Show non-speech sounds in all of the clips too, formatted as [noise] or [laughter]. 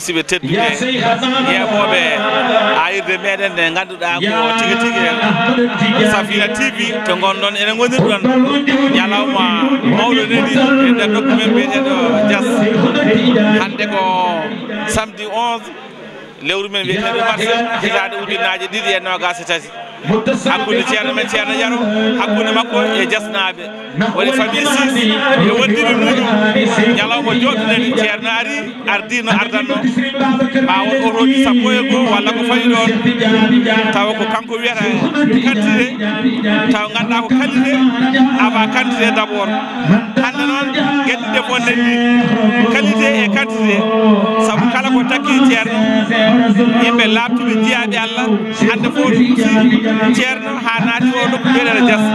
musiɓe tedduɓe yeɓoɓe ayirde meɗen nde ganduɗa ko tigui tigui en safina tv to gonɗon ene gonirɗon ñalawma mawɗo neni e nder dokku men mbiyeɗeɗo dias hande ko samedi 11 lewru men mbiyeteɗo marsa hitade ujunnaji ɗiɗi e nogase tati hakkude ceerno men ceerno yaro hakkude makko e jasnaɓe woni famille sis e wondiɓe muɗum ñalawma jooɗo neni e ceer ardino ardanno ma won otoji sappo e goo walla ko fayi ɗon tawa ko kanko wiyata kandidé tawa ganduɗa ko kandidé ama kandidé d' abord hande noon gueɗɗe ɗe bonne ni kandidé e kandidé saabu kala ko takki ceerno yimɓe labtuɓe jiyaɓe allah hande footi usi ceerno ha naati o nokku mbiɗene diasa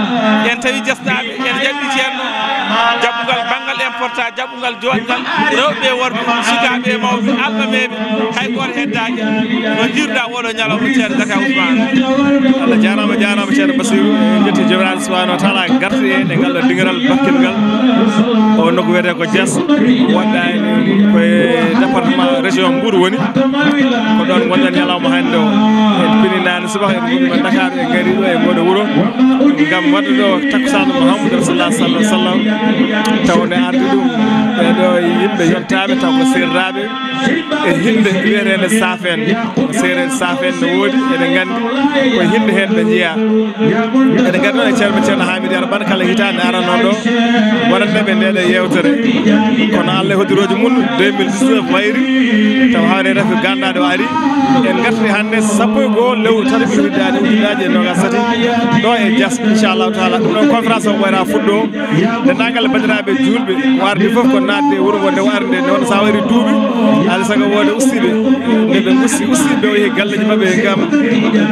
en tawi diasɗaɓe en jaɓɓi ceerno porta jaɓɓungal joɗngal rewɓe worɓe sukaɓe mawɓe allah meɓe hay goto heddaji no jirɗa oɗo ñalawma ceerno zaka ousmane allah jarama jarama ceerno basiru jetti jomiraɗo subahana wa taala garte en e ngalɗo diguiral bakkel ngal o nokku wiyete ko dias woɗɗa e koye département région mbour woni ko ɗon gonɗen ñalawma hande o en pininani subaha en gumma dakar e gaari ɗo e goɗo wuuro gam wadde ɗo takkusanu mahamadou rasulullah sallah sallam tawne arde hinde ɗum ɓeɗo yimɓe yontaɓe taw ko serraɓe e hinde wiyatede saf en ko sereede saf en ne woodi eɗen gandi ko hinde hen ɓe jeeya eɗen gandi ɗon e ceerno ceerno hamidi ara mbaɗa kala hitande aranon ɗo waɗanneɓe ndeɗe yewtere kono allah e hoddiroji mum 2019 wayri taw hawre rafi gandaɗo ari en gartiri hannde sappo e goho lewru tati ɓirɗiɗaɗi ujunnaji e nogas tati ɗo e jas inchallahu taala ɗum ɗon conférence o ɓayra fuɗɗo dendagal bandiraɓe julɓe warde fof ko natde wuro ngo nde wari nde noon sa wari duuɓi alay saago wode ustiɓe nde ɓe usti ustiɓe o yeehi galleji mabɓe gam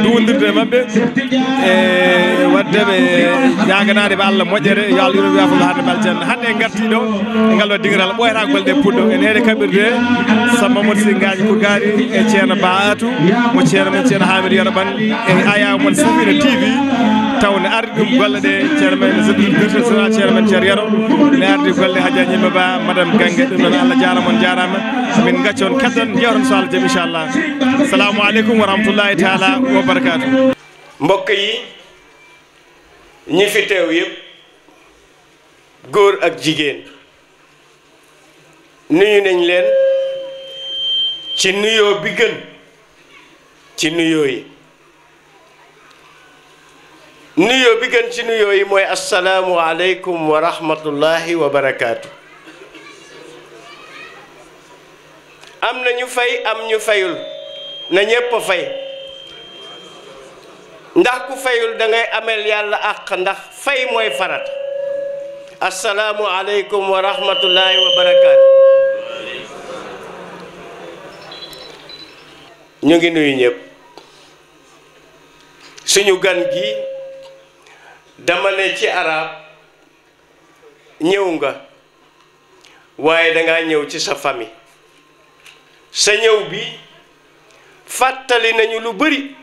duwodirde e e wadde ɓe jaganade ɓe allah moƴƴere yo allah yurowiya fof harde bal ceerno hande en garti ɗo e ngal ɗo diggital ɓoyata golɗe puɗɗo en heede kaɓirde sammamoɗo si gaji kogari e ceerno ba atou mo ceerno men ceerno hamiri yoɗo ɓan e aya moon sufino tv tawne ardi ɗum golle ɗe ceerno men dirtetona ceerno men ceer yeeɗo ne ardi golle e ha jan yimɓe ba madame gangue ɗum ɗon allah jarama on jarama min gaccon keddon jewtan so allah jaam inchallah assalamu aleykum wa rahmatullahi taala wa barakatu mbokka yi ñi fi teew yépp góor ak jigéen nuyu nañ leen ci nuyoo bi gën ci nuyoo yi nuyoo bi gën ci nuyoo yi mooy asalaamu aleykum wa rahmatullahi wa barakaatu am na ñu fay am ñu fayul na ñépp a fay ndax ku fayul da ngay amel yalla ak ndax fay moy farat Assalamu alaykum wa rahmatullahi wa barakat ñu ngi nuyu ñep suñu gan gi dama ne ci arab ñew nga da nga ñew ci sa famille sa ñew bi fatali nañu lu bari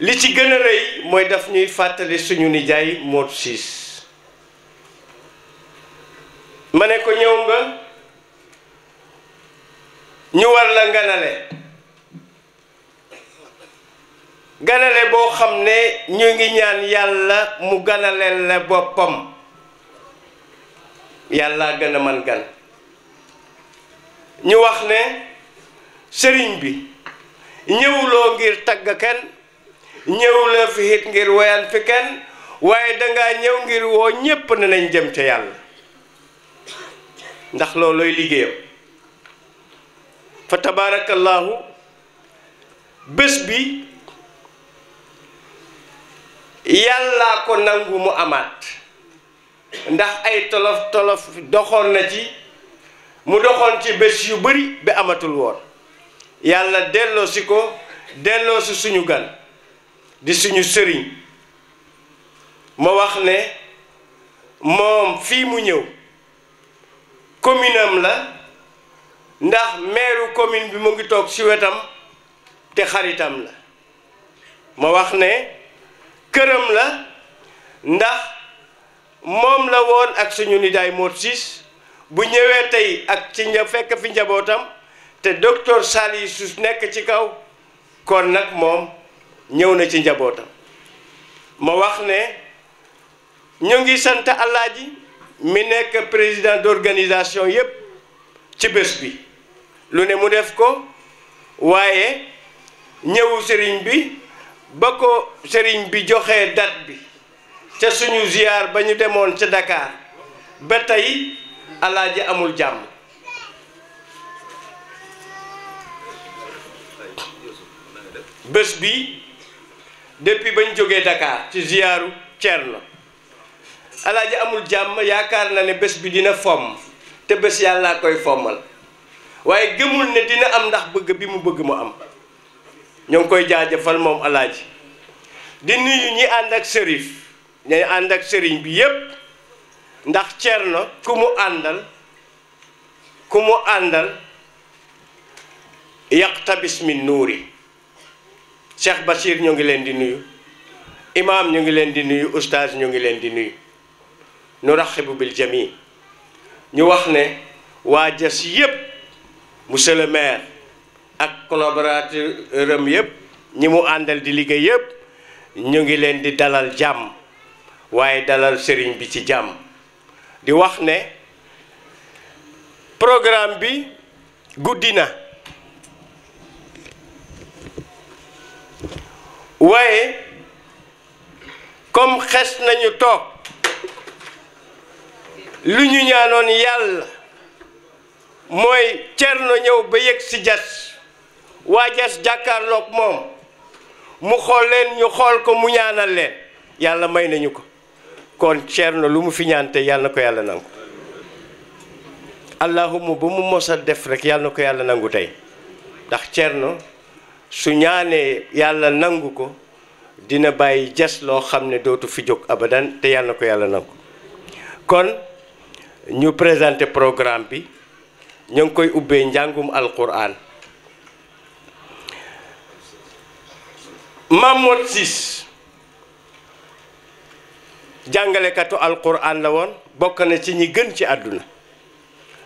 li ci gën a rëy mooy daf ñuy fàttali suñu nijaay Modou Ciss ma ko ñëw nga ñu war la nganale ganale boo xam ne ñu ngi ñaan yàlla mu ganaleel la boppam yàlla gën a man gan ñu wax ne sëriñ bi ñëwuloo ngir tagg kenn ñëw la fi ngir woyaan fi kenn waaye dangaa ñëw ngir woo ñépp ne jëm ca yàlla ndax loolooy liggéeyam fa tabaarakallaahu bés bi yàllaa ko nangu mu amaat ndax ay tolof tolof doxoon na ci mu doxoon ci bés yu bari bi amatul woon yàlla delloosi ko delloosi suñu gan di suñu sëriñ ma wax ne moom fii mu ñëw commune la ndax maire commune bi mu ngi toog ci wetam te xaritam la ma wax ne këram la ndax moom la woon ak suñu nijaay Mor siis bu ñëwee tey ak ci ña fekk fi njabootam te docteur Saliou Ciss nekk ci kaw kon nag moom ñëw na ci njabootam ma wax ne ñu ngi sant alaaji mi nekk président d'organisation yépp ci bés bi lu ne mu def ko waaye ñëwu sëriñ bi ba ko sëriñ bi joxee dat bi ca suñu ziyaar ba ñu demoon ca Dakar ba tey ji amul jàmm bés bi depuis bañ jógee Dakar ci ziyaaru Thierno alaaji amul jàmm yaakaar na ne bés bi dina fomm te bés yàllaa koy fommal waaye gëmul ne dina am ndax bëgg bi mu bëgg mu am ñoo ngi koy jaajëfal moom alaaji di nuyu ñi ànd ak sërif ñay ànd ak sëriñ bi yépp ndax Thierno ku mu àndal ku mu àndal yaqtabis min nuuri Cheikh Bachir ñu ngi leen di nuyu imaam ñu ngi leen di nuyu oustaz ñu ngi leen di nuyu nu raxibu bil jami ñu wax ne waa Diass yépp monsieur le ak collaborateur am yépp ñi mu àndal di liggéey yépp ñu ngi leen di dalal jàmm waaye dalal sëriñ bi ci jàmm di wax ne programme bi guddi na waaye comme xes nañu toog lu ñu ñaanoon yàlla mooy Cerno ñëw ba yëg si jas waa jas jàkkaarlook moom mu xool leen ñu xool ko mu ñaanal leen yàlla may nañu ko kon Cerno lu mu fi ñaante yàlla na ko yàlla nangu allahuma ba mu mos a def rek yàlla na ko yàlla nangu tey ndax Cerno su ñaanee yàlla nangu ko dina bàyyi jas loo xam ne dootu fi jóg abadan te yàlla na ko yàlla nangu kon ñu présenté programme bi ñu ngi koy ubbee njàngum alquran Mahmoud Ciss jàngalekatu alquran la woon bokk na ci ñi gën ci àdduna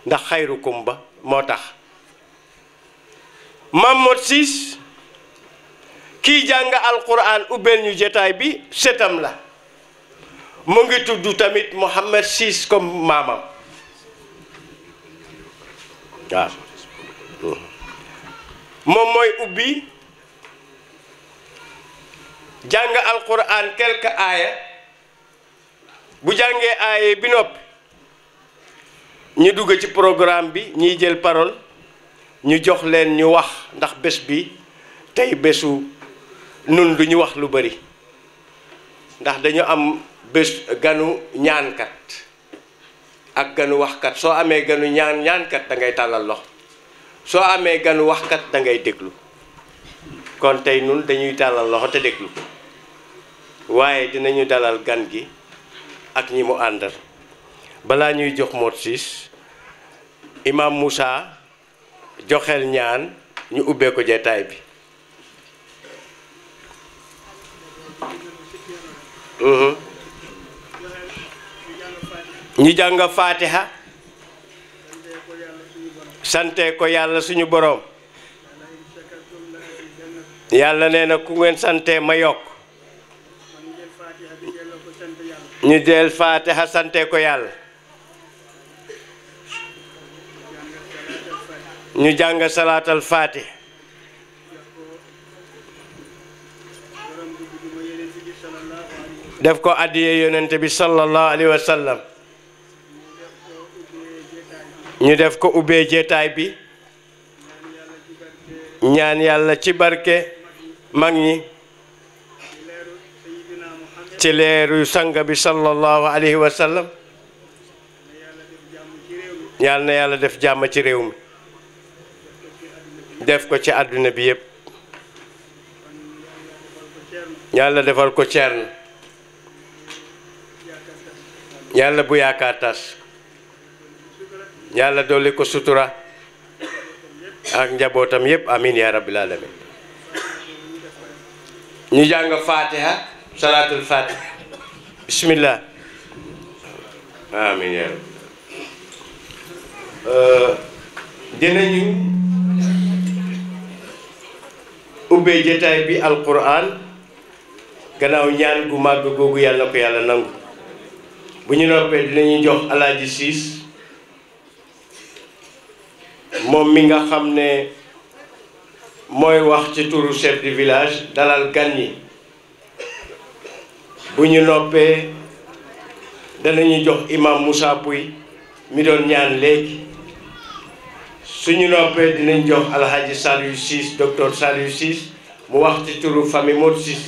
ndax xayrukum ba moo tax Ki jang alquran ubel ñu jataay bi setam la mo ngi tuddu tamit muhammad sis comme mamam ja mom moy ubi jang alquran quelque aya bu jàngee aya bi noppi ñi dugg ci programme bi ñi jël parole ñu jox len ñu wax ndax bes bi tay besu nun duñu wax lu bari ndax dañu am bes ganu nyankat, ak ganu kat so amé ganu ñaan kat da ngay talal lox so amé ganu wahkat da ngay deglu kon tay nun dañuy talal lox te deglu waye dinañu dalal gan gi ak ñi mu andal bala ñuy jox mot imam Musa, joxel ñaan ñu ubbe ko jetaay bi ñu jàng faatiha sante ko yàlla suñu boroom yàlla nee na ku ngeen sante ma yokk ñu jël faatiha sante ko yàlla ñu jàng salaatal faatiha def ko addiye yonente bi sallallahu alayhi wa ñu def ko ubbee jeetaay bi ñaan yàlla ci barke mag ñi ci leeru sanga bi sallallahu alayhi wa na yàlla def jàmm ci réew mi def ko ci àdduna bi yépp yàlla defal ko ceern yalla bu yaakaar tas yàlla dolli ko sutura ak njabotam yeb amin ya rabbil alamin ñu jang fatiha salatul fatiha bismillah amin ya euh dinañu ubbe jetaay bi alquran ganaw ñaan gu mag gogu yalla ko yalla nangu bu ñu noppee dinañu jox alaaji siis moom mi nga xam ne mooy wax ci turu chef du village dalal gan yi bu ñu noppee danañu jox imam Moussa Pouy mi doon ñaan léegi suñu noppee dinañ jox alhaji Saliou Ciss docteur Saliou Ciss mu wax ci turu famille Modou Ciss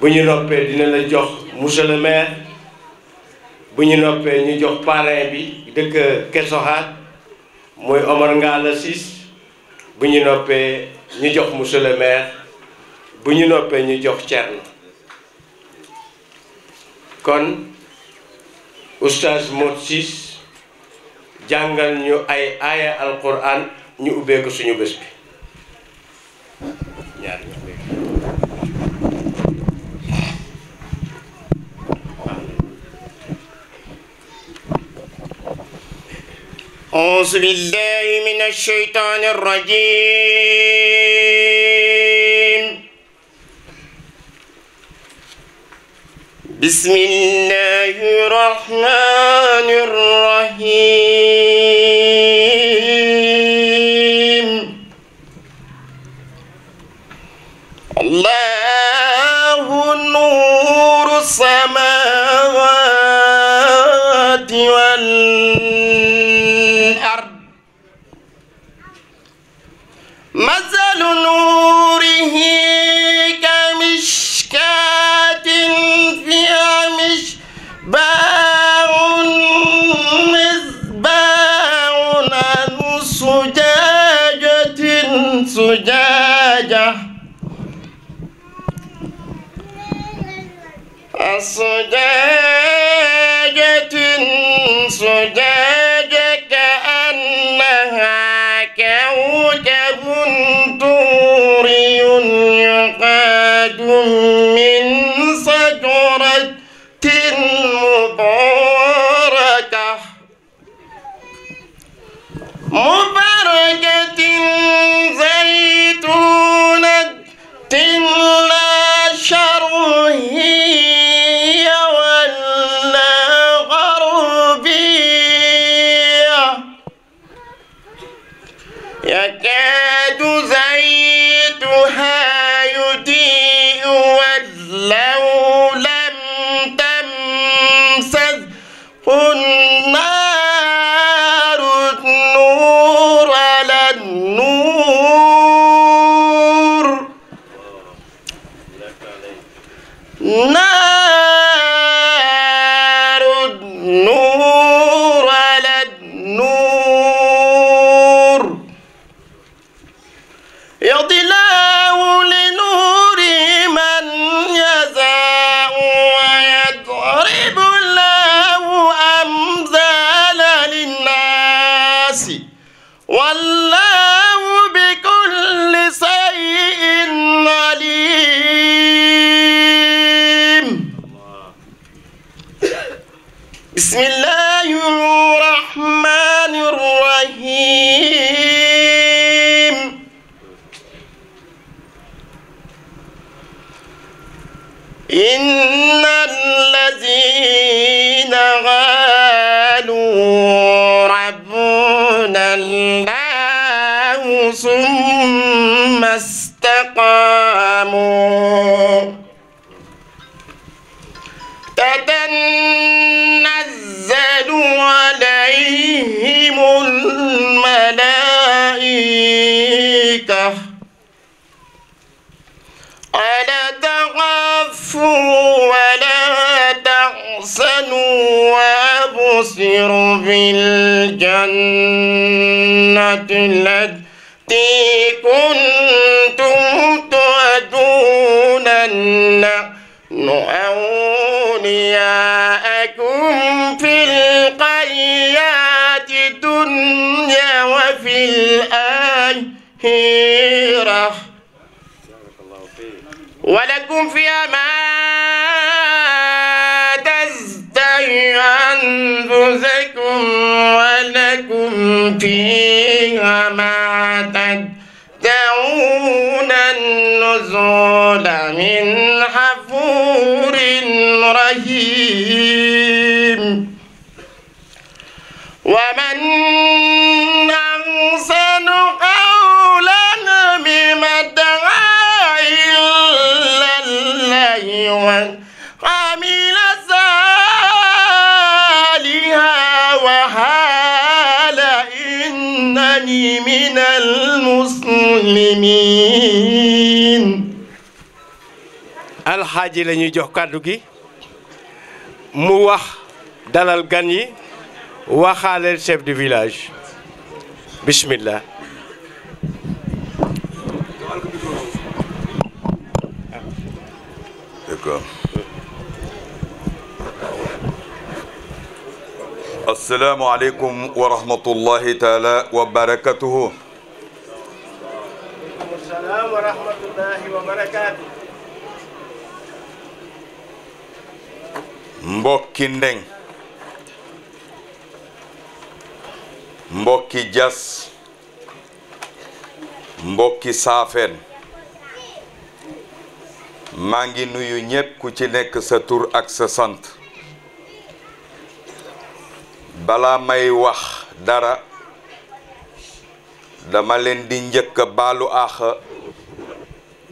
bu ñu noppee dina la jox monsieur le maire buñu noppé ñu jox parrain bi dëkk Kesoxaat moy Omar Ngalla Ciss bu ñu noppee ñu jox monsieur le maire buñu noppé ñu jox Thierno kon oustaz Mot Ciss jangal ñu ay aya alquran ñu ubbee ko suñu bëss bi ñaar ñu أعوذ بالله من الشيطان الرجيم بسم الله الرحمن الرحيم الله نور السماوات والأرض مثل نوره كمشكاة فيها مشباه مصباح عن زجاجة زجاجة الزجاجة زجاجة كأنها دوري يقاد من يضيئها ولو لم تمسسه النار النور على النور نار waji lañuy jox kàddu gi mu wax dalal gan yi waxale chef du village bismillah السلام عليكم ورحمة الله تعالى وبركاته السلام ورحمة الله وبركاته mbokki ndeng mbokki jas mbokki safen mangi nuyu ñepp ku ci nek sa tour ak sa sante bala may wax dara dama len di ñeuk balu ax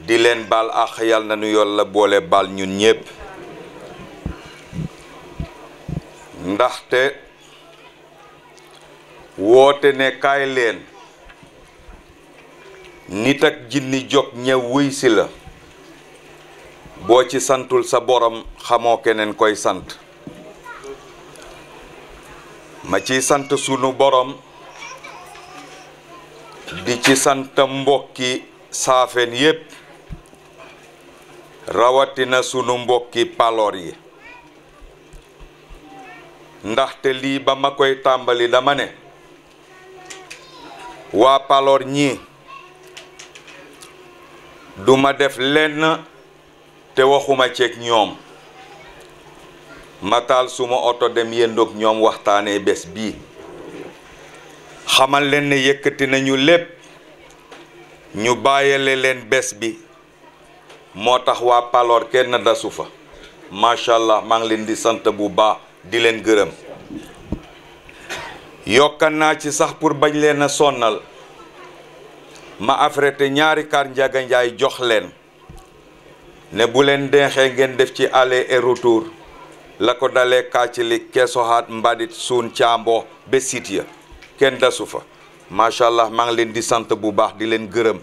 di len bal ax yalla na boole bal ñun ñepp ndaxte woote ne kaay leen nit ak jinni jóg ñëw wuy si la boo ci santul sa boroom xamoo keneen koy sant ma ciy sant sunu boroom di ci sant mbokki saafeen yépp rawatina sunu mbokki paloor yi te teli ba ma koy tàmbali dama ne waa Palor ñii duma def lenn te waxuma ceeg ñoom ma taal suma oto dem yendoog ñoom waxtaanee bes bii xamal leen ne yëkkati nañu lépp ñu bàyyale leen bes bi moo tax Palor kenn dasu fa macha allah maa ngi leen bu baax di leen gërëm yokkan naa ci sax pour bañ leen a sonnal ma affrété ñaari kaar Njaga jox leen ne bu leen deexee ngeen def ci aller et retour la ko dalee Kàccili Keesoxaat Mbadit Suun Caamboo ba sit ya kenn dasu fa macha allah leen di sant bu baax di leen gërëm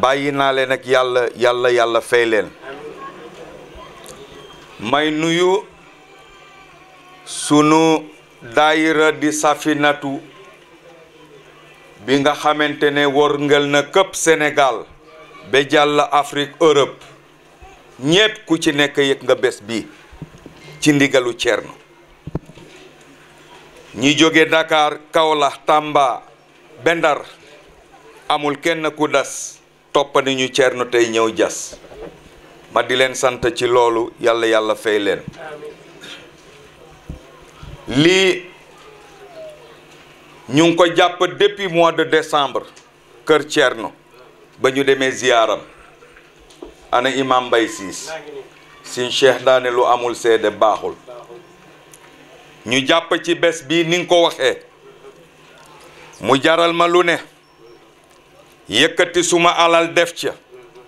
bàyyi naa leen ak yàlla yàlla yàlla fay leen may nuyu sunu daayira di safinatu bi nga xamante ne wërngal na këpp Sénégal ba jàll Afrique Europe ñépp ku ci nekk yëg nga bés bi ci ndigalu Cerno ñi jóge Dakar Kaolack tàmba Bendar amul kenn ku das toppani ñu Cerno tey ñëw jas ma di leen sant ci loolu yàlla yàlla fay leen lii ñu ngi ko jàpp depuis mois de décembre Kër Thierno ba ñu demee ziyaaram ana imam Mbaye Siis sin cheikh daane lu amul seede baaxul ñu jàpp ci bés bii ni nga ko waxee mu jaral ma lu ne yëkkati suma alal def ca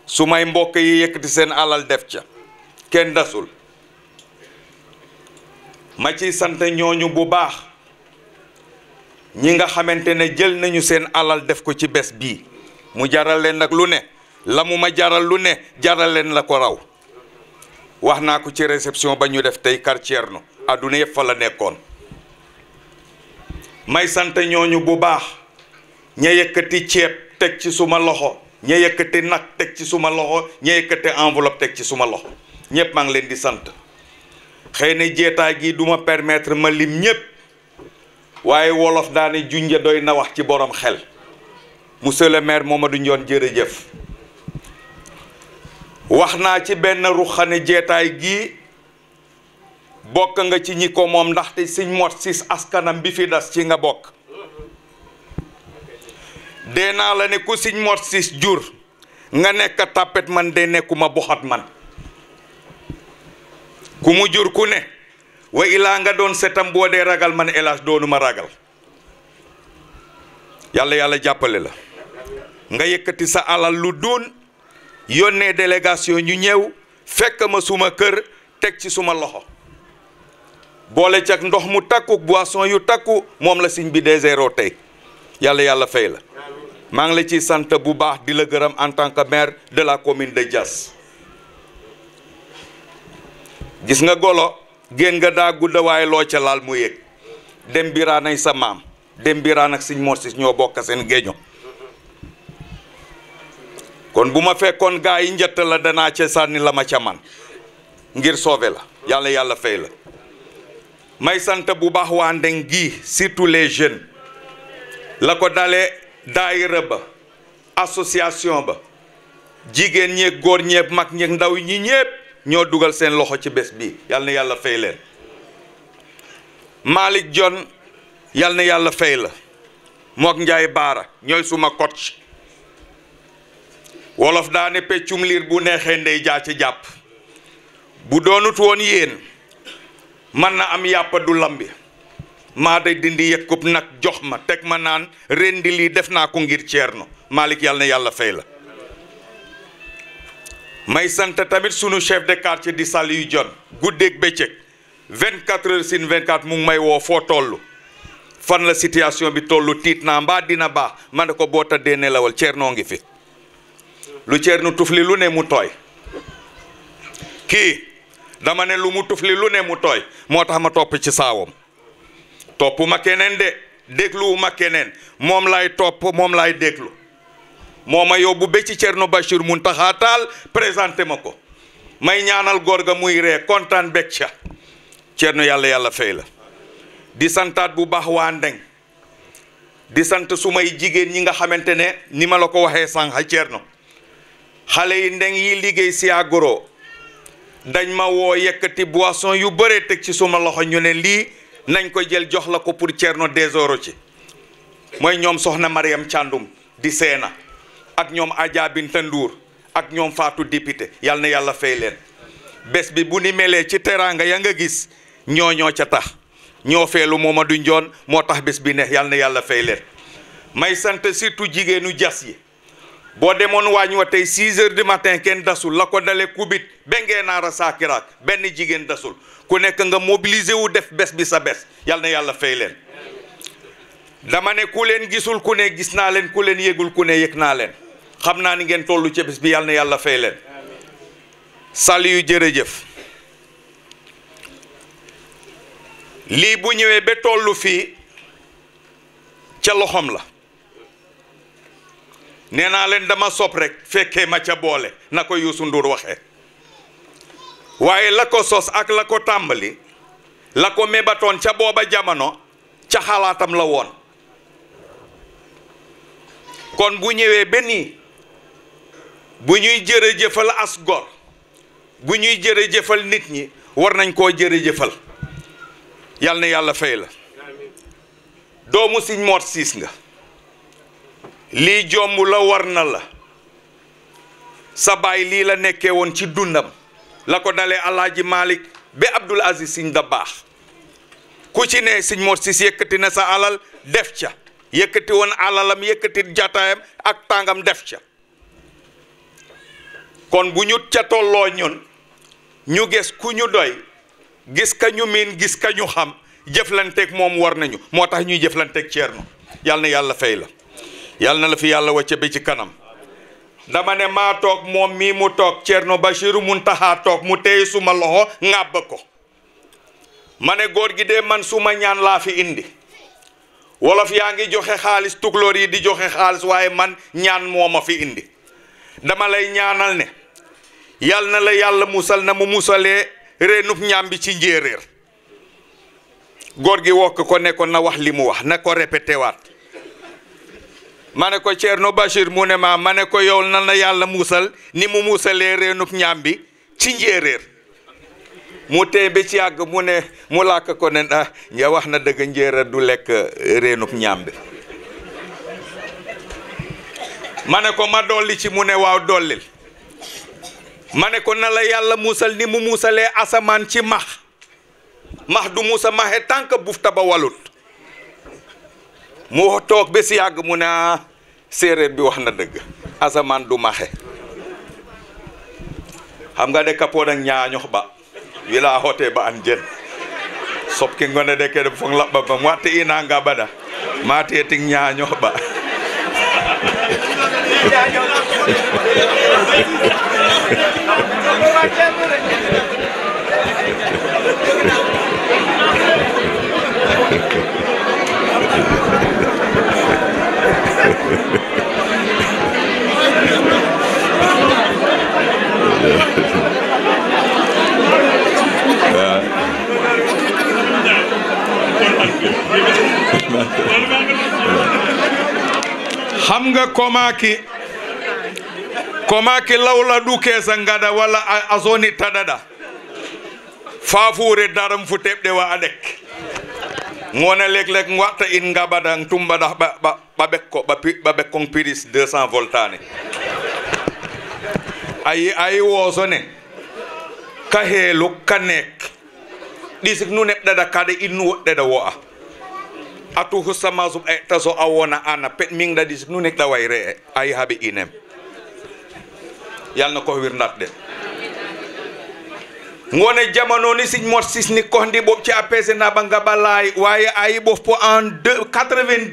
sumay mbokk yi yëkkati seen alal def ca kenn dasul ma ci sante ñooñu bu baax ñi nga xamantene jël nañu seen alal def ko ci bes bi mu jaral leen nak lu ne lamu ma jaral lu ne jaral leen la ko raw waxna ko ci réception ba ñu def quartier no aduna yef fa la nekkon may sante ñooñu bu baax ñe yekati ciep tek ci suma loxo ñe yekati nak tek ci suma loxo ñe yekati enveloppe tek ci suma loxo ñepp ma ngi leen di sante xeyna na gi duma permettre ma lim ñep waye wolof daani junja doy na wax ci borom xel monsieur le maire momadou Ndione jërëjëf wax naa ci ru ruxane jeetaay gi bok nga ci ñi ko ndax te seigne mort sis askanam bi fi das ci nga bok dee la ne ku seigne mort sis jur nga nek tapet man de nekuma bohat man ku mu jur ku ne wa ilaa nga doon setam boo dee ragal man hélas doonuma ragal yàlla yàlla jàppale la nga yëkkati sa alal lu doon yónnee délégation ñu ñëw fekk ma suma kër teg ci suma loxo boole cak ndox mu takku boisson yu takku moom la siñ bi désero tey yàlla yàlla fay la maa ngi la ciy sant bu baax di la gërëm en tant que maire de la commune de Diass gis nga golo gen nga da gudda way lo ca lal mu yek dem sa mam dem ak seigne morsis ño bok sen geño kon buma fekkon kon gaa la dana ca sanni lama ca man ngir sauver la yalla yalla fey la may sante bu bax wa Ndeng gi surtout les jeunes la ko dalé ba association ba jigéen ñeeg góor ñeeg mag ndaw ñi ñepp ñoo dugal seen loxo ci bés bi yal na yàlla fay leen Malick jon yal na yàlla fay la mook Njaay Baara ñooy suma coach wolof daa ne peccum liir bu neexee ndey jaa ci jàpp bu doonut woon yéen man na am yàppa du lambi maa day dindi yekkub nag jox ma teg ma naan rendi lii def naa ko ngir ceerno Malick yal na yàlla fay la may sant tamit sunu chef de quartier di Saliou Dione guddeeg bëccëg 24 heures sur 24 mu may woo foo toll fan la situation bi tollu tiit naa mbaa dina baax ma ne ko boo tëddee nelawal noo ngi fi lu Thierno tufli lu ne mu tooy kii dama ne lu mu tufli lu ne mu tooy moo tax ma topp ci saawam topp ma keneen de dégluwu keneen moom laay topp moom laay déglu moma yo bu ba ci cierno bashir muntaha tal presenté mako ko may ñaanal gorga ga muy ré contane bég ca Thierno yalla la di santat bu bax wa Ndeng di sante sumay jigen ñi nga xamantene ne ni ma la ko sang ha cierno xalé yi Ndeng yi liggey si agoro dañ ma wo yekati boisson yu beure tek ci suma loxo ñu ne nañ ko jël jox la ko pour Thierno Désoro ci moy ñom soxna Mariam Thiandoum di sena ak ñoom Adja Binta Ndour ak ñoom faatu député yal na yàlla fay leen bés bi bu ni melee ci teraanga ya nga gis ñoo ñoo ca tax ñoo feelu Mamadou njoon moo tax bés bi neex yal na yàlla fay leen may sant surtout jigéenu jas yi boo demoon waañ wa tey 6 heures du matin kenn dasul la ko dale kubit bengee naara saakiraak benn jigéen dasul ku nekk nga mobiliser wu def bés bi sa bes yal na yàlla fay leen dama ne ku leen gisul ku ne gis naa leen ku leen yëgul ku ne yëg naa leen xam naa ni ngeen tollu ci bis bi yàlla na yàlla fay leen sali yu jërëjëf lii bu ñëwee ba tollu fii ca loxoom la nee naa leen dama sob rekk fekkee ma ca boole na ko yuusu Ndour waxee waaye la ko sos ak la ko tàmbali la ko mébatoon ca booba jamono ca xalaatam la woon kon bu ñëwee ba nii bu ñuy jërëjëfal as gor bu ñuy jëre jëfal nit ñi war nañ koo jëfal yàlla na yàlla fay la doomu siñ moot siis nga lii jomb la war na la sa baay lii la nekkee woon ci dundam la ko dale alaaji Malick ba Abdul Aziz siñ da baax ku ci ne siñ moot siis yëkkati na sa alal def ca yëkkati woon alalam yëkkati jataayam ak tàngam def ca kon bu ñu ca tolloo ñun ñu gis ku ñu doy gis ka ñu miin gis ka ñu xam jëflanteeg moom war nañu moo tax ñuy jëflanteeg Ceerno yal yàlla fay la yal na la fi yàlla wacce bi ci kanam ndama ne maa toog moom mii mu toog ba Ceerno mun taxaa toog mu tey suma loxo ŋàbb ko ma ne góor gi de man suma ñaan laa fi indi wolof yaa ngi joxe xaalis tukulóor yi di joxe xaalis waaye man ñaan moo ma fi indi dama lay ñaanal ne yal na la yàlla musal na mu musalee reenub ñam bi ci njéeréer góor gi wokk ko ne ko na wax li mu wax na ko répété waat ma ne ko no Bachir mu ne ma ma ne ko yow na la yàlla musal ni mu musalee reenub ñaam bi ci njéeréer mu tey ba ci yàgg mu ne mu làkk ko ne ah nja wax na dëgg njéeréer du lekk reenub ñaam bi ma ne ko ma dolli ci mu ne waaw dollil ma ne ko na la yàlla musal ni mu musalee asamaan ci max max du musa maxe tànk buuf taba walut mu toog ba si yàgg mu ne ah, séeréer bi wax na dëgg asamaan du maxe xam nga de kapoon ak ñaañox ba wi laa xootee ba an jen sob ki ngone de kede foog laɓɓa bam watte inanga bada ma teeting ñaañox ba [laughs] yeah. [laughs] [laughs] hamga komaki komaki lawla dukesa gada walla a zoni taɗaɗa fafure daram fu teɓɗe wa aɗek gona lek lek watta in gabada tumbaɗa ɓa ɓekko ɓa ɓekkon piris 200 voltane ayi ayi wosone kahelu kanek ɗisik nu neɓɗaɗa kaɗa innu woɗɗeɗa wo a atuhu sama sub e eh, taso awona ana pet ming da dis nu nek da wayre eh, ay habi inem yal na ko wir de ngone jamano ni siñ ni ko ndi bob ci na ba ngabalay waye ay bof po en 90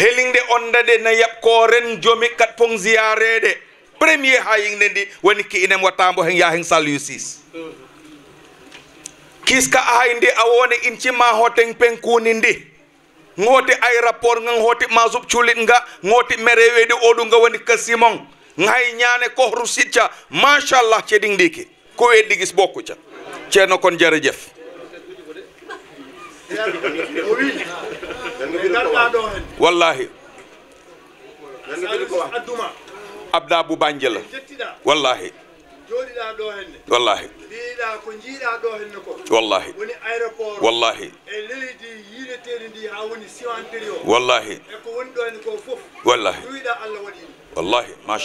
helingde ondade na yab ko ren jomi kat pong ziarede premier haying nendi woni inem watambo hen ya hen salusis mm kiska ahay nde a wone in cima hoten penkuni ndi ngooti aéroport nga ngooti masub cuulit nga ngooti mereweede oɗu nga woni kasimon ngay ñaane kohru sicca machallah ceeɗin ndiki ko weddi gis bokku ca ceerno kon wallahi abda banjela jooɗiɗa ɗo henne wallahi mbiɗa ko jiiɗa ɗo henne ko wallahi woni aéroport wallahi e wallahi e wallahi allah wallahi e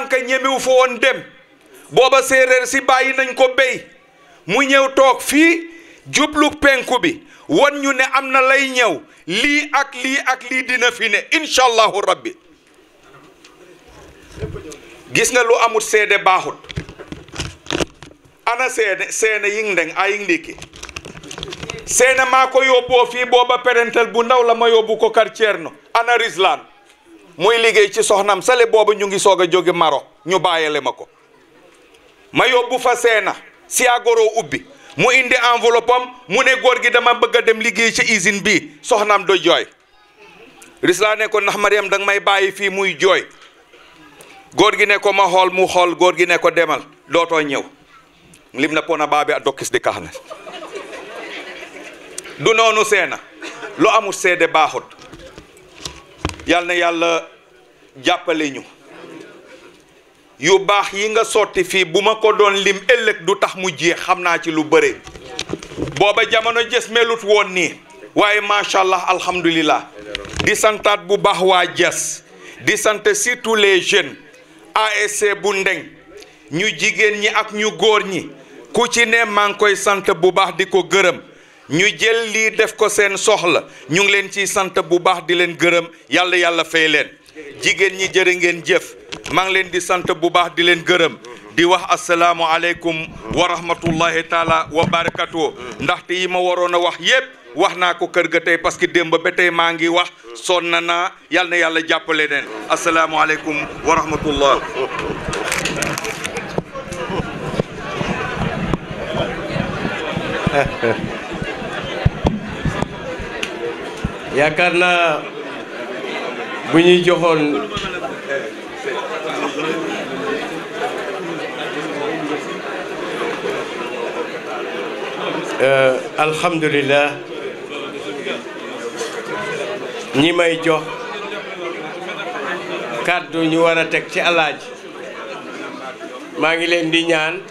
ngay fo dem si bàyyi nañ ko béy mu jublu penku bi wan ñu ne am na lay ñëw lii ak lii ak lii dina fi ne incha allahu rabbi gis na lu amut seede baaxut ana seene seene ying ndeng a ying ndiki seene maa ko yóbboo fii booba parental bu ndaw la ma yóbbu ko kar Ceerno ana Rislan muy liggéey ci soxnam sale booba ñu ngi soog a jóge maro ñu bàyyale ma ko ma yóbbu fa seena siagoro ubbi mu indi enveloppe am mu ne góor gi dama bëgg a dem liggéey ci usine bi soxnaam do jooy Risla ne ko ndax Mariam danga may bàyyi fii muy jooy góor gi ne ko ma xool mu xool góor gi ne ko demal dootoo ñëw lim na pona baabe a dokkis di kaxna du noonu seena lu amul seede baaxut yal na yàlla jàppale ñu yu baax yi nga sotti fii bu ma ko doon lim ëllëg du tax mu jeex xam naa ci lu bëri booba jamono jës melut woon nii waaye macha allah alhamdulilah di santaat bu baax waa Diass di sant surtout les jeunes ASC bu ndeng ñu jigéen ñi ak ñu góor ñi ku ci ne maa ngi koy sant bu baax di ko gërëm ñu jël lii def ko seen soxla ñu ngi leen ciy sant bu baax di leen gërëm yàlla yàlla fay leen jigéen ñi jërë ngeen jëf Mang ngi leen di sant bu baax di leen gërëm di wax asalaamualeykum wa rahmatullahi taala wa barakatuh ndaxte yi ma waroon a wax yépp wax naa ko kër ga tey parce que démb ba tey maa ngi wax sonn naa yal na yàlla jàppale leen asalaamualeykum wa rahmatullah [laughs] yaakaar naa bu ñuy Euh, alhamdulilah ñi may jox kàddu ñu war a teg ci alaaji maa ngi leen di ñaan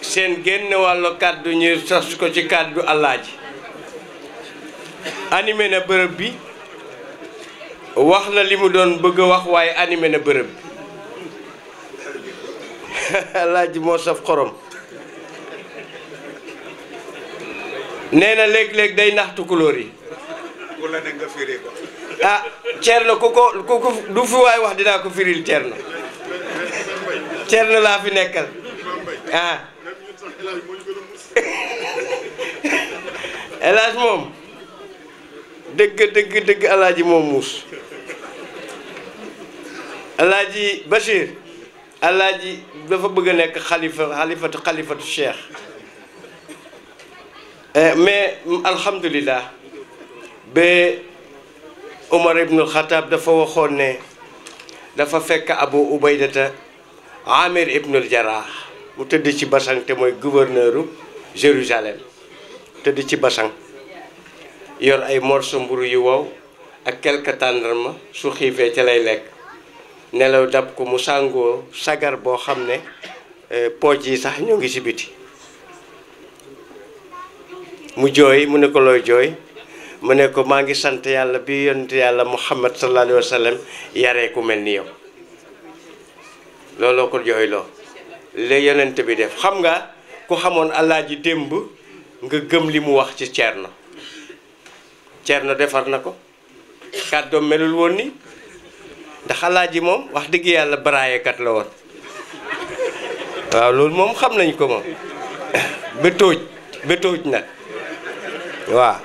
seen génn wàllu kàddu ñu sos ko ci kàddu alaaji anime na bërëb bi wax na li mu doon bëgg a wax waaye animé na bërëb bi [laughs] ji moo saf xorom nee na léeg-léeg day nax tukulóor yi. wala ne nga firi ko. ah Thierno ku ko ku ko du fi waay wax dinaa ko firil Thierno Thierno laa fi nekkal ah [laughs] El Hadj moom dëgg dëgg dëgg El Hadj moom muus El Hadj Bachir El Hadj dafa bëgg a nekk xalifa xalifatu xalifatu Cheikh. Euh, mais alhamdulilah ba Umar ibnul Xataab dafa waxoon ne dafa fekk Abu Ubaydata Amir ibnul Jaraax mu tëdd ci basang te mooy gouverneuru Jérusalem tëdd ci basang yoon ay morso mburu yu wow ak quelque tàndarma su xiifee ca lay lekk nelaw dab ko mu sàngoo sagar boo xam ne euh, pooj yi sax ñu ngi ci biti mu joy mu ne ko looy joy mu ne ko maa sant bi yonent yalla muhammad sallallahu Alaihi Wasallam yare yaree ku mel yow lolo ko lo le yonent bi def xam nga ku allah ji demb nga gem limu wax ci cierno cierno defar nako ko melul won ni ndax ji mom wax yalla braye kat la won waaw loolu mom xam nañ ko mom [coughs] be toj be toj nak Wah,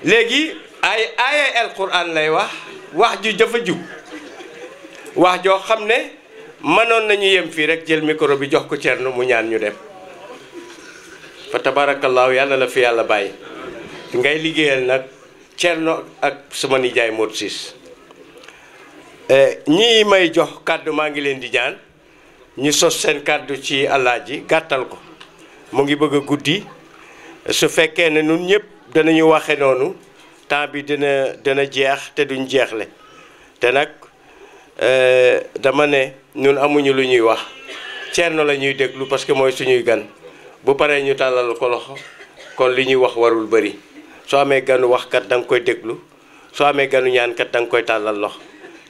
legi ay aaya alquran lay wax wax ju dafa ju wax jo xamne manon nañu yem fi rek jël micro bi jox ko cierno mu ñaan ñu dem fa tabarakallah yalla la fi yalla bay ngay liggéeyal nak cierno ak suma jay Modou Ciss eh, ñi may jox kaddu ma ngi leen di ñaan ñu sos sen kaddu ci alaji gàttal ko mo ngi bëgg guddii su fekke ne ñun ñëpp dañu waxe nonu temps bi dina dina jeex te duñ jeexle te euh dama ne ñun amuñu lu ñuy wax cierno la ñuy parce que moy suñuy gan bu paree ñu talal ko loxo kon li ñuy wax warul bari so amé ganu wax kat dang koy deglu so amé ganu ñaan kat dang koy talal lox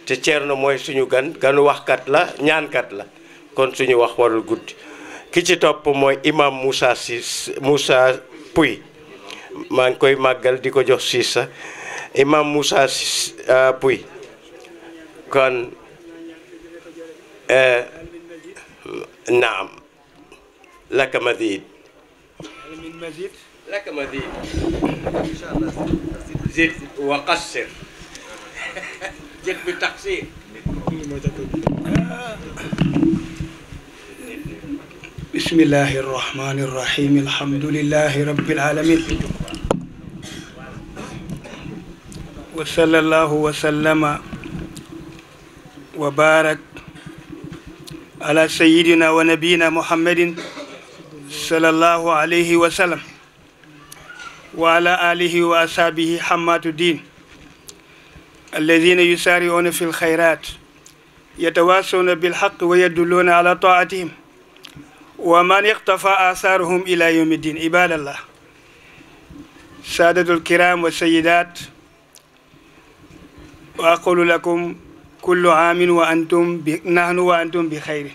te cierno moy suñu gan ganu kat la kat la kon suñu wax warul gudd ki ci top moy imam Musa Musa Pouy maa ngi koy màggal di ko jox siisa imam Moussa ah, Pouy kon eh, naam laka mazid laka mazid zid wa qassir bi taqsir بسم الله الرحمن الرحيم الحمد لله رب العالمين وصلى الله وسلم وبارك على سيدنا ونبينا محمد صلى الله عليه وسلم وعلى آله وأصحابه حمات الدين الذين يسارعون في الخيرات يتواصون بالحق ويدلون على طاعتهم ومن اقتفى آثارهم إلى يوم الدين عباد الله سادة الكرام والسيدات وأقول لكم كل عام وأنتم نحن وأنتم بخير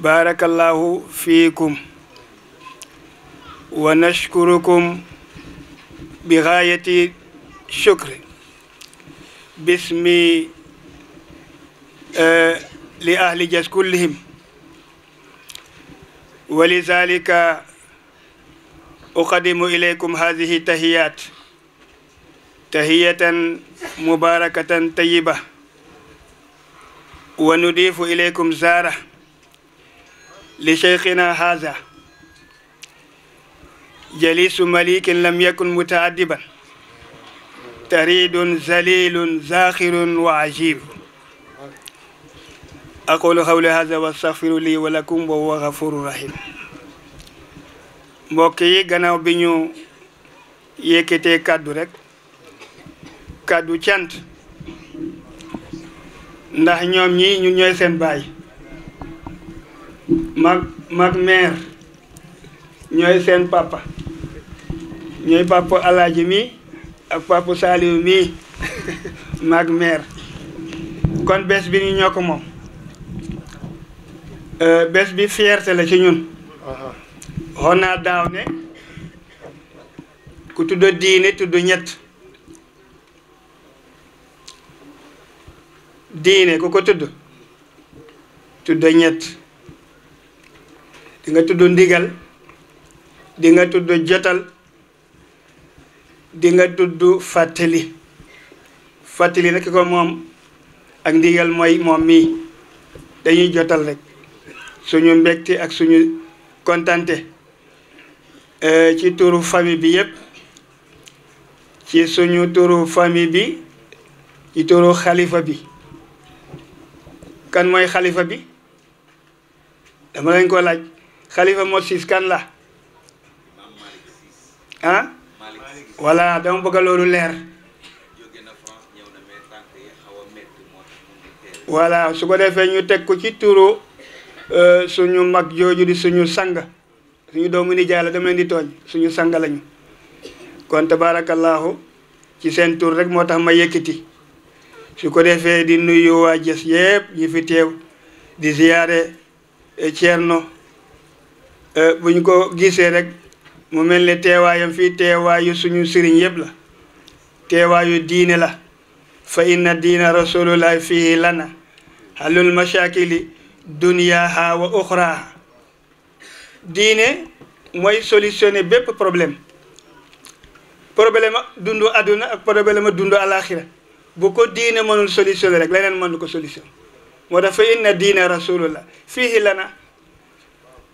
بارك الله فيكم ونشكركم بغاية شكر باسم آه، لأهل جاز كلهم ولذلك أقدم إليكم هذه التهيات تهية مباركة طيبة ونضيف إليكم زارة لشيخنا هذا جليس مليك لم يكن متعدبا تريد ذليل زاخر وعجيب aqulu xawli hada wa astaxfiru lii wa lakum wa huwa gafuru mbokk yi gannaaw bi ñu yëkkatee kàddu rek kàddu cant ndax ñoom ñii ñun ñooy seen baay mag mag meer ñooy seen papa ñooy papa alaaji mi ak papa saaliw mi [laughs] mag meer kon bés bi ñu ñoo moom Euh, bes bi fierté la ci ñun hona daaw ne ku tudd diine tudd ñett diine ku ko tudd tudd ñett di nga tudd ndigal di nga tudd jotal di nga tudd fàttali fàttali nekk ko moom ak ndigal mooy moom mii dañuy jotal rek suñu mbégte ak suñu kontante eh, ci turu famille bi yëpp ci suñu turu famille bi ci turu xalifa bi kan mooy xalifa bi dama lañ ko laaj xalifa Mor kan la ah walla dama bëgg loolu leer voilà su ko defee ñu teg ko ci turu Euh, suñu mag jooju di suñu sanga suñu doom nijaay la dama leen di tooñ suñu sang lañu kon tabaarakallaahu ci seen tur rek moo tax ma yëkkati su ko defee di nuyu waa Jës yëpp ñi fi teew di ziyaare Ceerno eh, eh, buñ ko gisee rek mu mel ni teewaayam fii teewaayu suñu sëriñ yëpp la teewaayu diine la fa inna diina rasulullahi fii lana halul mashakili duniyaaha wa uxraaha diine mooy solutionner bépp problème problème dundu àdduna ak problème dundu alaaxira bu ko diine mënul solutionner rek leneen mënu ko solution moo tax fa diine diine la fii lana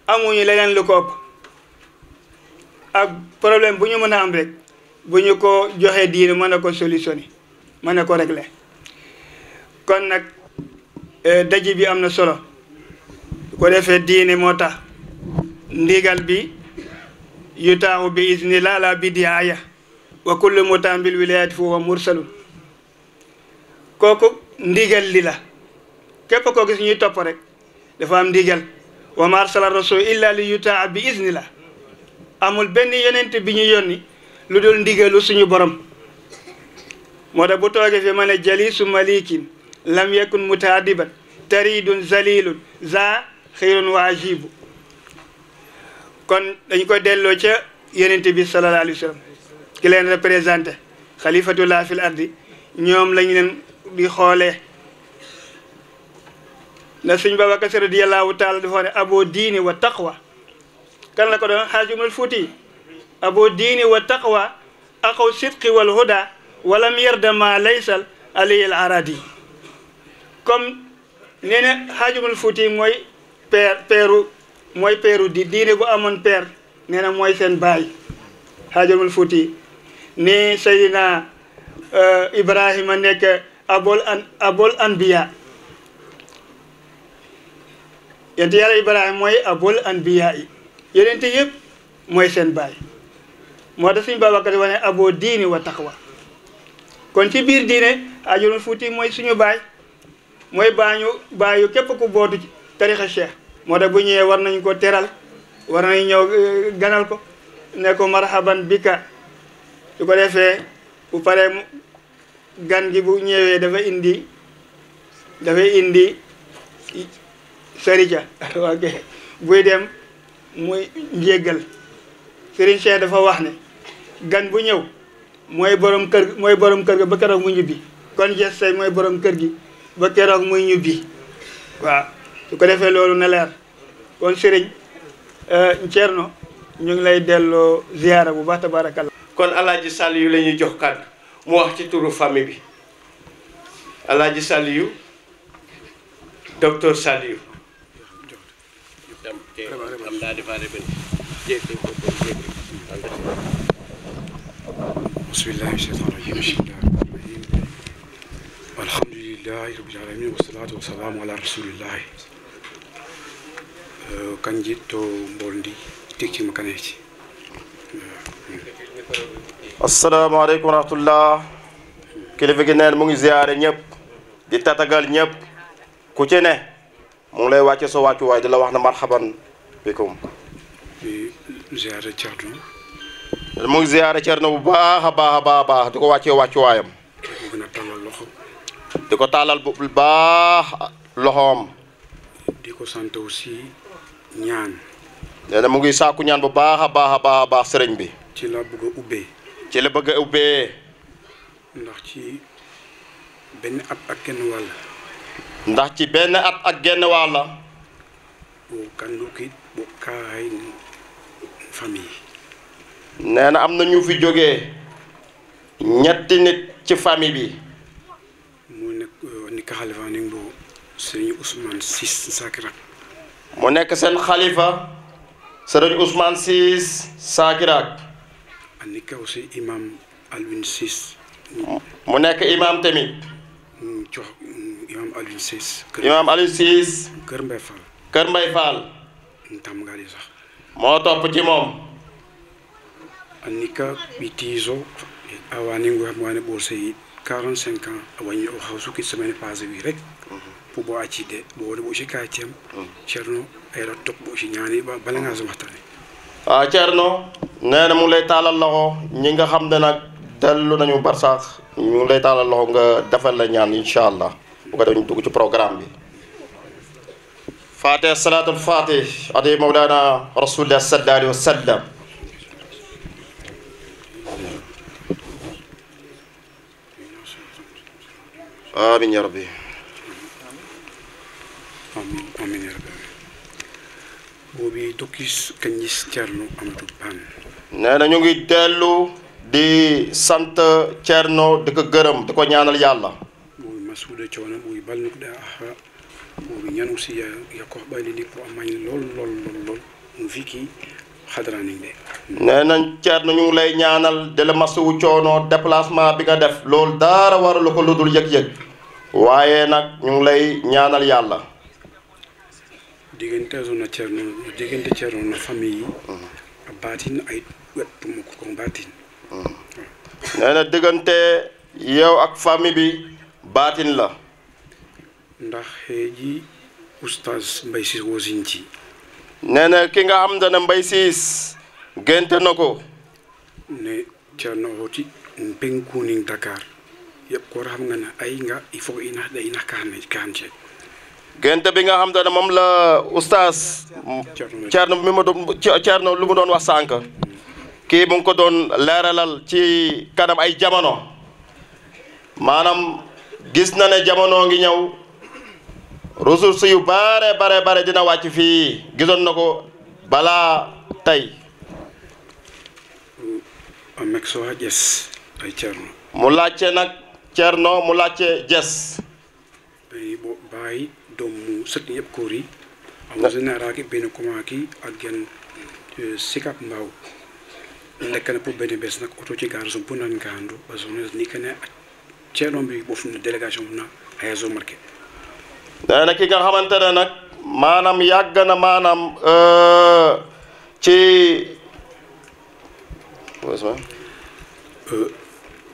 amuñu leneen lu ko ëpp ak problème bu ñu mën a am rek bu ñu ko joxee diine mën na ko solutionner ma ne ko régler kon nag eh, daje bi am na solo ko defee diine moo ndigal bi yu taaxu bi isni laala bi diaaya wa kullu mutaan bil wilayati fa huwa mursalun kooku ndigal li la képp koo gis ñuy topp rek dafa am ndigal wa ma arsala rasul illa li bi isni la amul benn yonent bi ñuy yónni lu dul ndigalu suñu borom moo tax bu toogee fi ma ne jalisu malikin lam yakun mutaadiban taridun zalilun za خير واجب كون داني كو ديلو تيا يونت بي صلى الله عليه وسلم كي لين ريبريزانت خليفه الله في الارض نيوم لا ني نين دي خوله لا سيني بابا كسر دي الله تعالى دفور ابو دين وتقوى كان لا كو حاجم الفوتي ابو دين وتقوى اخو صدق والهدى ولم يرد ما ليس عليه العرادي كم نينا حاجم الفوتي موي père peeru mooy peeru di diine bu amoon père nee na mooy seen baay xaajamul fuuti ni Seydina euh, Ibrahima nekk abol an abol anbiya yonent yàlla Ibrahima mooy abol anbiya yi yonent yëpp mooy seen baay moo tax suñu Babacar wane aboo diini wa taqwa kon ci biir diine xaajamul fuuti mooy suñu baay mooy baañu baayu képp ku bootu tarixa cheikh moo tax bu ñëwee war nañ ko teral war nañ ñëw eh, ganal ko ne ko marhaban bika su ko defee bu paree gan gi bu ñëwee dafa indi dafay indi sarica [laughs] buy dem muy njéggal Serigne Cheikh dafa wax ne gan bu ñëw mooy borom kër mooy borom kër gi ba keroog mu ñubbi kon geste mooy borom kër gi ba keroog muy ñubbi waaw su ko defee loolu na leer kon sëriñ euh, Thierno ñu ngi lay delloo ziyaara bu baax tabarakallah kon alaaji Saliou la ñuy jox kàddu mu wax ci turu famille bi alaaji Saliou docteur Saliou bismillahi shaytaan rajim bismillahi alhamdulillahi rabbil alamin wasalaatu wasalaamu ala rasulillahi Euh, kanji to mboldi tekkima kaneji assalamu aleykum wa rahmatullah kilifa gi neen mu ngi ziyaare ñëpp di tatagal ñëpp ku ci ne mu ngi lay wàcce soo wàccu di la wax na marhaban bikum di mu ngi ziyaare Cerno baax a di ko wàccee wàccu waayam di ko tàllal bu baax loxoom di ko sant ñaan. nee mu ngi sàkku ñaan bu baax a baax a baax sëriñ bi. ci la bëgg a ci la bëgg a ubbee. ndax ci benn at ak genn wàll. ndax ci benn at ak genn wàll. boo kanduki boo kaay na am na ñu fi jóge ñetti nit ci famille bi. mu xalifa ni bu sëriñ Ousmane Ciss mu nekk seen xalifa sëriñ Ousmane Ciss Sakirak nekk aussi imam Alioune Ciss mu nekk imam tamit mu jox imam Alioune Ciss imam Alioune Ciss kër Mbay Fall kër Mbay Fall sax moo topp ci moom anika bitizo awani ngwa mwane borse 45 ans awani a hausuki semaine passée bi rek 보아치데 모두 오시 가이템 cerno ay la toog bu si ñaani bala ngaa si waxtaanee. ah cerno nee mu ngi lay taalal loxo ñi nga xam ne nag dellu nañu barsaax ñu ngi lay taalal loxo nga defal la ñaan incha allah bu ko ñu dugg ci programme bi. Faatih salaatul Faatih ati mawlaana rasulillah sallallahu alayhi wa sallam. amiin ya rabbi. amin amin ya rabbi bobi dokis kanyis cerno amadou ban neena nah, ñu ngi delu di sant cerno di ko gërëm di ko ñaanal yalla bobi ciona da bobi ñanu si ya ya ko bali ni pour amagne lol lol lol lol mu xadrani neena cerno ñu lay ñaanal de la masu ciono déplacement bi nga def lol dara ko yek yek waye nak ñu lay ñaanal yalla diggante zone Thierno diggante Thierno na famille yi. Mm-hmm. baatin ay wet mu ko baatin. Mm-hmm. nee diggante yow ak famille bi baatin la. ndax ji oustaz Mbaye Ciss woo ci. nee na ki nga xam ne Mbaye Ciss génte na ko. ne Thierno Hoti mpenkuning Dakar yëpp ko xam nga ne ay nga il faut ina da ina ka kaan ceeb. gént bi nga xam ne moom la oustaz Thierno mi lu mu doon wax sànq kii mu ngi ko doon leeralal ci kanam ay jamono maanaam gis na ne jamono ngi ñëw ressource yu bare bare bare dina wàcc fii gisoon na ko balaa tey mu laajte nag Thierno mu laajte jes doomu sët ñëpp kóor yi ah. awase naaraaki benn kumaaki ak gen euh, sikap mbaaw ndekk na pour benn bes nag oto ci gaara so bu nan gaandu basone ni kene ceeloon bi boo fum ne nag maanaam yàgg na maanaam euh, ci euh,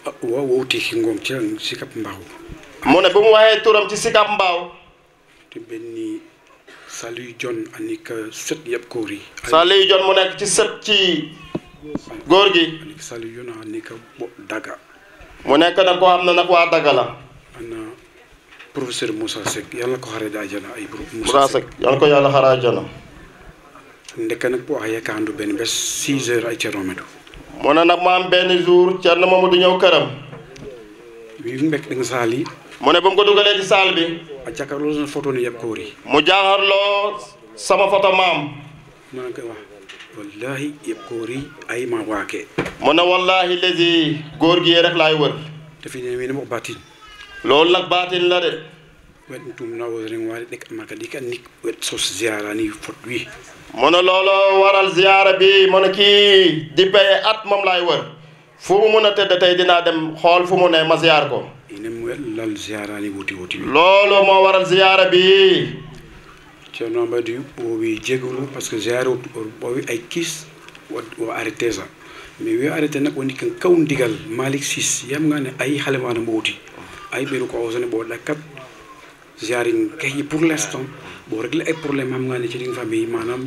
ah, waaw wowti sikap mbaaw mu ne bu mu turam ci sikap mbaaw ci benn Saliou Dione anik sët yëpp góor yi. Saliou Dione mu nekk ci sët ci góor gi. anik Saliou Dione anik bo daga. mu nekk nag ko am na nag waa daga la. ana professeur Moussa Seck yàlla ko xaree ajana ay. Moussa Seck yàlla ko yàlla xaree nag boo xayee kaandu benn bés 6 heures ay Thierno Amadou. mu ne nag mu benn jour Thierno Mamadou ñëw këram. bii mu nekk nag saal mu ne ba mu ko dugalee ci saal bi. a jakarlo fotoni yaɓ koori mo jaharlo sama fota mam manaka wallahi yaɓ koori ayima gi e rek lay wër define loolu nag batin la de waɗi tum nawosren waade ɗek amaka ɗi ka nik waɗ sos ziara ni fot wi mono loolo waral ziara bi mono ki dippe e at mom lay wër fu mu mun tey dinaa dem xool fu mu ne ma ziyaar ko. loolu moo waral ziyaara bi. ceerno amady owi jegolu par ce que ziyaara owi ay kiis o arrêté sa mais wi arrêté nak woni kan kaw ndigal malik sis yamgane ayi haale ma no mbowti ayi ɓeyru ko awsone ɓoɗɗa kat ziyarin kayi pour l' instant ɓo réglé ay probléme hamgane ceɗin famille manam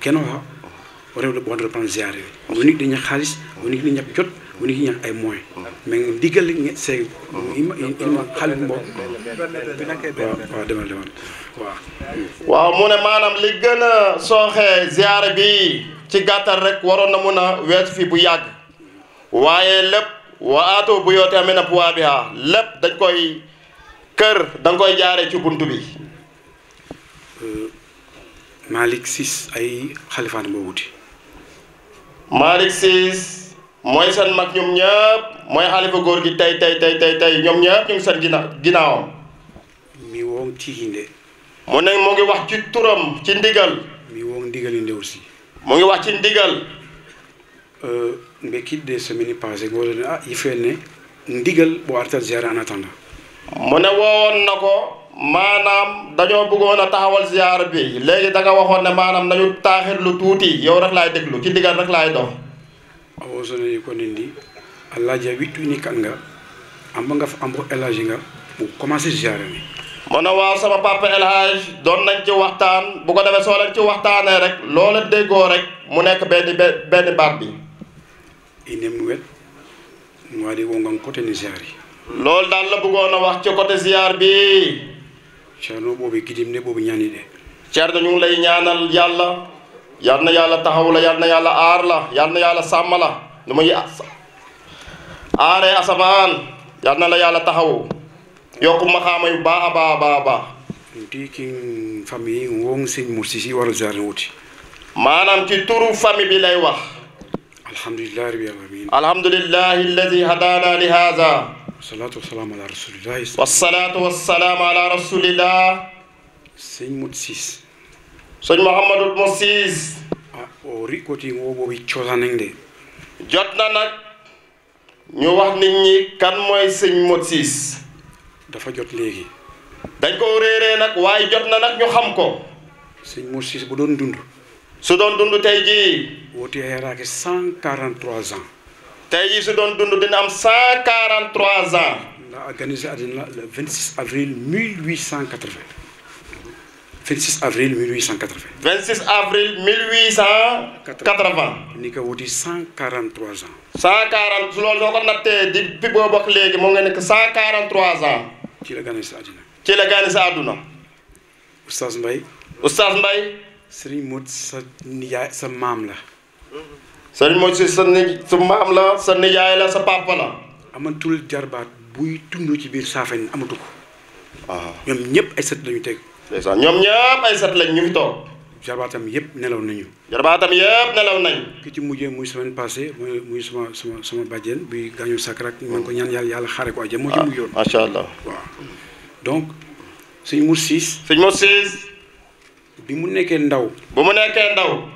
geno ha rewde ɓoodere plan o woni ɗi ñak waaw demal demal waaw waaw mu ne maanaam li gën a sooxee ziar bi ci gàttal rek waroon na mën a weet fii bu yàgg waaye lépp wa bu yootee amee na puwaa lépp dañ koy kër danga koy jaaree ci bunt bi euh, Malick Ciss ay xalifaat moo wuti Malick Ciss mooy seen mag ñoom ñëpp mooy xalifa góor gi tey tey tey tey tey ñoom ñëpp ñu ngi seen gina ginnaawam. mi woom ci hinde. mu ne mu ngi wax ci turam ci ndigal. mi woom ndigali ndew si. mu ngi wax ci ndigal. Euh, mbe kidde semaine passée ngoolone ah yifeel ne ndigal bo artal gérer en mu ne woowoon na ko. manam dañu bëggoon a taxawal ziar bi léegi da nga waxoon ne manam nañu taaxir lu tuuti yow rek laay déglu ci digal rek lay dox awo sonei ko nindi alaaji wittu ni kan nga am nga fa ambo elage nga bu commencé ziar bi mona wa sama papa elage don nañ ci waxtaan bu ko defee so lañ ci waxtaané rek loolu déggo rek mu nekk benn benn bar bi inem wet mu wadi wongon côté ni ziar yi lool daal la bëggoon a wax ci côté ziar bi Thierno boobu gidimne boobu ñaanide Thierno ñu ngi lay ñaanal yàlla yal na yàlla taxaw la yal na yàlla aar la yal na yàlla sàmm la nu muy aaree asamaan yal na la yàlla taxaw yokku maxaama yu baax a baax a baax a wuti maanaam ci turu famille bi wax alhamdulillahi rabbil alamin alhamdulillahi alladi hadana wasalaatu wasalaam ala rasulillah. wasalaatu wasalaam ala rasulillah. sëñ Modou Ciss. sëñ Mouhamadou Modou Ciss. ah o rikkoti wo boobi coosaaneng de. jot na nag ñu wax nit ñi kan mooy sëñ mot Ciss. dafa jot léegi. dañ ko réeree nag waaye jot na nag ñu xam ko. sëñ Modou Ciss bu doon dund. su doon dund tey jii. woote ay raake ans. tey su doon dund dina am 143 ans. la organisé le 26 avril 1880. 26 avril 1880. 26 avril 1880. ni ko wuti 143 ans. 143 ans, do ko naté di bobo ak légui mo nga nek 143 ans. ci la gane sa àdduna. ci la gane sa Oustaz Mbaye. Oustaz Mbaye. Serigne Modou sa nijaay sa la. Mm-hmm. sëriñ Moïse sa ni sa maam la sa nijaay la sa papa la. amatul buy tund ci biir saafeen amatu ko. waaw ah. ñoom ñëpp ay sët lañu teg. ndeysaan ñoom ñëpp ay sët lañ ñu fi toog. jarbaatam yëpp nelaw nañu. jarbaatam yëpp nelaw nañ. ki ci mujjee muy semaine passée muy muy sama sama sama bàjjeen buy gaañu sakrak maa ngi ko ñaan yàlla yàlla xaare ko àjjana moo ci mujjoon. Ah, macha allah donc sëñ Mor Siis. sëñ Mor Siis. bi mu nekkee ndaw. bu mu nekkee ndaw.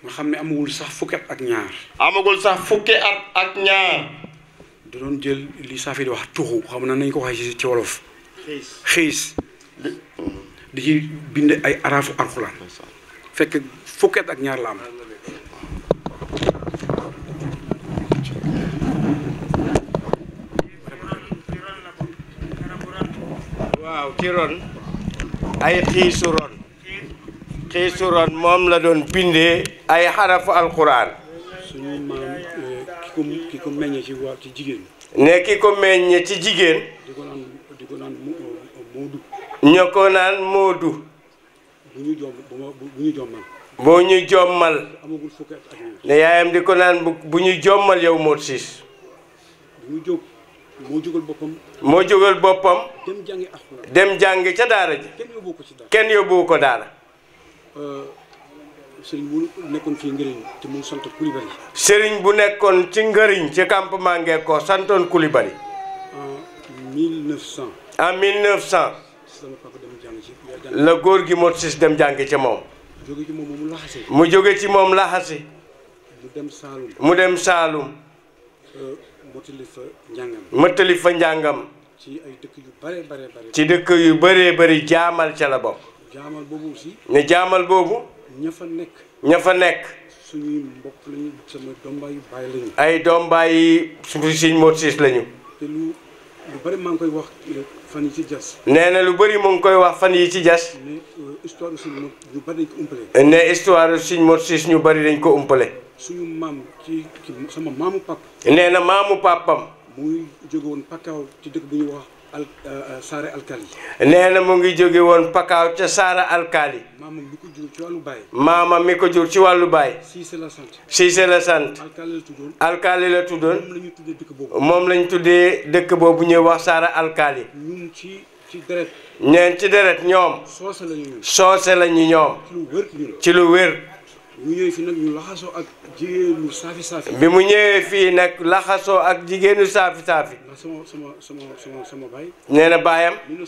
nga xam ne amagul sax fukki ak ñaar. amagul sax fukki at ak ñaar. doon jël li saafi di wax tuxu xam na nañ ko waxee ci wolof. xiis di ci bind ay araafu alxuraan fekk fukki ak ñaar la am. waaw ci ron ay xiisu ron. xiisuran moom la doon bindee ay xarafu alxuraan suñu eh, ci jigéen. ne ki ko meññee ci jigéen. di ko naan di ko naan ko naan moodu. bu ñu jom bu ñu jommal. ne yaayam di ko naan bu bu ñu jommal yow Modou Ciss. moo jógal boppam. moo jógal boppam. dem jàngi ca daara ji. kenn yóbbu kenn yóbbu ko daara. Eh, Sering bu nekkoon ci ngëriñ te mu sant Kulibali. sëriñ bu nekkoon ci ngëriñ ci 1900. 1900. gi mot sis dem jàngi ci ya- mu joge ci moom laxasi. mu dem salum. mu dem Saalum. Eh, mëttali yu ci dëkk jaamal boobu aussi. ne jaamal bobu ñafa nek ñafa nek suñu mbokk lañu sama lañu. ay suñu lañu. te lu lu bari maa ngi eh, wax fan yi ci jas. nee lu bari mu ngi wax fan yi ci jas. ne eh, histoire suñ Mor ñu bari ko ne histoire suñ Mor ñu bari dañ ko suñu ci sama mamu pap nee mamu papam muy jóge woon ci dëkk bu wax. al euh, euh, Saare Alkali. nee na mu ngi jóge woon Pakaaw ca Saara Alkali. maama mi ko jur ci wàllu baay. maama ci wàllu baay. Cissé la sant. Cissé la sant. Alkali la tuddoon. moom la ñu tuddee dëkk boobu. moom la ñu tuddee dëkk boobu ñuy wax Saara Alkali. ñun ci ci deret. ci deret ñoom. soose la ñoom. la ñu ñoom. ci lu ci lu wér. mu ñëwee fii ak jigéenu saafi bi mu ñëwee fii nag laxasoo ak jigéenu saafi saafi. ndax sama sama sama sama sama baay. nee na baayam. 1918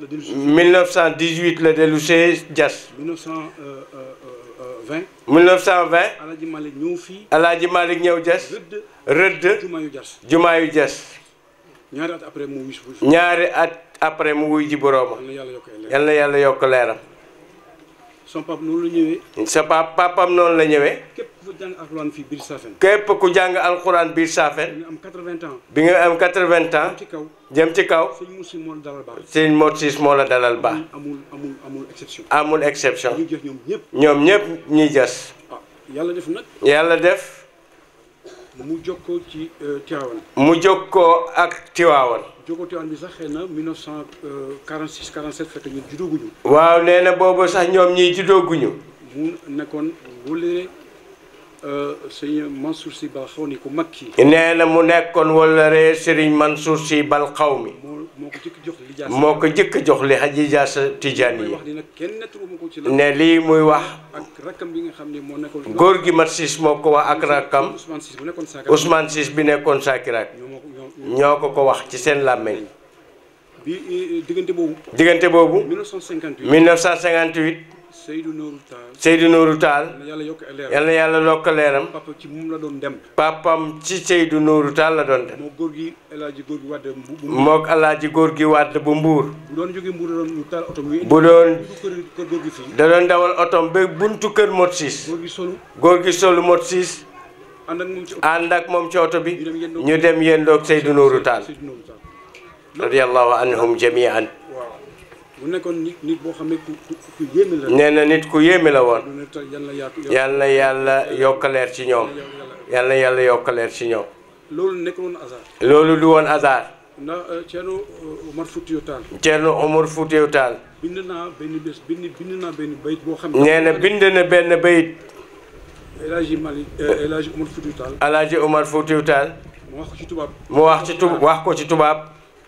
la dellu si. 1918 la dellu si Diass. 1920. 1920. Alaaji Malick ñëw fii. Alaaji Malick ñëw Diass. rëdd rëdd. yu Diass. Jumaayu Diass. ñaari at après mu wuy si. ñaari at après mu ji borooma. yal na yàlla yokk leeram. son papa noonu la ñëwee. sa papa papam noonu la ñëwee. képp ku jàng alxuraan fii biir Safen. képp ku jàng alxuraan biir Safen. bi nga am 80 ans. bi nga am 80 ans. jëm ci kaw jëm ci kaw. sëñ Mor Sis moo la dalal baax. sëñ Mor Sis moo la dalal baax. amul amul amul exception. amul exception. ñuy jëf ñoom ñëpp. ñoom ñëpp ñuy jës. Ah, yàlla def nag. yàlla def. mu jokkoo ci euh, Tiwaawan. mu ak Tiwaawan. jokkoo Tiwaawan bi sax xëy na 1946 47 fekk ñun juddooguñu. waaw nee na boobu sax ñoom ñii juddooguñu. mu nekkoon wóllëre sëñ Mansour Sy Bal xaw ni mag kii. nee na mu nekkoon wala Serigne Mansour si Bal xaw mi. moo ko jëkk jox li moo ko jëkk jox li Ijaasa Tijaani yi. ne lii muy wax. ak rakkam bi nga xam ne moo nekkoon. góor gi mat siis moo ko wax ak rakkam. Ousmane Siis bi nekkoon Sakiraat. ñoo ko ko wax ci seen làmmeñ. bi eh, diggante boobu. diggante boobu. 1958. 1958. Seydou Nourou Tall Seydou Nourou Tall yal na yàlla yokk leeram papam ci moom la doon dem papam ci Seydou Nourou Tall la doon dem moo góor gi alaaji góor gi wàdd bu mook alaaji góor gi wàdd bu mbuur bu doon jógee mbuur doon ñu taal otom bu da doon dawal otom ba buntu kër mot siis góor gi solu góor gi solu mot siis ànd ak moom ci oto bi ñu dem yendoog Seydou Nourou Tall radiyallahu anhum jamian bu nekkoon nit nit xam ne ku ku yéeme la. nee na nit la woon. yal yàlla yokk ci ñoom. yàlla yokk ci ñoom. loolu nekkul loolu du woon hasard. ndax eh, Thierno eh, Omar Foutiyou Tall. Thierno Omar bind boo xam ne. na benn bayit. El Hadj Malick eh, El mu wax ci tubaab. wax ko ci tubaab.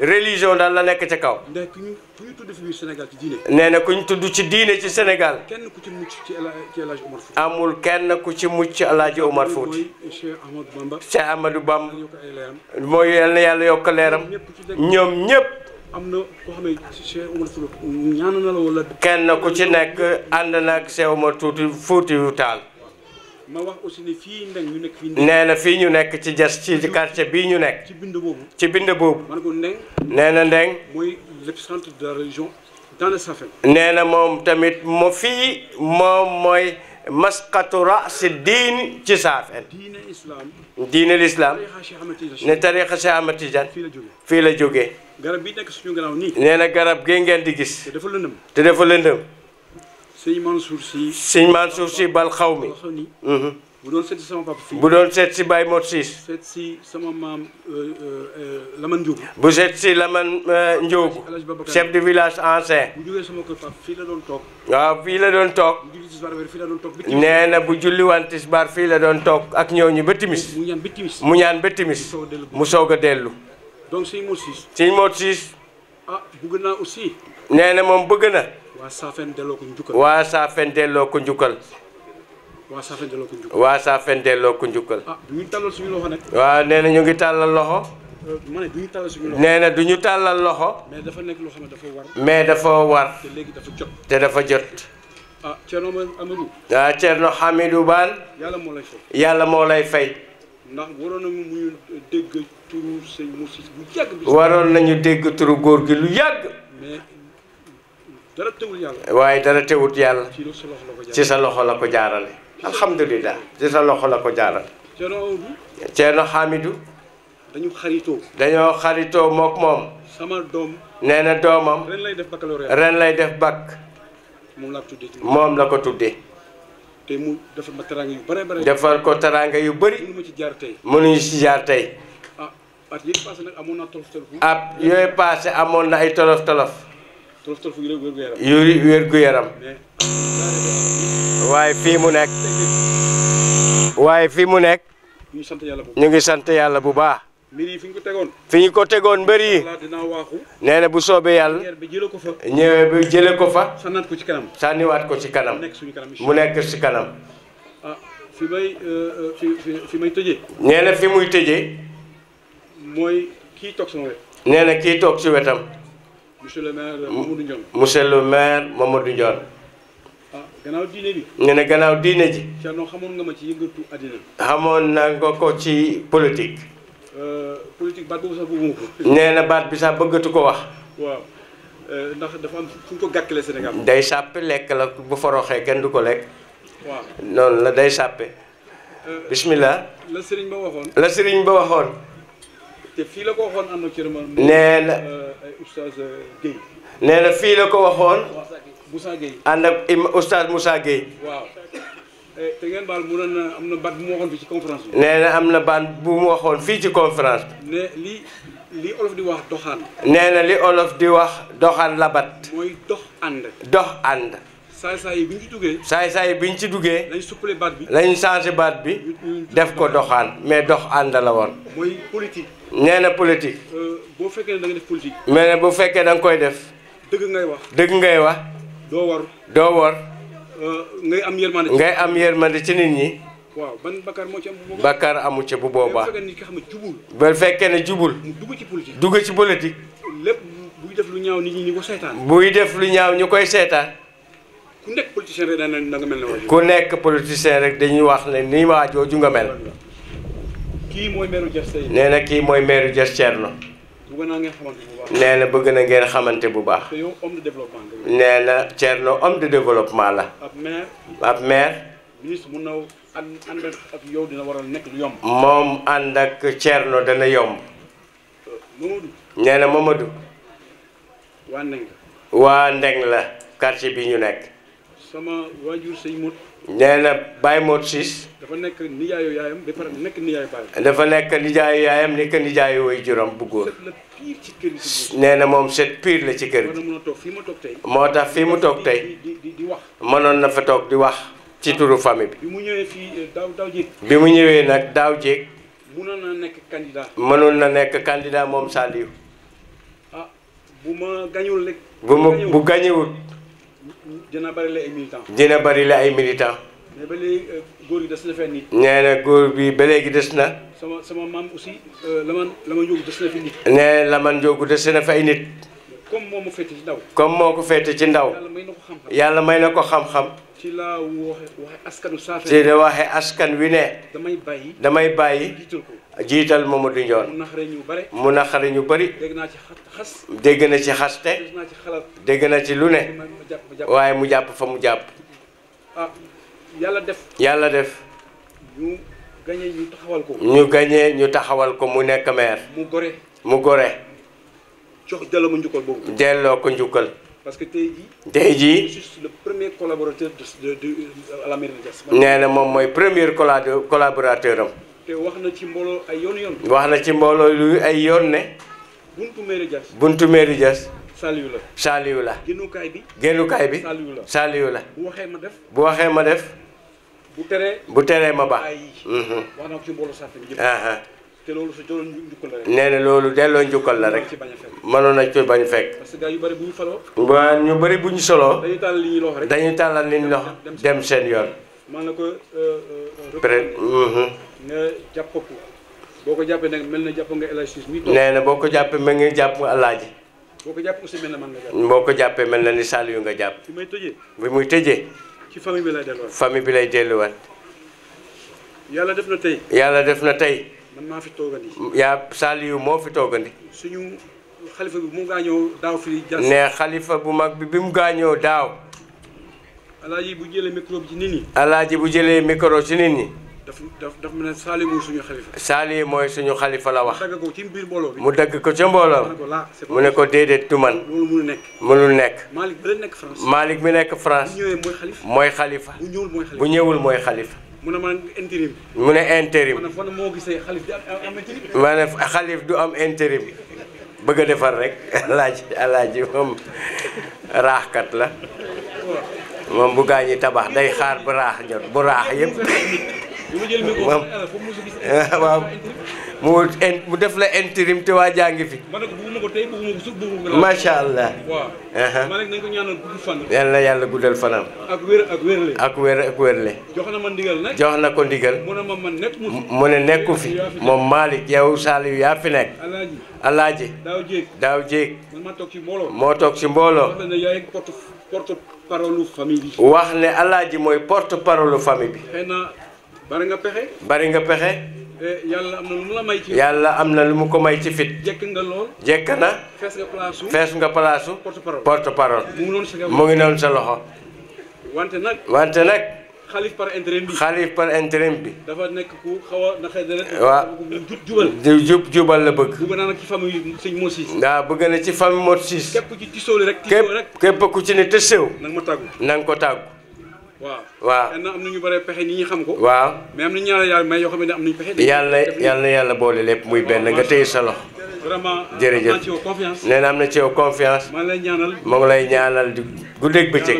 religion daal la nekk ca kaw. ndax ku ñu nee nag ku ñu tudd ci diine ci Sénégal. kenn ku ci amul kenn ku ci mucc El Hadj Omar Fouti. Cheikh Ahmadou mooy yal yàlla yokk leeram. ñoom ñëpp. am na kenn ku ci nekk ànd na ak Cheikh Omar Fouti yu taal. ma wax aussi ne fii ñu nekk fii. nee na fii ñu nekk ci jas ci quartier bii ñu nekk. ci bind boobu ci bind boobu. ma nee na de la religion dans nee na moom tamit mo fii moom mooy maskatu raasi diin ci Safel. diine islam. diine l'islam. ne tariqa Cheikh Ahmed Tidiane. fii la jógee fii la jógee. garab bi nekk suñu gannaaw nii. nee na garab gi ngeen di gis. te dafa lëndëm. te dafa lëndëm. Seigneur Mansour si. sëñ bal xaw mi. bu si sama papa fii. bu si Baye sama eh, eh, eh, Laman Ndiogu. bu seet si Laman Ndiogu. chef de village ancien. sama la doon toog. waaw na bu julli waan tisbaar fii la ak ñooñu ba mu ñaan betimis mu ah bëgg aussi. na bëgg waa Safen delloo ko njukkal. waa Safen delloo ko njukal wa sa delloo ko ko njukal ah ñu tàllal suñu loxo nag. waaw nee ñu ngi tàllal loxo. ma ne du suñu loxo. ah Hamidou lay fay. yalla mo lay fay. ndax waron nañu muy eh, turu waye dara teewut yalla ci sa loxo la ko jaarale alhamdullilah ci sa loxo la ko jaaral Ceerno hamidu dañu xarito dañu xarito mok mom sama dom neena domam ren lay def baccalauréat ren lay def bac mom la tuddé mom la ko tuddé té mu defal ma teranga yu bari bari defal ko teranga yu bëri mënuñu ci jaar tay mu ñu ci jaar tay ah at yooyu passé nag amoon tolof tolof ah yooyu passé amoon na ay tolof tolof tolof tolof yu wér gu yaram yu wér gu yaram waaye mu nekk waaye fii mu nekk ñu ngi sant yàlla bu baax mbir yi fi ñu ko tegoon fi ñu ko tegoon mbir yi nee na bu soobee yàlla ñëwee ba jëlee ko fa sànniwaat ko ci kanam sànniwaat ko ci kanam mu nekk si kanam ah, fi bay euh, euh, fi may tëjee nee na fi muy tëjee mooy kii toog sama wet nee na kii toog si monsieur le maire Mamadou Ndione monsieur le maire Mamadou Ndione ah, gannaaw diine bi nga ne ji xamoon nga ma ci yëngatu xamoon na nga ko ci politique euh, politique baat boobu ko [laughs] baat bi ko wax waaw euh, day la bu day euh, bismillah la ba te fii la ko am na ci rëmmal. na oustaz euh, na fii la ko waxoon. Moussa Guèye ànd ak oustaz Moussa eh, am na baat bu mu waxoon fii ci conférence bi. nee am na baat bu waxoon fii ci conférence bi. li li olof di wax doxaan. nee na li olof di wax doxaan labat. mooy dox ànd. dox ànd. saay-saay biñ ci duggé saay-saay biñ ci duggé lañ suppale bi def ko doxal mais dox ànd won moy politique. néna na politique. Euh, bo féké da nga def politique. mais ne bu fekkee da nga koy def. deug ngay wax deug ngay wax. do war do war. Euh, ngay am yërmande ngay am yermane ci nit ñi. waaw ban bakkar mo ci am bu boba bakkar amu ci bu boba bu féké ne jubul. dugg ci politique dugg ci politique. lepp buy def lu ñaaw nit ñi ni ko sétane buy def lu ñaaw ñukoy sétane ku nekk politicien rek dana nga mel ne ku nekk politicien rek dañuy wax ne ni joju nga mel. ki moy meeru Diass Thierno nee na kii mooy meeru Diass Thierno. nee bëgg na ngeen xamanté bu baax. neena cierno homme de développement la. ab maire. ministre mu naw and ak yow dina waral nek lu yomb. mom and ak cierno dana yomb. nee na Mamadou. wa Ndeng la quartier bi ñu nek sama waajur sëñ Mot. nee na Baye Mot Ciss. dafa nekk nijaayu yaayam ba pare nekk nijaayu baayam. dafa nekk nijaayu yaayam nekk nijaayu way juram bu góor. nee na moom set pire la ci kër gi. moo tax fii mu toog tey. mënoon na fa toog di wax ci ah. turu famille bi. bi mu ñëwee fii eh, daw jek, jéeg. bi mu ñëwee nag daaw na nekk candidat. mënoon na nekk candidat moom Saliou. ah buma ma gañul rek. bu ma bu gañewul. dina bari la ay militants. dina bari la ay militants. Euh, góor des na fenn góor bi ba léegi des na. sama sama maam aussi euh, laman laman Ndiogu des na fi nit. nee laman Ndiogu des seen fi ay nit. comme moo ma féete ci ndaw. comme moo ko féete ci ndaw. yàlla may na ko xam-xam yàlla may na ko xam ci la waxe askanu saafara. ci la askan wi ne. damay bàyyi damay bàyyi. jiital Mamadou Ndione mu naqari ñu bari dégg na ci xaste dégg na ci lu ne mu jàpp fa mu jàpp ah, yalla def yàlla def ñu gagné ñu taxawal ko ñu gagné ñu taxawal ko mu nekk maire mu goré mu goré jox mu ñukal bobu premier collaborateur te wax na ci mbooloo ay yoon yoon. wax na ci mbooloo lu ay yoon ne. buntu mairie Diass. buntu mairie saaliyu la saaliyu la. génnukaay bi génnukaay bi. saaliyu la saaliyu la. bu waxee ma def bu waxee ma def. bu teree bu teree ma baax. Mhm. wax na ci mbooloo saafara yëpp. te loolu sa delloo njukkal la rek. nee na loolu delloo njukkal la rek. mënoon na ci bañ fekk. parce que gars yu bëri bu ñu faloo. waaw ñu bëri bu ñu soloo. dañuy tàllal li ñuy lox tàllal li ñuy lox dem seen yoon. maanaam ko. peut euh, euh, nga jàpp boo ko jàppee nag mel na jàpp nga El Hadj Ciss nee na boo ko jàppee mel nga jàpp nga Alaaji. boo ko na man nga jàpp. ko jàppee mel na ni Saliou nga jàpp. bi muy tëjee. bi muy tëjee. ci famille bi lay delluwaat. famille bi lay delluwaat. yàlla def na tey. yàlla def na tey. maa fi toogandi. yaa Saliou moo fi toogandi. suñu xalifa bi mu gaañoo daaw fii. ne xalifa bu mag bi bi mu gaañoo daaw. Alaaji bu jëlee micro bi ci nit ñi. Alaaji bu jëlee micro ci nit ñi. daf daf mu ne Saali mooy suñu xalifa. Saali mooy suñu xalifa la wax. mu dagg ko biir mbooloo mu dagg ko ca mbooloo mu ne ko déedéet du man. loolu nekk. mënul bi nekk France. mooy xalifa. bu ñëwul mooy xalifa bu ñëwul mooy xalifa. mu ne ma intérim. mu ne ma ne moo gisee xalif du am intérim. du am intérim bëgg a defar rek alaaji [laughs] alaaji moom raaxkat la. moom bu gaañi tabax day xaar bu raax jot bu raax yëpp waaw eh, [laughs] eh, waaw mu mu def la intérim te waa jaa ngi fi. macha allah. yàlla uh-huh. yàlla guddal fanam. ak wér ak wérle. ak jox na ko ndigal. mu ne nekku fi. moom Malick yow Saliou yaa fi nekk. alaaji daaw jéeg. moo toog ci mbooloo. wax ne alaaji mooy porte parole famille bi. bari nga pexe. bari nga pexe. Eh, yàlla am na lu mu la may ci. yàlla am na mu ko may ci fit. jekk nga lool. jekk na. fees nga palaasu. fees nga palaasu. porte parole porte parole. mu ngi noonu sa loxo. wante nag. wante nag. xalif par intérim bi. xalif par intérim bi. dafa nekk ku xaw a naqare dara. waaw jubal. jub jubal la bëgg. bëgg naa nag ci famille sëñ Mor Cissé. bëgg na ci famille Mor Cissé. képp ku ci rek tisoo rek. képp ku ci ne tësew. na nga ma tàggu na ko tàggu. waaw waaw am pexe ñi xam ko. waaw mais am na ñaar yàlla am nañu pexe. yàlla yàlla yàlla boole lépp muy benn nga téye sa loxo. vraiment jërëjëf nee am na ci yow confiance. maa ngi moo ngi lay ñaanal di guddeeg bëccëg.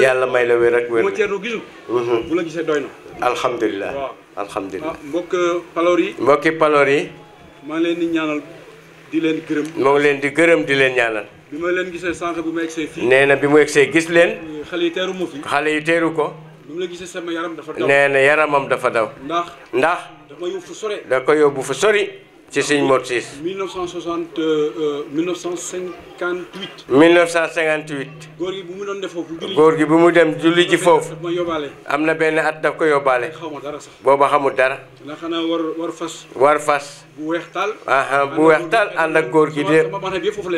yàlla may la wér ak wér. moo ceerno gisul. Mm-hmm. bu la gisee doy ah, euh, paloor yi. mbokki paloor yi. maa leen di ñaanal di leen gërëm. moo ngi leen di gërëm di leen ñaanal. bi ma leen bu ma nee na bi mu egsee gis leen. xale yi teeru xale yi teeru ko. bi ma yaram dafa daw. nee na yaramam dafa daw. ndax. ndax. da ko yóbbu fu sori. ci sëñ Mor Ciss. 1960 1958. 1958. góor gi bu mu doon def góor gi bu mu dem julli ji foofu. am na benn at daf ko yóbbaale. booba xamul dara. ndax war fas. war fas. bu weex taal. bu weex taal ànd ak góor gi de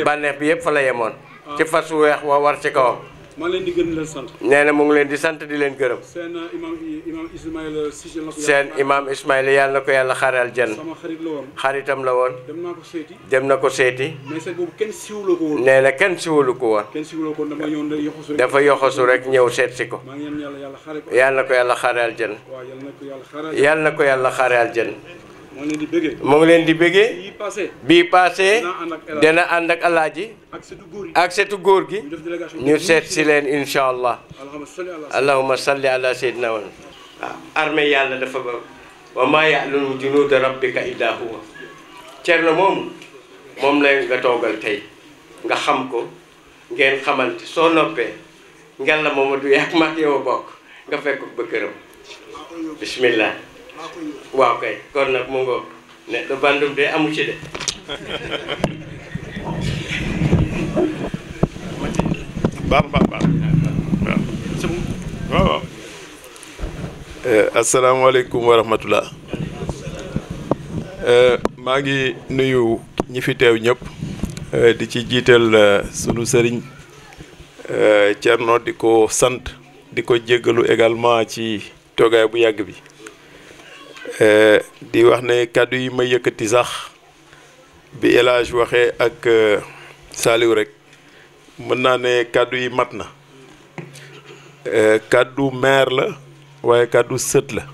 bànneex bi yëpp fa la yemoon. ci fas weex wa war ci kawam. maa ngi leen nee na mu ngi leen di sant di leen gërëm. seen uh, imaam imaam Ismaïla seen imaam Ismaïla yàlla na ko yàlla xare aljanna. sama xarit la xaritam la woon. dem naa dem na ko seeti. mais sax boobu nee na kenn siwlu ko woon. kenn ko dama ñëw yoxosu rek. dafa yoxosu rek ñëw seet si ko. maa ngi yàlla yàlla xare yàlla na ko yàlla xare aljanna. waaw na ko yàlla xare aljanna. mo ngi len di beggé bi passé dana andak alaji alaaji ak setu góor gi ñu seet ci len inshallah allahumma salli ala sayyidina wa waaw yalla dafa ba wa ma ya'lamu junud rabbika illa huwa Cerno mom mom lay nga togal tay nga xam ko ngeen xamal ci so noppé ngel la mooma yak mak yow bok nga fekk ba këram bismillah waaw kay kon nag amu ci de baax baax eh, eh, maa ngi nuyu ñi fi teew ñëpp eh, di ci jiital sunu sëriñ Thierno di ko sant di ko jéggalu également ci toogaay bu yàgg bi Eh, di wax ne kàddu yi ma yëkkati sax bi El Hadj waxee ak eh, Saliou rek mën naa ne kàddu yi mat na eh, kàddu meer la waaye kàddu sët la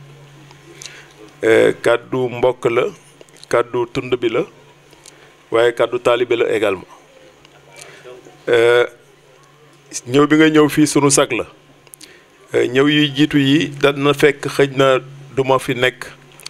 kàddu mbokk la kàddu tund bi la waaye kàddu taalibe la également ñëw bi nga ñëw fii sunu sag la ñëw yuy jiitu yi dana fekk xëj na duma fi nekk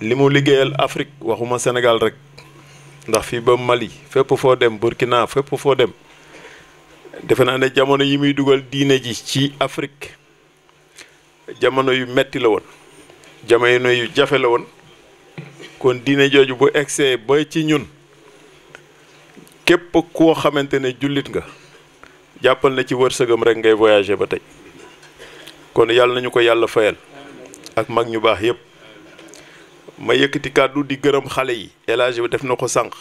limu liggéeyal Afrique waxuma Sénégal rek ndax fii ba Mali fépp foo dem Burkina fépp foo dem defe naa ne jamono yi muy dugal diine ji ci Afrique jamono yu metti la woon jamono yu jafe la woon kon diine jooju bu egsee ba ci ñun képp koo xamante ne jullit nga jàppal na ci wërsëgam rek ngay voyager ba tey kon yàlla nañu ko yàlla fayal ak mag ñu baax yépp ma yëkkati kàddu di gërëm xale yi élage bi def na ko sànq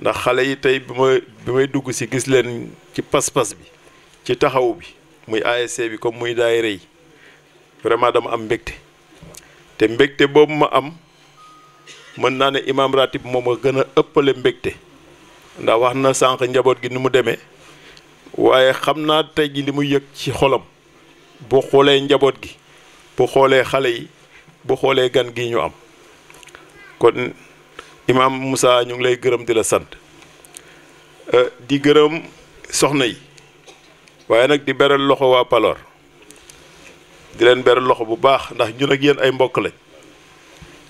ndax xale yi tey bi ma bi may dugg si gis leen ci pas-pas bi ci taxaw bi muy ASC bi comme muy daayira yi vraiment dama am mbégte te mbegte boobu ma am mën naa ne imaam ratib moom a gën a ëppale mbegte ndax wax na sànq njaboot gi ni mu demee waaye xam naa tey ji li mu yëg ci xolam bu xoolee njaboot gi bu xoolee xale yi bu xoolee gan gi ñu am kon imaam Moussa ñu ngi lay gërëm di la sant euh, di gërëm soxna yi waaye nag di beral loxo waa Palor di leen beral loxo bu baax ndax ñun ak yéen ay mbokk lañ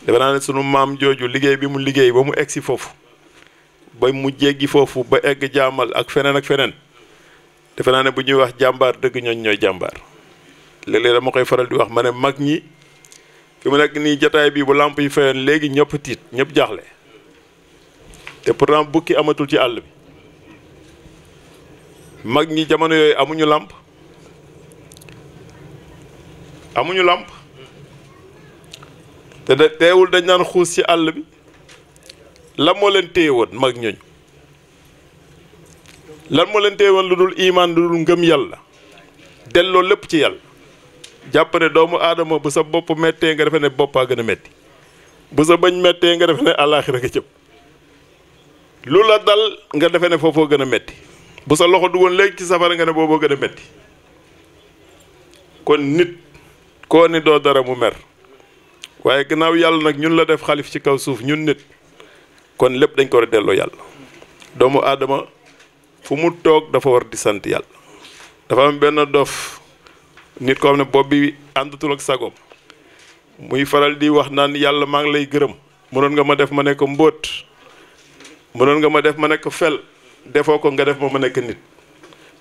defe naa ne sunu maam jooju liggéey bi mu liggéey ba mu egg si foofu ba mu jéggi foofu ba egg jaamal ak feneen ak feneen defe naa ne bu ñuy wax jàmbaar dëgg ñooñ ñooy jàmbaar léeg-léeg dama koy faral di wax ma ne mag ñi. fi mu nekk nii jataay bii bu làmp yi fayoon léegi ñëpp tiit ñëpp jaaxle te pourtant bukki amatul ci àll bi mag ñi jamono yooyu amuñu làmp amuñu làmp te da teewul dañ naan xuus ci àll bi lan moo leen téye woon mag ñooñu lan moo leen téye woon lu dul imaan lu ngëm yàlla delloo lépp ci yàlla jàpp doomu aadama bu sa bopp méttee nga defe ne boppaa gën a métti bu sa bañ mettee nga defe ne àllaaxira nga jëm lu la dal nga defe ne foofoo gën a métti bu sa loxo duggoon léegi ci safara nga ne booboo gën a métti kon nit koo ni doo dara mu mer waaye gannaaw yàlla nag ñun la def xalif ci kaw suuf ñun nit kon lépp dañ ko delloo yàlla doomu aadama fu mu toog dafa war di sant yàlla dafa am benn dof nit ko xam ne bopp bi àndatul ak sagoom muy faral di wax naan yàlla maa ngi lay gërëm mënoon nga ma def ma nekk mbóot mënoon nga ma def ma nekk fel defoo ko nga def ma ma nekk nit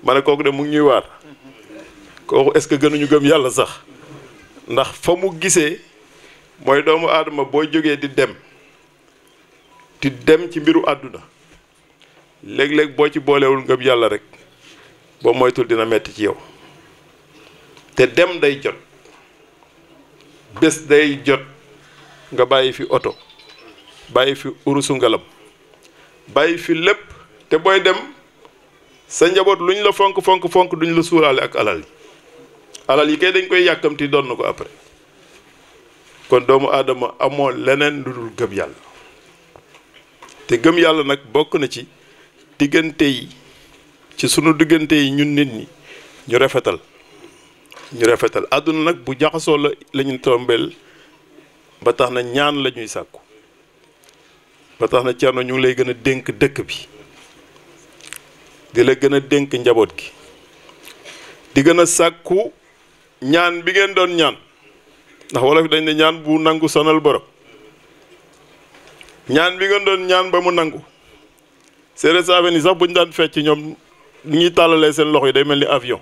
ma ne kooku de mu ngi ñuy waar kooku est-ce que gënuñu gëm yàlla sax ndax fa mu gisee mooy doomu aadama boo jógee di dem di dem ci mbiru àdduna léeg-léeg boo ci boolewul ngëm yàlla rek boo moytul dina metti ci yow te dem day jot bes day jot nga bayyi fi auto bayyi fi urusu ngalam bayyi fi lepp te boy dem sa njabot luñ la fonk fonk fonk duñ la suuraale ak alal yi alal yi kay dañ koy yakamti doon ko après kon doomu adama amo leneen lu gëm te gëm yalla nak bokk na ci diggante yi ci sunu diggante yi ñun nit ñi ñu rafetal ñu rafetal àdduna nag bu jaxasoo la la ñu tombeel ba tax na ñaan la ñuy sàkku ba tax na Thierno ñu ngi lay gën a dénk dëkk bi di la gën a dénk njaboot gi di gën a sàkku ñaan bi ngeen doon ñaan ndax wolof dañ ne ñaan bu nangu sonal borom ñaan bi ngeen doon ñaan ba mu nangu séeréer saa ni sax bu ñu daan fecc ñoom ñuy tàllalee seen loxo yi day mel ni avion.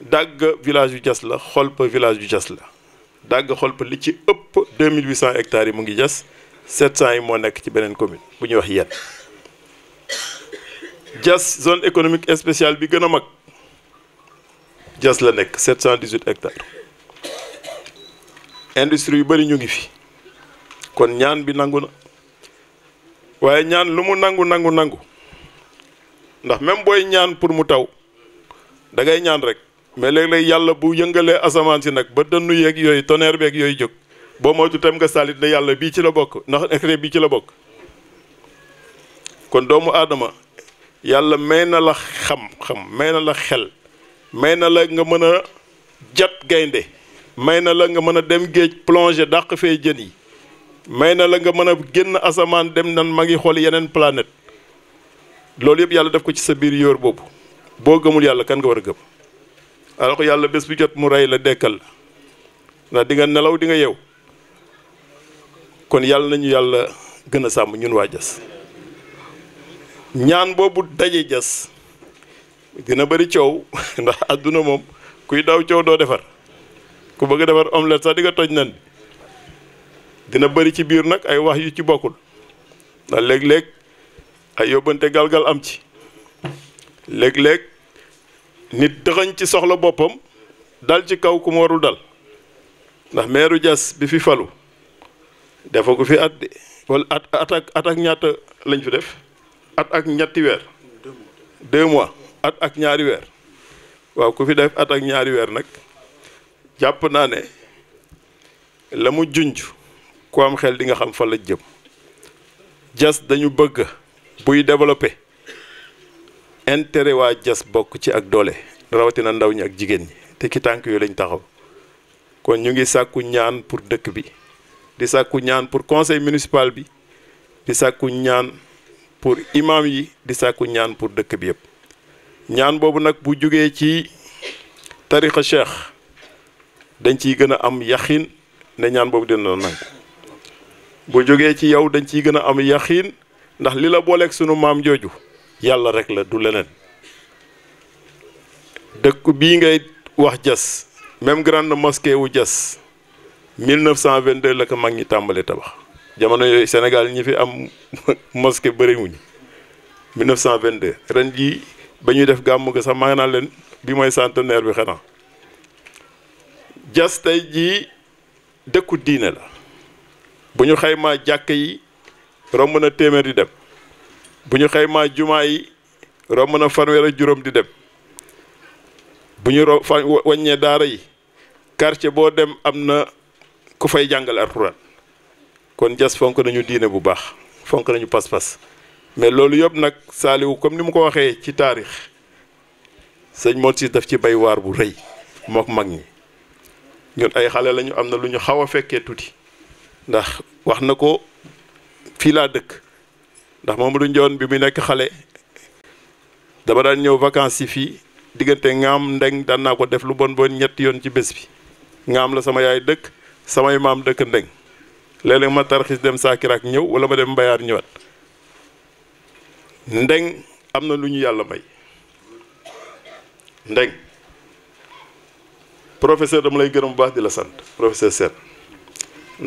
dagg village du Dias la xolp village du Dias la dagg xolp li ci ëpp 2800 hectares yi mu ngi jas 700 yi mo nek ci benen commune bu ñu wax yeen jas zone économique spéciale bi gëna mag jas la nek 718 hectares industrie yu bari ñu ngi fi kon ñaan bi nangu na waaye ñaan lu mu nangu nangu nangu ndax même boy ñaan pour mu taw da ngay ñaan rek mais léeg-léeg yàlla bu yëngalee asamaan si nag ba dënnu yeeg yooyu tonnerre beeg yooy jóg boo moytu tam nga salit ne yàlla bii ci la bokk ndax décret bii ci la bokk kon doomu aadama yàlla may na la xam-xam may na la xel may na la nga mën a jat gaynde may na la nga mën a dem géej plongé dàq fee jën yi may na la nga mën a génn asamaan dem nan ma ngi xool yeneen planète loolu yëpp yàlla def ko ci sa biir yóor boobu boo gëmul yàlla kan nga war a gëm alors que yàlla bés bu jot mu rey la dekkal ndax di nelaw di nga yeew kon yàlla nañu yàlla gën a sàmm ñun waa jas ñaan boobu daje jas dina bëri coow [laughs] ndax àdduna moom kuy daw coow doo defar ku bëgg a defar omelette sax di nga toj nan dina bari ci biir nag ay wax yu ci bokkul ndax léeg-léeg ay yóbbante galgal am ci léeg-léeg nit dëxañ ci soxla boppam dal ci kaw ku mu warul dal ndax meeru Diass bi fi falu dafa ko fi at wal at at ak at ak lañ fi def at ak ñetti weer deux mois at ak ñaari weer waaw ku fi def at ak ñaari weer nag jàpp naa ne la mu junj ku am xel di nga xam fa la jëm dañu bëgg buy développer intérêt waa jas bokk ci ak doole rawatina ndaw ñi ak jigéen ñi te ki tànk yooyu lañ taxaw kon ñu ngi sàkku ñaan pour dëkk bi di sàkku ñaan pour conseil municipal bi di sàkku ñaan pour imam yi di sàkku ñaan pour dëkk bi yëpp ñaan boobu nag bu jógee ci tarixa cheikh dañ ciy gën a am yaxin ne ñaan boobu dina nangu bu jógee ci yow dañ ciy gën a am yaxin ndax li la booleek sunu maam jooju yàlla rek la du leneen dëkku bii ngay wax jas même grande mosquée wu jas 1922 la ko mag ñi tàmbali tabax jamono yooyu Sénégal ñu fi am [laughs] mosquée bëriwuñu 1922 ren jii ba ñuy def gàmm gi sax maa leen bi mooy centenaire bi xanaa jas tey jii dëkku diine la bu ñu xaymaa jàkk yi romb na téeméer di dem bu ñu xaymaa jumaa yi romb na fanweer ak juróom di dem bu ñu ro fa waññee daara yi quartier boo dem am na ku fay jàngale alxuraan kon jas fonk nañu diine bu baax fonk nañu pas-pas mais loolu yëpp nag saaliwu comme ni mu ko waxee ci taarix sëñ moon si daf ci bay waar bu rëy mook mag ñi ñun ay xale lañu am na lu ñu xaw a fekkee tuuti ndax wax na ko fii laa dëkk ndax lu Ndione bi mi nekk xale dama daan ñëw vacances yi fii diggante ngaam ndeng daan naa ko def lu bon bon ñetti yoon ci bés bi ngaam la sama yaay dëkk samay maam dëkk ndeng léeg-léeg ma tarxis dem saakiraak ñëw wala ma dem mbayaar ñëwaat ndeng am na lu ñu yàlla may ndeng professeur dama lay gërëm bu baax di la sant professeur Sène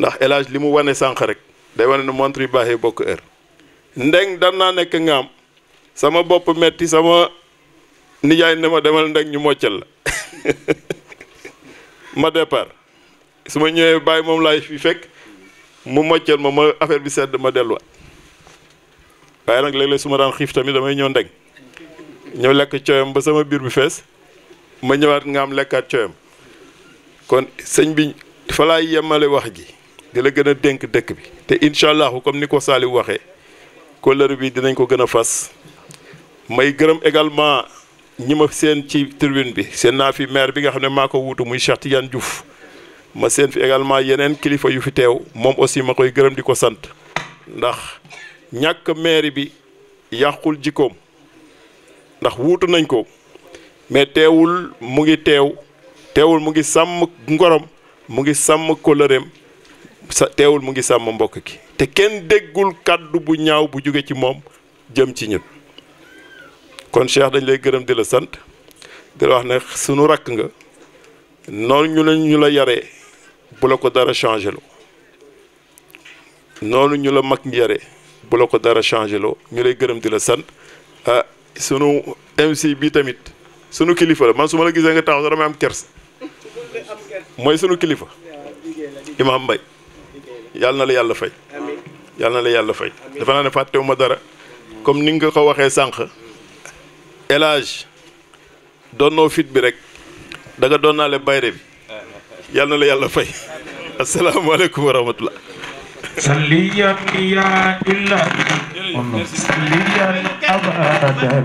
ndax élage Hadj li mu wane rek day wane montre yu bokk heure ndeng dan naa nekk sama bop metti sama nijaay ne ma demal ndeng ñu moccal la [laughs] ma départ suma ñewé bay mom lay fi fek mu moccal ma ma affaire bi sedd ma delu waye nak leg leg suma daan xif tamit damay ñew ndeng ñew lek cioyam ba sama bir bi fess ma cioyam kon señ bi fa lay yemalé wax ji dila gëna denk dekk bi te inshallah comme ni ko waxé kóllëre bi dinañ ko gën a fas may gërëm également ñi ma seen ci tribune bi seen naa fi maire bi nga xam ne maa ko wuutu muy Cheikh Tidiane Diouf ma seen fi également yeneen kilifa yu fi teew moom aussi ma koy gërëm di ko sant ndax ñàkk maire bi yàqul jikkoom ndax wuutu nañ ko mais teewul mu ngi teew teewul mu ngi sàmm ngorom mu ngi sàmm kóllëreem sa teewul mu ngi sàmm mbokk ki te kenn déggul kàddu bu ñaaw bu jóge ci moom jëm ci ñun kon Cheikh dañ lay gërëm di la sant di la wax ne sunu rakk nga noonu ñu la ñu la yaree ko dara changé loo noonu ñu la mag yaree bu la ko dara changé loo ñu lay gërëm di la sant ah sunu MC bi tamit sunu kilifa la man su ma la gisee nga taxaw sax damay am kers [laughs] mooy sunu kilifa Imam Mbaye yàlla na la yàlla fay yàlla na la yàlla fay dafa naa ne fàttewu ma dara comme ni nga ko waxee sànq élage doonnoo fit bi rek da nga doon naale bayre bi yàlla na la yàlla fay asalaamaaleykum wa rahmatullah سليا يا إلهي سليا أبدا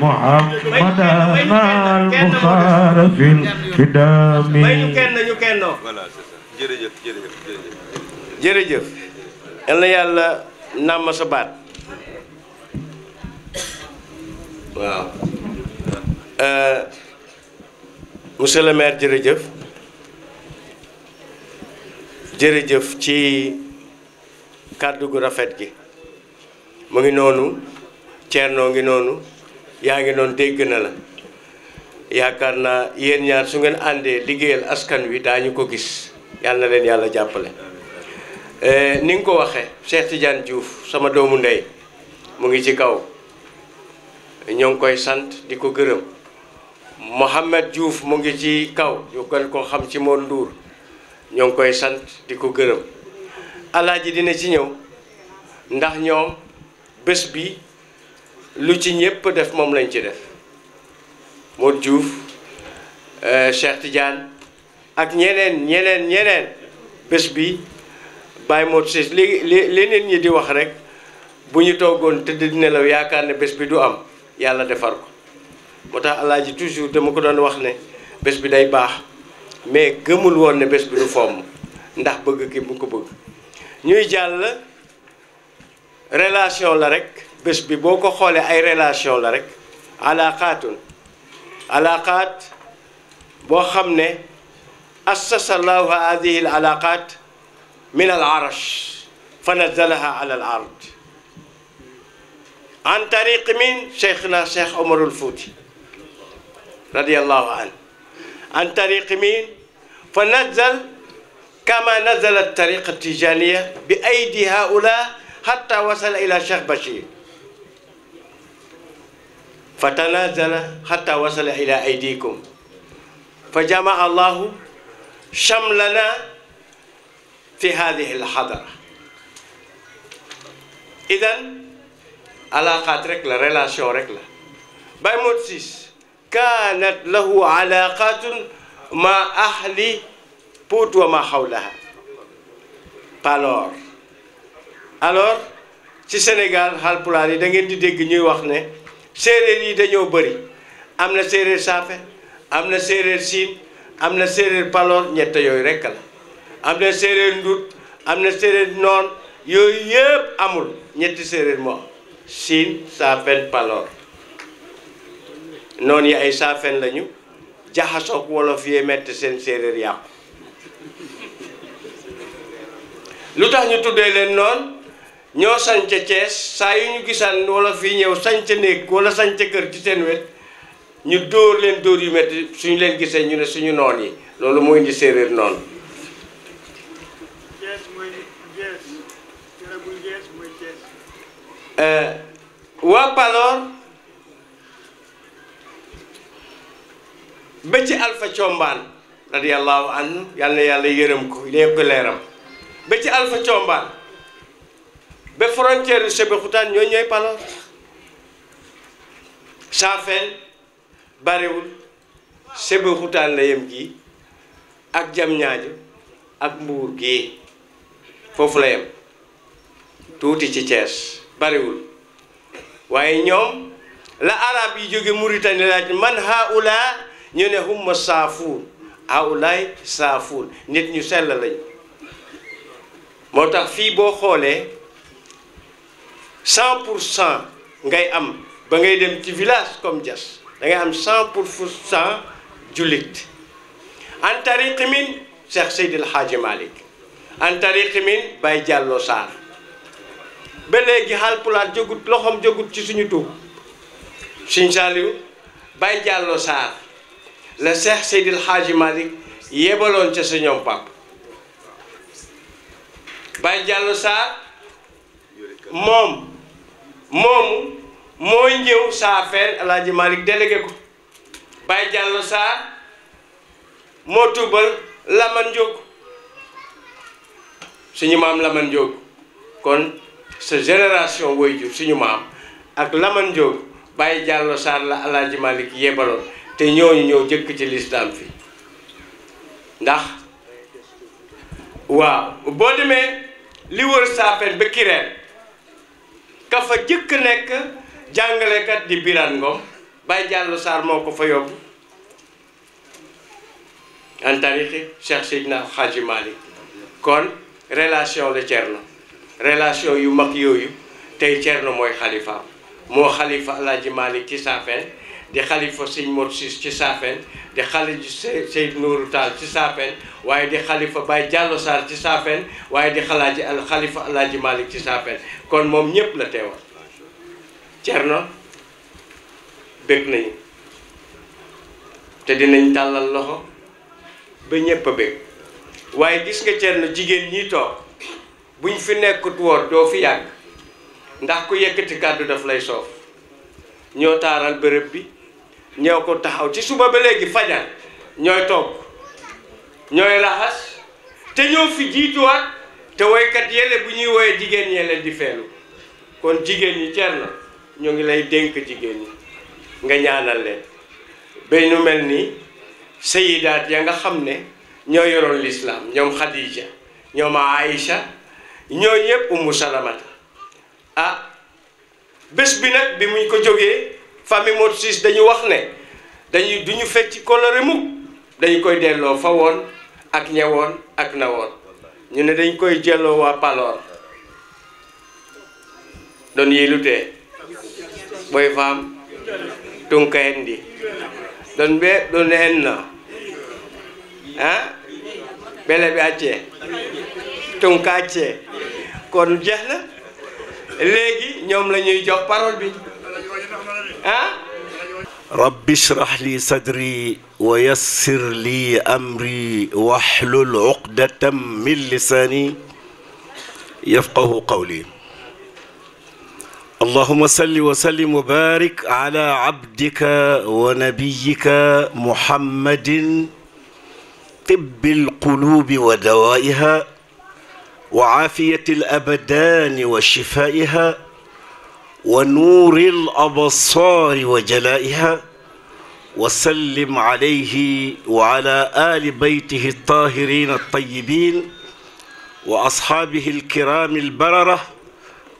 محمد مع المختار في الكدام jërëjëf yal yalla yàlla nàmm sa bat waaw euh, monsieur le maire jërëjëf jërëjëf ci kàddu gu rafet gi mo ngi nonu cierno ngi nonu yaa ngi noonu dégg na la yaakaar naa ñaar su ngeen àndee liggéeyal askan wi dañu ko gis yalla na leen yàlla Eh, ni nga ko waxee Cheikh Tidiane Diouf sama doomu ndey mu ngi ci kaw ñoo ngi koy sant di ko gërëm Mohamed Diouf mu ngi ci kaw ñu ko xam ci moom Ndour ñoo ngi koy sant di ko gërëm alaaji dina ci ñëw ndax ñoom bés bi lu ci ñépp def moom lañ ci def moo juuf Diouf eh, Cheikh Tidiane ak ñeneen ñeneen ñeneen bés bi Baye Modou Ciss léegi leneen ñi di wax rek bu ñu toggoon tëdd di nelaw yaakaar ne bés bi du am yàlla defar ko moo tax alaaji toujours dama ko doon wax ne bés bi day baax mais gëmul woon ne bés bi du fomm ndax bëgg ki bu ko bëgg ñuy jàll relation la rek bés bi boo ko xoolee ay relation la rek alaaqaatun alaaqaat boo xam ne assasa allahu hadihi من العرش فنزلها على الأرض عن طريق من شيخنا شيخ عمر الفوتي رضي الله عنه عن طريق من فنزل كما نزل الطريق التجانية بأيدي هؤلاء حتى وصل إلى شيخ بشير فتنازل حتى وصل إلى أيديكم فجمع الله شملنا في هذه الحضرة إذن علاقات ركلة ريلاسيون ركلة بيموتسيس كانت له علاقات مع أهل بوت وما حولها بالور alors ci Sénégal Haalpulaar yi da ngeen di dégg ñuy wax ne séeréer yi dañoo bëri am na séeréer saafe am na séeréer siin am na séeréer am na séeréer ndut am na séeréer noon yooyu yëpp amul ñetti séeréer moo am siin saafen paloor noon yi ay saafen lañu jaxasoog wolof yee metti seen séeréer yàqu lu tax ñu tuddee leen noon ñoo sanca Cees saa yu ñu gisaan wolof yi ñëw sanca néeg wala sanca kër ci seen wet ñu dóor leen dóor yu metti suñu leen gisee ñu ne suñu noon yi loolu mooy indi séeréer noonu Eh, waa Palor ba ci Alpha Combaan radiyallahu anhu yal yàlla yërëm ko yokk leeram ba ci Alpha Combaan ba frontière Sébikotane ñoo ñooy Palor Saafeen barewul Sébikotane la yem gi ak Diamniadio ak Mbour gi foofu la yem tuuti ci Thiès bariwul waaye ñoom la arab yi jóge Mauritanie laaj man haula ñu ne humma saafuun haulaay saafuun nit ñu sell lañ moo tax fii boo xoolee cent pour cent ngay am ba ngay dem ci village comme Diass da am cent pour cent jullit an tariqi min Cheikh Seydil Hadji Malick an tariqi min Baye ba léegi Haalpulaar jógut loxoom jógut ci suñu tuub Sëñ Saaliw Baye jàlloo Sarr la Seex Seydil Xaaji Malick yebaloon ca sa ñoom pap Baye Diallo Sarr moom moomu mooy ñëw saafeen Alaaji Malick délégué ko Baye Diallo Sarr moo tuubal Laman Njóog suñu maam Laman Njóog kon sa génération wayjur suñu maam ak laman Diop Baye Diallo Sarr la Alaaji Malik yebaloon te ñooñu ñëw jëkk ci lislaam fi ndax waaw boo demee li wër saafen ba kireen ka jëkk nekk jàngalekat di Birane Ngom Baye Diallo Sarr moo ko fa yóbbu en tant que Cheikh Seydina Hadji Malick kon relation la Thierno relation yu mag yooyu tey Thierno mooy xalifaam moo xalifa Alaaji Maalik ci Saafeen di xalifa Sëñ Mor Siis ci Saafeen di xalifa Seyd ci Saafeen waaye di xalifa Baye Diallo Sarr ci Saafeen waaye di xalaaji al xalifa Alaaji ci Saafeen kon moom ñépp la teewa Thierno bég nañu te dinañ tàllal loxo ba ñépp a bég waaye gis nga Thierno jigéen ñi toog buñ fi nekkut woon doo fi yàgg ndax ku yëkkati kàddu daf lay soof ñoo taaral bërëb bi ko taxaw ci suba ba léegi fajar ñooy togg ñooy raxas te ñoo fi jiituwaat te woykat yele bu ñuy woyee jigéen ñee leen di feelu kon jigéen ñi ceer na ñoo ngi lay dénk jigéen ñi nga ñaanal leen mel ya nga xam ne ñoo yoroon lislaam Khadija ñoom Aïcha ñoo yëpp ummu salamata ah bés bi nag bi muñ ko jógee famille Modou Ciss dañu wax ne dañuy du ñu fecc coloré mukk dañu koy delloo fa woon ak ñewoon ak nawoon ñu ne dañ koy jëloo waa Palor doon yilu tee boy faam tunka hen di ɗon ɓe ɗon henno ha ah, beele ɓe acce tunkaacee kon jeex jox parole bi رب اشرح لي صدري ويسر لي امري واحلل عقدة من لساني يفقه قولي اللهم صل وسلم وبارك على عبدك ونبيك محمد طب القلوب ودوائها وعافية الأبدان وشفائها ونور الأبصار وجلائها وسلم عليه وعلى آل بيته الطاهرين الطيبين وأصحابه الكرام البررة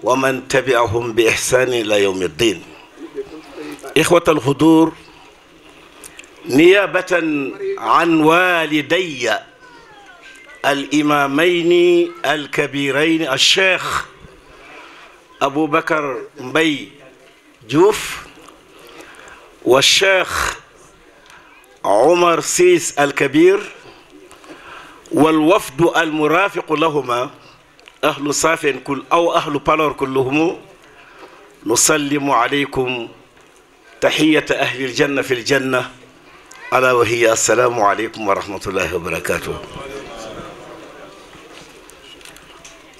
ومن تبعهم بإحسان إلى يوم الدين إخوة الحضور نيابة عن والدي الإمامين الكبيرين الشيخ أبو بكر مبي جوف والشيخ عمر سيس الكبير والوفد المرافق لهما أهل صافن كل أو أهل بالور كلهم نسلم عليكم تحية أهل الجنة في الجنة ألا وهي السلام عليكم ورحمة الله وبركاته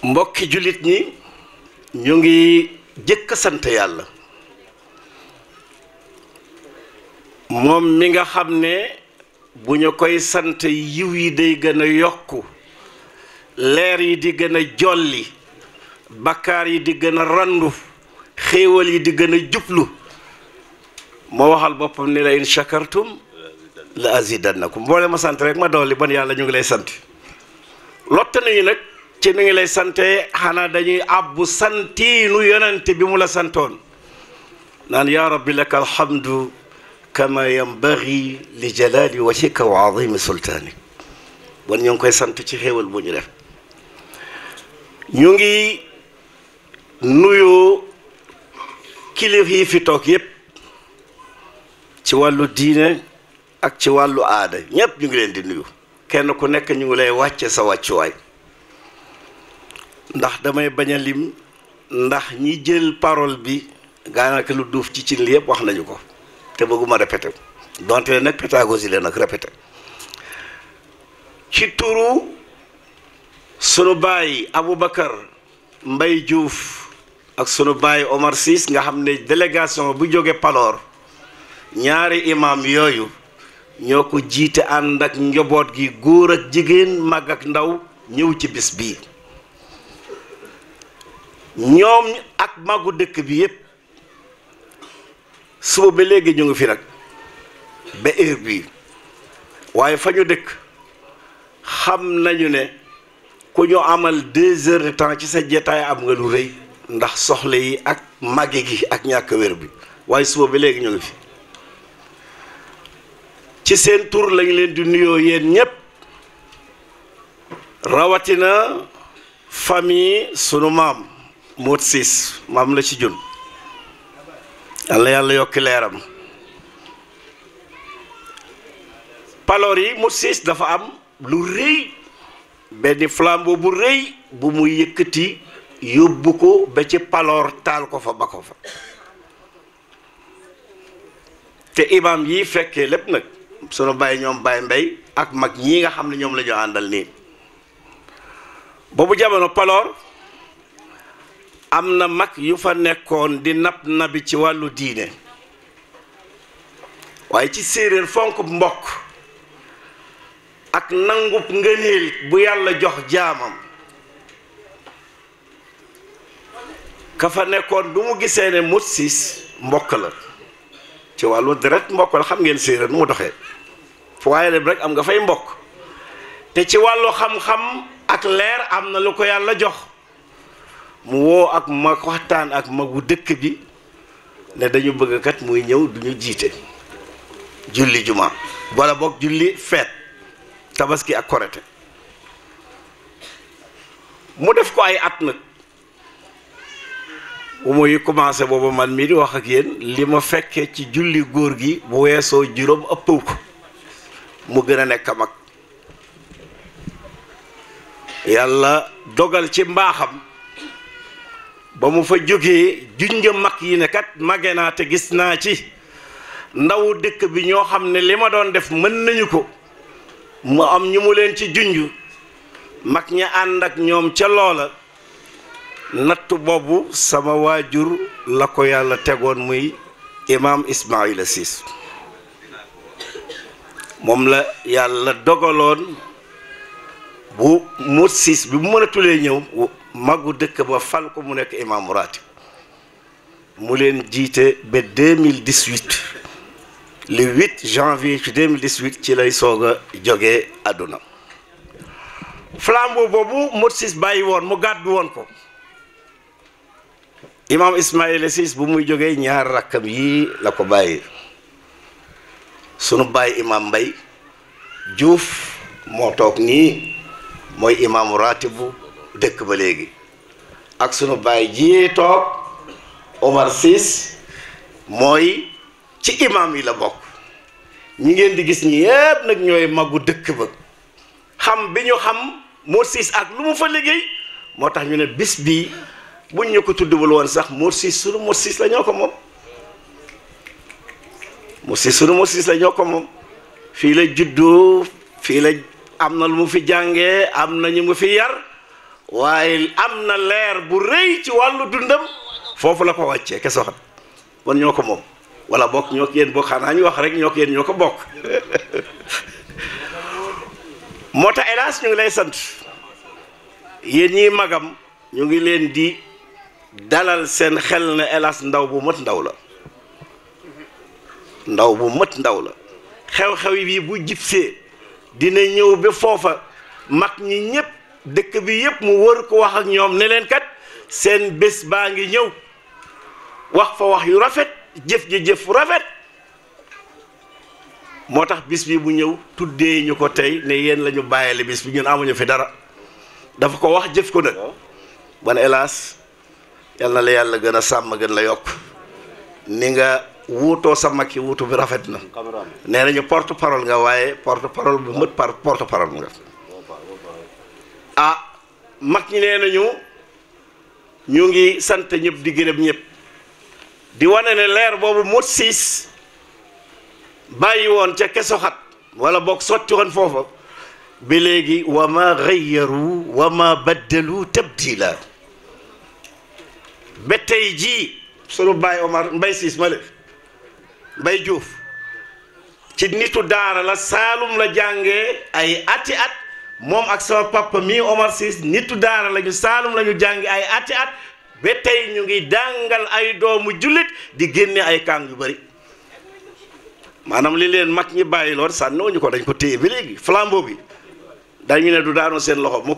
mbokki jullit ñi ñu ngi jëkk sant yàlla moom mi nga xam ne bu ñu koy sant yiw yi day gën a yokku leer yi di gën a jolli bakkaar yi di gën a randu xéewal yi di gën a jublu moo waxal boppam ni la in shakartum la azidannakum boole ma sant rek ma dolli ban yàlla ñu ngi lay sant lott nañu nag ci mi ngi lay sante xanaa dañu àbbu santiinu yonent bi mu la santoon naan yaa rabbi laka alhamdu kama yambagi li jalali wajhika wa azimi sultaanik bon ñu ngi koy sant ci xéewal bu ñu def ñu ngi nuyu kilif yi fi toog yépp ci wàllu diine ak ci wàllu aada ñépp ñu ngi leen di nuyu kenn ku nekk ñu ngi lay wàcce sa wàccuwaay ndax damay bañ a lim ndax ñi jël parole bi gaanaka lu duuf ci cin li yëpp wax nañu ko te bëgguma répété donte le nag pédagogie la nag répété ci turu sunu baay Aboubacar mbay juuf ak sunu baay Omar Ciss nga xam ne délégation bu jóge Paloor ñaari imam yooyu ñoo ko jiite ànd ak njaboot gi góor ak jigéen mag ak ndaw ñëw ci bis bii ñoom ak màggu dëkk bi yépp suba bi léegi ñu ngi fi nag ba heure bii waaye fa ñu dëkk xam nañu ne ku ñu amal deux heures de temps ci sa jetaay am nga lu rëy ndax soxla yi ak màgge gi ak ñàkk wér bi waaye suba bi léegi ñu ngi fi ci seen tur lañ leen di nuyoo yéen ñépp rawatina famille sunu maam moot siis maam la ci jun yàlla yàlla yokki leeram paloor yi moot siis dafa am lu rëy benn flambeau bu rëy bu mu yëkkati yóbbu ko ba ci paloor taal ko fa ba ko fa te imaam yi fekkee lépp nag sunu bàyyi ñoom bàyyi mbay ak mag ñii nga xam ne ñoom la àndal nii boobu jamono paloor am na mag yu fa nekkoon di nab nabi ci wàllu diine waaye ci séeréer fonk mbokk ak nangu ngëneel bu yàlla jox jaamam ka fa nekkoon du mu gisee ne mut siis mbokk la ci wàllu deret mbokk la xam ngeen séeréer nu mu doxee fu waaye leb rek am nga fay mbokk te ci wàllu xam-xam ak leer am na lu ko yàlla jox mu woo ak mag waxtaan ak magu dëkk bi ne dañu bëgg kat muy ñëw duñu jiite julli juma wala boog julli feet tabaski ak korite mu def ko ay at nag bu muy commencé boobu man mii di wax ak yéen li ma fekkee ci julli góor gi bu weesoo juróom ëppëw mu gën a nekk a mag yàlla dogal ci mbaaxam ba mu fa jógee junja mag yi ne kat mage naa te gis naa ci ndawu dëkk bi ñoo xam ne li ma doon def mën nañu ko mu am ñu mu leen ci junj mag ña ànd ak ñoom ca loola nattu boobu sama waajur la ko yàlla tegoon muy imaam Ismaila Siis moom la yàlla dogaloon bu mut siis bi mu mën ñëw magu dëkk ba fal ko mu nekk imaamu ratib mu leen jiite ba 2018 le 8 janvier ci 2018 ci lay soog a jógee àdduna flambeau boobu Motsis bàyyi woon mu gàddu woon ko imaam Ismaïla Ciss bu muy jógee ñaar rakkam yii la ko bàyyi sunu bàyyi imaam Mbay Juuf moo toog nii mooy imaamu ratibu dëkk ba léegi ak sunu baay ji toog Omar siis mooy ci imaam yi la bokk ñi ngeen di gis ñi yépp nag ñooy maggu dëkk ba xam bi ñu xam Mor Ciss ak lu mu fa liggéey moo tax ñu ne bis bii buñ ñu ko tuddul woon sax Mor Ciss sunu Mor Ciss la ñoo ko moom Mor Ciss sunu Mor ko moom fii la juddu fii la am na lu mu fi jànge am na ñu mu fi yar waaye am na leer bu rëy ci wàllu dundam foofu la ko wàccee kese waxat man ñoo ko moom wala bokk ñoo ko yéen bokk xanaa ñu wax rek ñoo ko yéen ñoo ko bokk [laughs] moo tax hélas ñu ngi lay sant yéen ñii magam ñu ngi leen di dalal seen xel na hélas ndaw bu mat ndaw la ndaw bu mat ndaw la xew-xew yi bu jibsee dina ñëw ba foofa mag ñi ñépp dëkk bi yépp mu wër ko wax ak ñoom ne leen kat seen bés baa ngi ñëw wax fa wax yu rafet jëf ji jëf rafet moo tax bis bii bu ñëw tuddee ñu ko tey ne yéen la ñu bàyyile bis bi ñun amuñu fi dara dafa ko wax jëf ko nag ban hélas yal na la yàlla gën a sàmm gën la yokk ni nga wuutoo sa mag yi wuutu bi rafet na nee nañu porte parole nga waaye porte parole bu mët par porte parole nga ah mag ñi nee nañu ñu ngi sant ñëpp di gërëm ñëpp di wane ne leer boobu mot siis bàyyi woon ca keso xat wala boog sotti woon foofa ba léegi wa ma wa ma baddalu tabdila ba tey jii Baye Omar Mbay siis ma lef Mbay Juuf ci nitu daara la Saalum la jàngee ay ati at mom ak sama papa mi Omar sis nitu lagi lañu salum lañu jàngi ay ati at be tay ñu ngi dangal ay doomu julit di genné ay kang yu bari manam li leen mak ñi bayyi lor sànnoo ñu ko dañ ko téye bi legi flambo bi ñu ne du daano seen loxo mu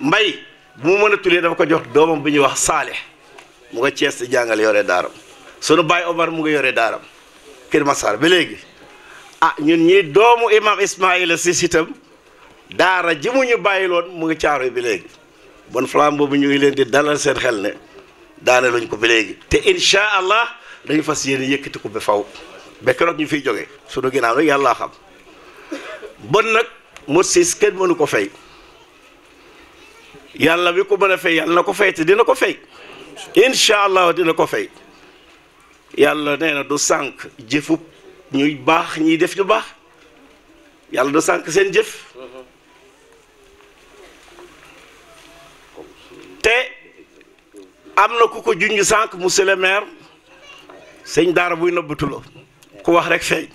mbay bu mu mën tulé dafa ko jox doomam bi ñu wax salih mu ko cees jangal yoré yore sunu bay Omar mu ngi yore daaram Kër masar bi legi ah ñun ñi doomu imam ismaïl sis itam daara ji mu ñu bàyyiloon mu ngi caaro bi léegi bon flam boobu ñu ngi leen di dalal seen xel ne daane lañ ko bi léegi te incha allah dañu fas yéene yëkkati ko ba faw ba keroog ñu fiy jógee sunu ginnaaw nag yàllaa xam bon nag Moussis kenn mënu ko fay yàlla bi ko mën a fay yàlla na ko fay te dina ko fay incha allah dina ko fay yàlla nee na du sànq jëfub ñuy baax ñiy def ñu baax yàlla du sànq seen jëf te am na ku ko junj sànq mu le maire sëñ daara buy nëbbatu la ku wax rekk feeñ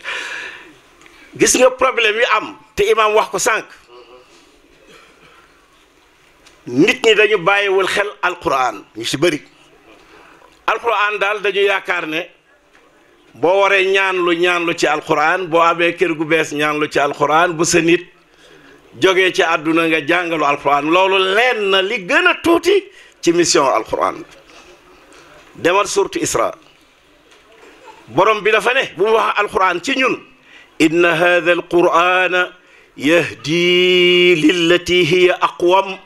[laughs] gis nga problème yi am te imam wax ko sànq nit ñi dañu bàyyiwul xel alxuraan ñu ci bëri alquran daal dañu yaakaar ne boo waree ñaanlu ñaanlu ci alquran boo amee kër gu bees ñaanlu ci alquran bu sa nit jógee ci àdduna nga jàngalu alquran loolu leen na li gën a tuuti ci mission alquran demal surtu isra borom bi dafa ne bu mu wax alquran ci ñun inna hadha alqurana yahdi lillati hiya aqwam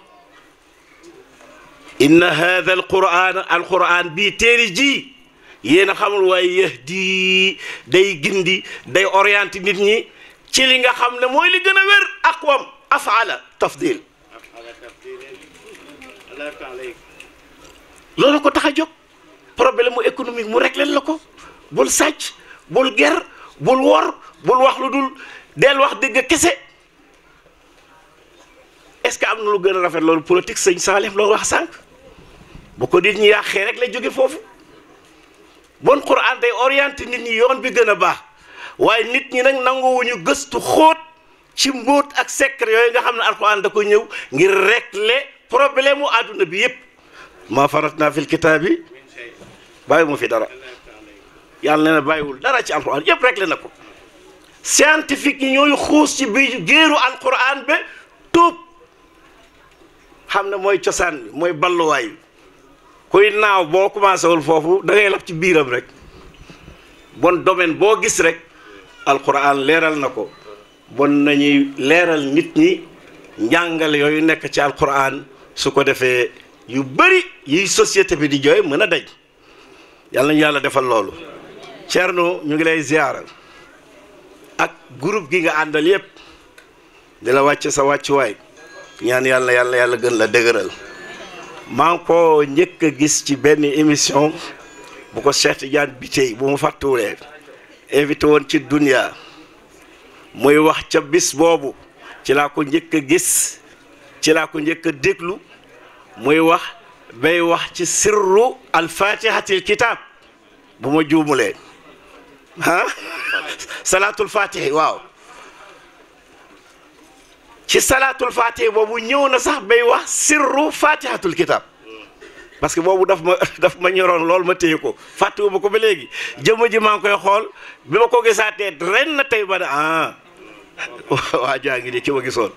inna hadha alqurana alquran bii téeri ji yéen a xamul waaye yahdi day gindi day orienté nit ñi ci li nga xam ne mooy li gën a wér aqwam afala tafdil loolu ko tax a jóg problème mu économique mu réglé la ko bul sàcc bul ger bul wor bul wax lu dul del wax dëgg kese est-ce que am na lu gën a rafet loolu politique sëñ Salif loolu wax sànq bu ko nit ñi yàqee rek la jóge foofu bon Quran day orienté nit ñi yoon bi gën a baax waaye nit ñi nag nanguwuñu gëstu xóot ci mbot ak secret yooyu nga xamne alcorane da ko ñëw ngir régler problème aduna bi yëpp ma faratna fil kitab bayu mu fi dara yàlla na bayiwul dara ci alcorane yëpp régler nako scientifique yi ñooy xuus ci bi géeru alcorane be top xamne moy ciosan moy ballu way kuy naaw bo commencé wul fofu da ngay lab ci biram rek bon domaine bo gis rek alxuraan leeral na bon nañuy leeral nit ñi njàngale yooyu nekk ci alquran su ko defee yu bëri yiy société bi di jooy mën a daj yàlla nañu yàlla defal loolu Thierno ñu ngi lay ziaral ak groupe gi nga àndal yépp di la wàcce sa wàccuwaay ñaan yàlla yàlla yàlla gën la dëgëral maa ngi ko njëkk a gis ci benn émission bu ko Cheikh bi Bitèye bu mu fàttuwulee invité woon ci dunia muy wax ca bis boobu ci laa ko njëkk a gis ci laa ko njëkk a déglu muy wax bay wax ci sirru alfatihatil kitab bu ma juumulee ah [laughs] salaatul fatihi waaw ci salaatul fatihi boobu ñëw na sax bay wax sirru fatihatul kitab parce que boobu daf ma [laughs] daf ma ñoroon lool ma téye ko fàttewu ma ko ba léegi jëmm ji maa ngi koy xool bi ma ko gisaatee ren na tey ba ne ah [laughs] waa jaangi ni ci ma gisoon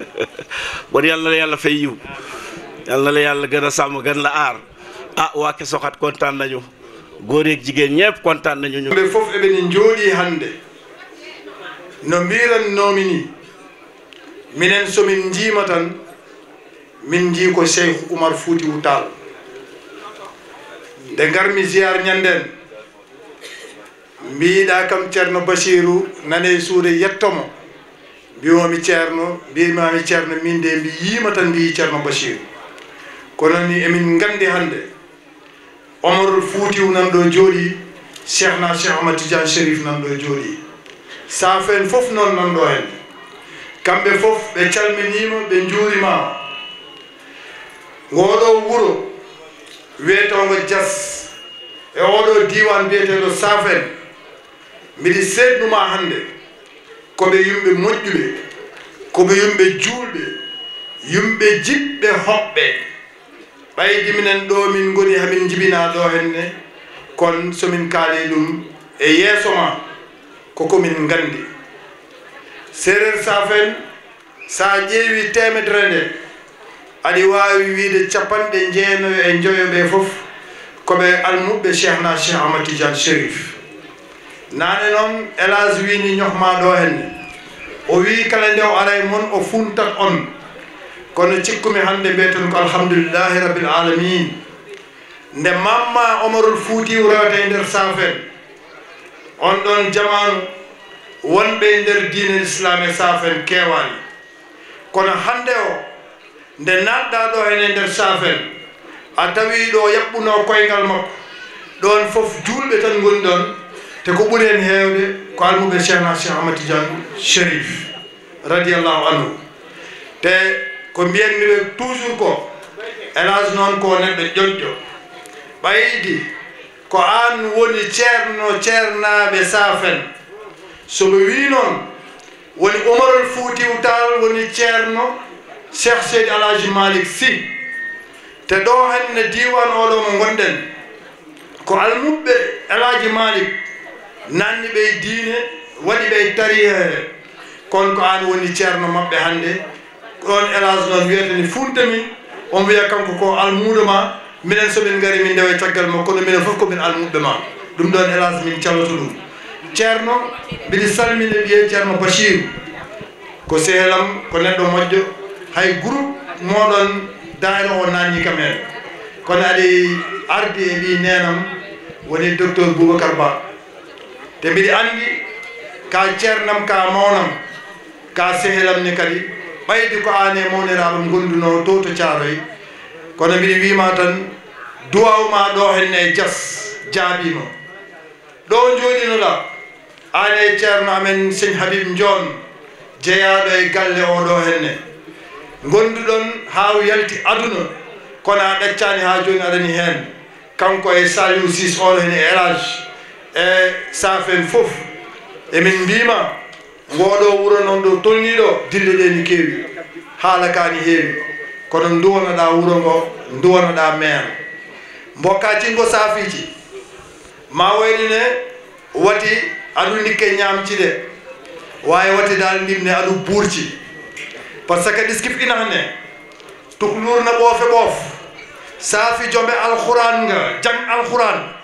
[laughs] bon yàlla la yàlla fay yiw yàlla la yàlla gën a sàmm gën la aar ah waa ke soxat kontaan nañu góor yeeg jigéen ñëpp kontaan nañu ñu ɓe fof eɓeni njooli no minen somin njiima tan min ji ko cheikh oumar fouti wutal nde ngarmi ziyar ñanden mbiiɗa kam ceerno basiru nane e suude yettomo mbiwomi ceerno mbimami ceerno min de mbi yiima tan mbi ceerno basiru kononi emin ngandi hannde omar fuutiw nan ɗo e jooɗi cheikh na cheikh ahmad tidian sherif nan ɗo e jooɗi safen fof noon nan ɗo hen kamɓe fof ɓe calminima ɓe juurima ngoɗo wuuro wiyetongo jas e oɗo diwan mbiyeteɗo safen mbiɗi seeɗnuma hannde ko ɓe yimɓe moƴƴuɓe ko ɓe yimɓe juulɓe yimɓe jiɓɓe hoɓɓe ɓaydi minen ɗo min ngoni hamin jibina ɗo henne kon somin kaali ɗum e yeeso ma koko min nganndi séréer safen so a ƴeewi temedre nde aɗi waawi wiide capanɗe njeenoyo e njoyo ɓe fof ko ɓe almuɓɓe cheikh na cheikh amadou tidiane chérif naane noon elas wiini ñohma ɗo henne o wii kala nde o aray moon o funtat on kono cikkumi hannde mbeeten ko alhamdulillahi rabbil alamin nde mamma omarol fuutiw rewata e ndeer saafen on ɗon jamanu wonɓe e ndeer diine l'islam e saafen keewaani kono hannde o nde natɗaa ɗo hene e ndeer saafen a tawii ɗo yaɓɓunoo koyngal makko ɗon fof juulɓe tan ngoni ɗon te ko ɓuri hen heewde ko almuɓe cheikhna cheikh ahmad tidiane chérif radiallahu anhu te ko mbiyanmiɓe toujours ko élage noon ko neɗɗo ƴoƴƴo ɓaydi ko an woni ceerno ceernaɓe safen soɓe wi noon woni omarol fuutiw tal woni ceerno cheikh seydi alaji malik sy te ɗo henne diwan oɗo mo gonɗen ko almuɓɓe alaji malik nanni ɓey diine waɗi ɓey tariyere kon ko an woni ceerno maɓɓe hannde ɗon élage noon wiyete ni funte min on wiya kanko ko almuɗo ma minen somin ngari min ndewa caggal ma kono minen fof komin almuɓe ma ɗum ɗon élage min caloto ɗum ceerno mbiɗi salmine ɓiye ceerno bachir ko sehlam ko neɗɗo moƴƴo hay groupe moɗon daare o nanñi kam en kono aɗi ardi e ɓi nenam woni docteur boubacar ba te mbiɗi anndi ka ceernam ka mawnam ka sehelam ne kadi ɓaydi ko aan e mawniraaɓe ngonnduno to to caaroy kono mbiɗi wiima tan duwawma ɗo henne e jas jaabima ɗo jooɗinoɗa aan e ceerno amen seigne habib njoon jeyaaɗo e galle o ɗo henne gonduɗon haa yalti aduna kono a ɗaccaani haa jooni aɗani heen kanko e saliu sis oɗo hene érage e safen fof emin mbima ngoɗo wuro noon ɗo tolniɗo dille ɗe ni keewi haala kani heewi kono duwanaɗa wuro ngo duwanaɗa meer mbokka cingo saafiji ma wayni ne wati aɗu ndikke ñamci de wawi wati dal ndimne aɗu buurci par ce que ɗi skipɗina hane tuklurna ɓoofe ɓoof saafi joome alquran nga jang alquran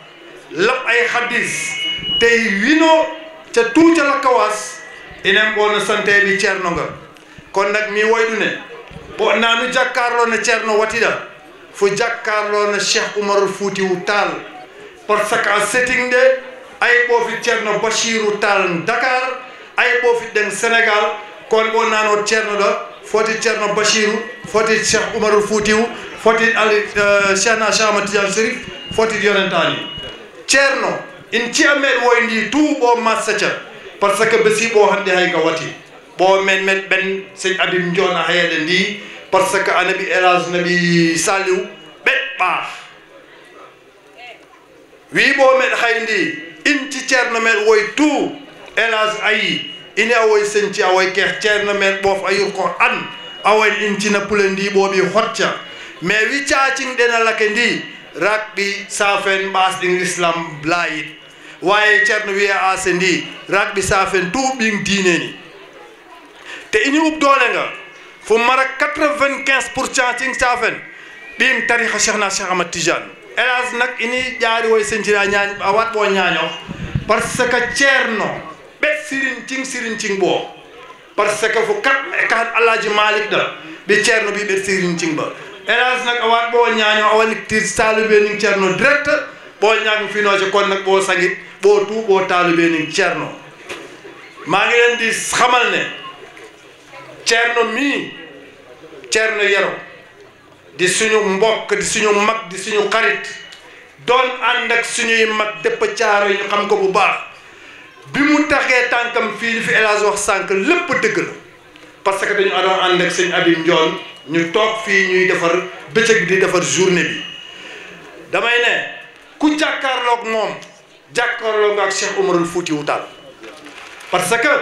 lab ay hadis tey wino ca tuuca lakkawaas enen ɓono sonteɓe ceerno nga kon nag mi wayɗune ɓonnanu jakkarlono ceerno watiɗa fo jakkarlono cheikh oumarul foutiw fuutiwu taal ce que a settingde ay ɓoofi ceerno bachiru tall dakar ay ɓoofi ɗen sénégal kono ɓonnano ceerno ɗo foti ceerno bachiru foti cheikh oumarul foutiw foti ali euh, cheikh na chama tidiane sérif foti yonentani ceerno in ciyamen woyndi tuuɓo massacal par ce que besiiɓo hannde hay ka wati ɓo men men ɓen sen abim joona hayeɗe ndi par ce que anabi élage nabi saliw ɓeɗɓa wiɓo meɗ hay ndi inti ceerno men woy tout élage ayi ine awoy senti awoy keeh ceerno men ɓoof ayir ko an awoyn intina pule ndi ɓooɓi hocca mais wi cacingɗen alake ndi rugby safen mbas ɗin l'islam laayit waye ceerno wiya ase ndi rugby safen tuuɓin diine ni te ini ubdole nga fo mara 95 pour cent cin safen ɗin tariha cheikhna cheikh amad tidiane hélas nak ini ƴaari woy sentira ñaañ a wat ɓo ñaaño par ce que ceerno ɓe sirin cin sirin cin ɓo par ce que fo kat e kahat alhaji malik ɗa ɓe ceerno mbiɓe sirin cin ɓa Elhadj nag a waat ɓo ñaaño a waɗi tir taalibe nin ceerno direct ɓo ñaami finooje kon nag ɓo sagit boo tuu ɓo taalibe nin maa ngi leen di xamal ne ceerno mii ceerno yero di suñu mbokk di suñu mag di suñu xarit doon ànd ak suñuy mag dëpp caaro yi ñu xam ko bu baax bi mu taxee tànkam fii li fi Elhadj wax sànq lépp dëgg la parce que dañu adoon ànd ak sëñ Abib Ndiol ñu toog fii ñuy defar bëccëg di defar journée bi damay ne ku jàkkaarlook moom jàkkaarloog nga ak Cheikh Oumarul Foutiyou Tall parce que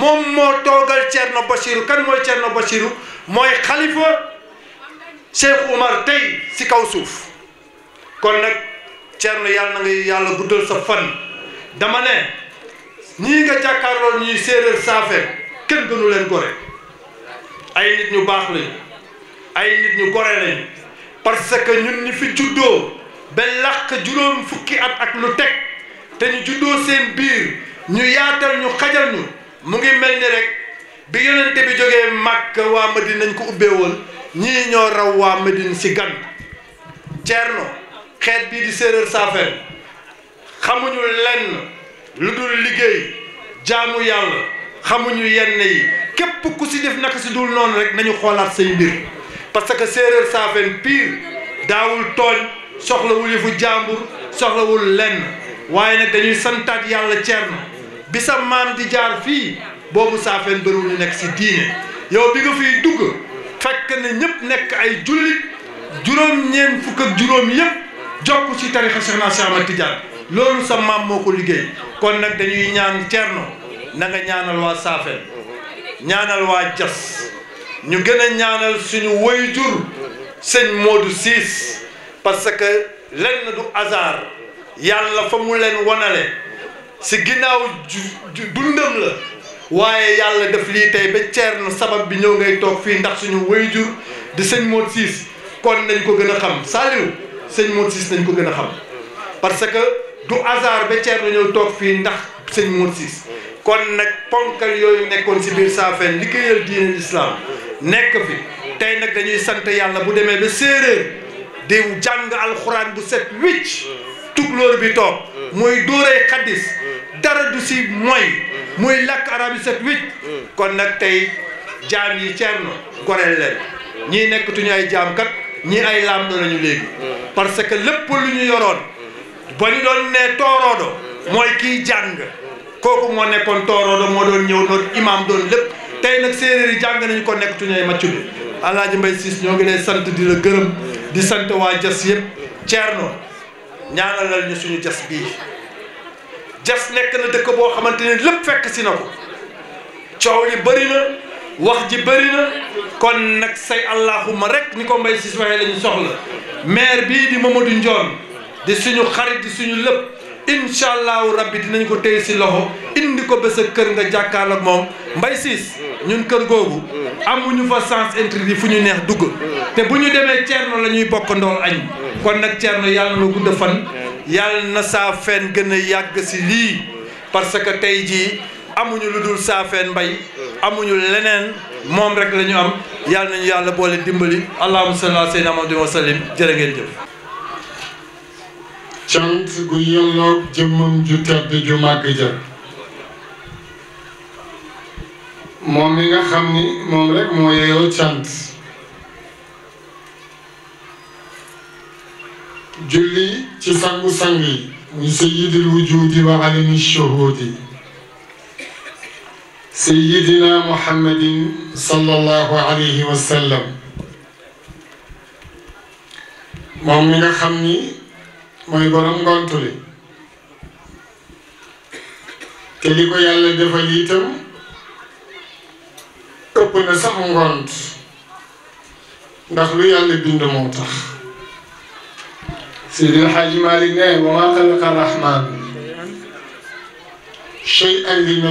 moom moo toogal Thierno Bachirou kan mooy Thierno Bachirou mooy xalifa Cheikh Oumar tey si kaw suuf kon nag Thierno yàlla na nga yàlla guddal sa fan dama ne ñii nga jàkkaarloog ñuy séeréer saafe kenn gënu leen gore ay nit ñu baax lañu ay nit ñu gore lañu parce que ñun ñi fi juddoo ba làq juróom fukki at ak lu teg te ñu juddoo seen biir ñu yaatal ñu xajal ñu mu ngi mel ni rek bi yonente bi jógee màkk waa Madine nañ ko ubbee woon ñii ñoo raw waa Madine si gan Ceerno xeet bii di séeréer saafeen xamuñu lenn lu dul liggéey jaamu yàlla xamuñu yenn yi képp ku ci def naka si dul noonu rek nañu xoolaat say mbir parce que séeréer saafeen pire daawul tooñ soxlawul yëfu jàmbur soxlawul lenn waaye nag dañuy santaat yàlla ceerno bi sa maam di jaar fii boobu saafeen bëriwul ñu nekk si diine yow bi nga fiy dugg fekk na ñëpp nekk ay jullit juróom-ñeent fukk ak juróom yëpp jokk si tarixa Cheikh Ahmad Tidiane loolu sa maam moo ko liggéey kon nag dañuy ñaan ceerno na nga ñaanal waa Saafeen ñaanal waa Jas ñu gën a ñaanal suñu woyjur sëñ Modou Ciss parce que lenn du hasard yàlla fa mu leen wanale si ginnaaw dundam la waaye yàlla def lii tey ba na sabab bi ñëw ngay toog fii ndax suñu woyjur di sëñ Modou Ciss kon nañ ko gën a xam Saliou sëñ Modou Ciss nañ ko gën a xam parce que du hasard ba ceerno ñëw toog fii ndax sëñ Modou Ciss kon nag ponkal yooyu nekkoon si biir Saafeen liggéeyal diine lislaam nekk fi tey nag dañuy sant yàlla bu demee ba séeréer di jàng alxuraan bu set wicc tukulóor bi toog muy dóoree xaddis dara du si mooy muy làkk arab yu set wicc kon nag tey jaam yi ceerno goreel leen ñii nekkatuñu ay jaamkat ñii ay laam nañu lañu léegi parce que lépp lu ñu yoroon ba ñu doon ne tooroodo mooy kiy jàng kooku moo nekkoon tooroodo moo doon ñëw doon imaam doon lépp tey nag séeréer yi jàng nañu ko nekk tuñay maccubi alaaji mbay siis ñoo ngi lay sant di la gërëm di sant waa jas yëpp ceerno ñaanalal ñu suñu jas bii jas nekk na dëkk boo xamante ne lépp fekk si na ko coow li bëri na wax ji bëri na kon nag say allahuma rek ni ko mbay siis waxee la ñu soxla maire bii di Mamadou Ndione di suñu xarit di suñu lépp incha allahu rabbi dinañ ko téye si loxo indi ko ba sa kër nga jàkkaarloog moom mbay siis ñun kër googu amuñu fa sens interdit fu ñu neex dugg te bu ñu demee Thierno la ñuy bokk añ kon nag Thierno yàlla na gudd fan yàlla na saafeen gën a yàgg si lii parce que tey jii amuñu lu dul saafeen mbay amuñu leneen moom rek la ñu am yàlla nañu yàlla boole dimbali allahumma salli ala sayyidina muhammadin wa sallim jërë ngeen jëf cant gu yelloog jëmmam juma tedd ju màgg ja moom mi nga xam ni rek moo yeyoo cant julli ci sangu-sang yi muy sayyidil wujudi wa alimi shuhudi sayyidina muhammadin sallallahu alayhi wa sallam moom mi nga xam mooy borom ngontu li yàlla defal itam ëpp na sax ngont ndax lu yàlla bind moo tax Seydil Hadji Malick ne wa rahmaan shay'an li ne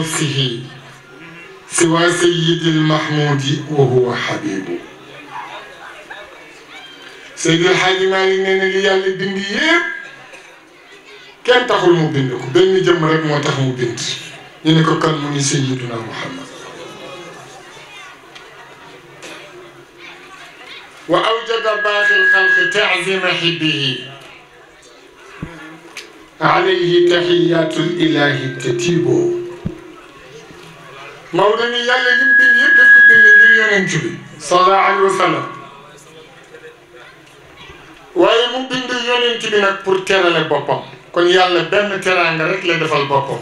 ne li yàlla bind yépp كان تقول مبينك بيني جمرك ما تقول مبينك إنك كان من سيدنا محمد وأوجد باقي الخلق تعظيم حبه عليه تحيات الإله تتيب مولاني يا لجن بن يدفك بن يدري ينجبي صلى الله عليه وسلم وأي مبين يدري ينجبي نكبر تيرا لبابا kon yàlla benn teraanga rek la defal boppam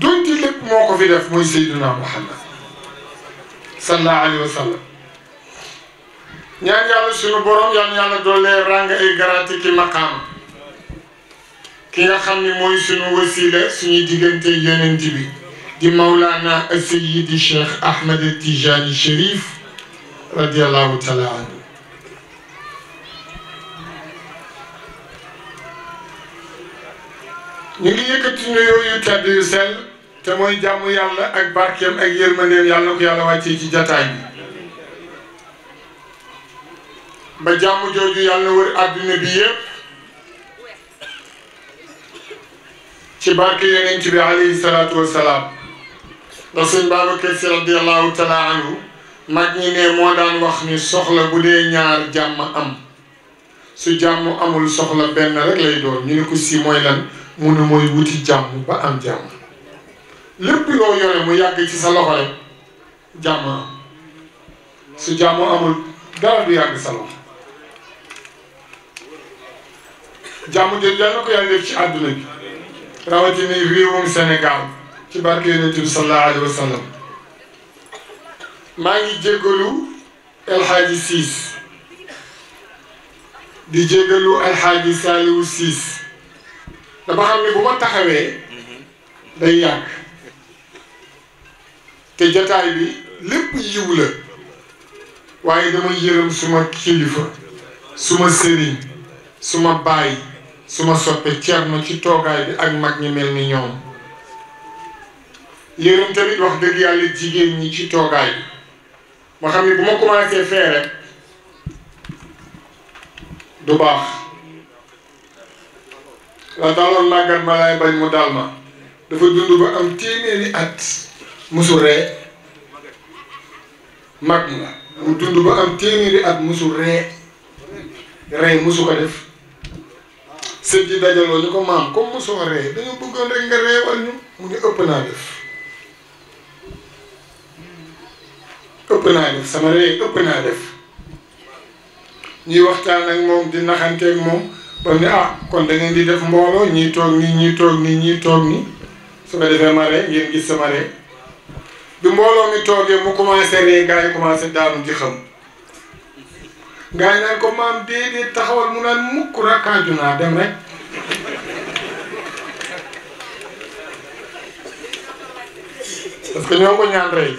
donte lépp moo ko fi def muy Seydina Muhammad sallallahu alayhi wa sallam ñaan yàlla suñu borom yal na yàlla doole ranga ay garaati ki maqaam ki nga xam ni mooy suñu wasila suñuy diggante yonent bi di Mawlana Sayyidi Cheikh Ahmed Tijani Cherif radiyallahu taala anhu ñu ngi yëkkati nuyoo yu tedd yu sell te mooy jàmm yàlla ak barkeem ak yërmandeem yàlla na ko yàlla wàccee ci jataay bi ba jàmm jooju yàlla wër àdduna bi yépp ci barke yonent bi alayhi salaatu wasalaam ndax sëñ Babacar Si radiallahu taala anhu mag ñi ne moo daan wax ni soxla bu dee ñaar jàmm am su jàmm amul soxla benn rek lay doon ñu ne ko mooy lan mu ne mooy wuti jàmm ba am jàmm lépp loo yore mu yàgg ci sa loxo rek jàmm am su jàmm amul dara du yàgg sa loxo jàmm jooju yàlla na ko yàlla def ci àdduna bi rawatina réewum Sénégal ci barke yonent bi sallallahu alayhi wa sallam maa ngi jéggalu El Hadji di jéggalu El Hadji Saliou dama xam ne bu ma taxawee day yàgg te jataay bi lépp yiw la waaye dama yërëm suma kilifa suma sëriñ suma baay suma soppe cerno ci toogaay bi ak mag ñi mel ni ñoom yërëm tamit wax dëgg yàlla jigéen ñi ci toogaay bi ma xam ne bu ma commencé fee du baax la loolu màggat ma laay bañ mu daal ma dafa dund ba am téeméeri at musu ree mag mu la mu dund ba am téeméeri at musu ree rey musu ko def sët yi dajaloo ñu ko maam comme mosoo ree dañu bëggoon rek nga reewal ñu mu ngi ëpp naa def ëpp naa def sama ree ëpp naa def ñuy waxtaan ak moom di naxanteeg moom ba ne ah kon da ngeen di def mbooloo ñii toog nii ñii toog nii ñii toog nii su ko defee maree ngeen gis sa maree bi mbooloo mi toogee mu commencé ree yi commencé daanu di xam gars yi naan ko maam déedéet taxawal mu naan mukk rakkaaju naa dem rek parce que ñoo ko ñaan rey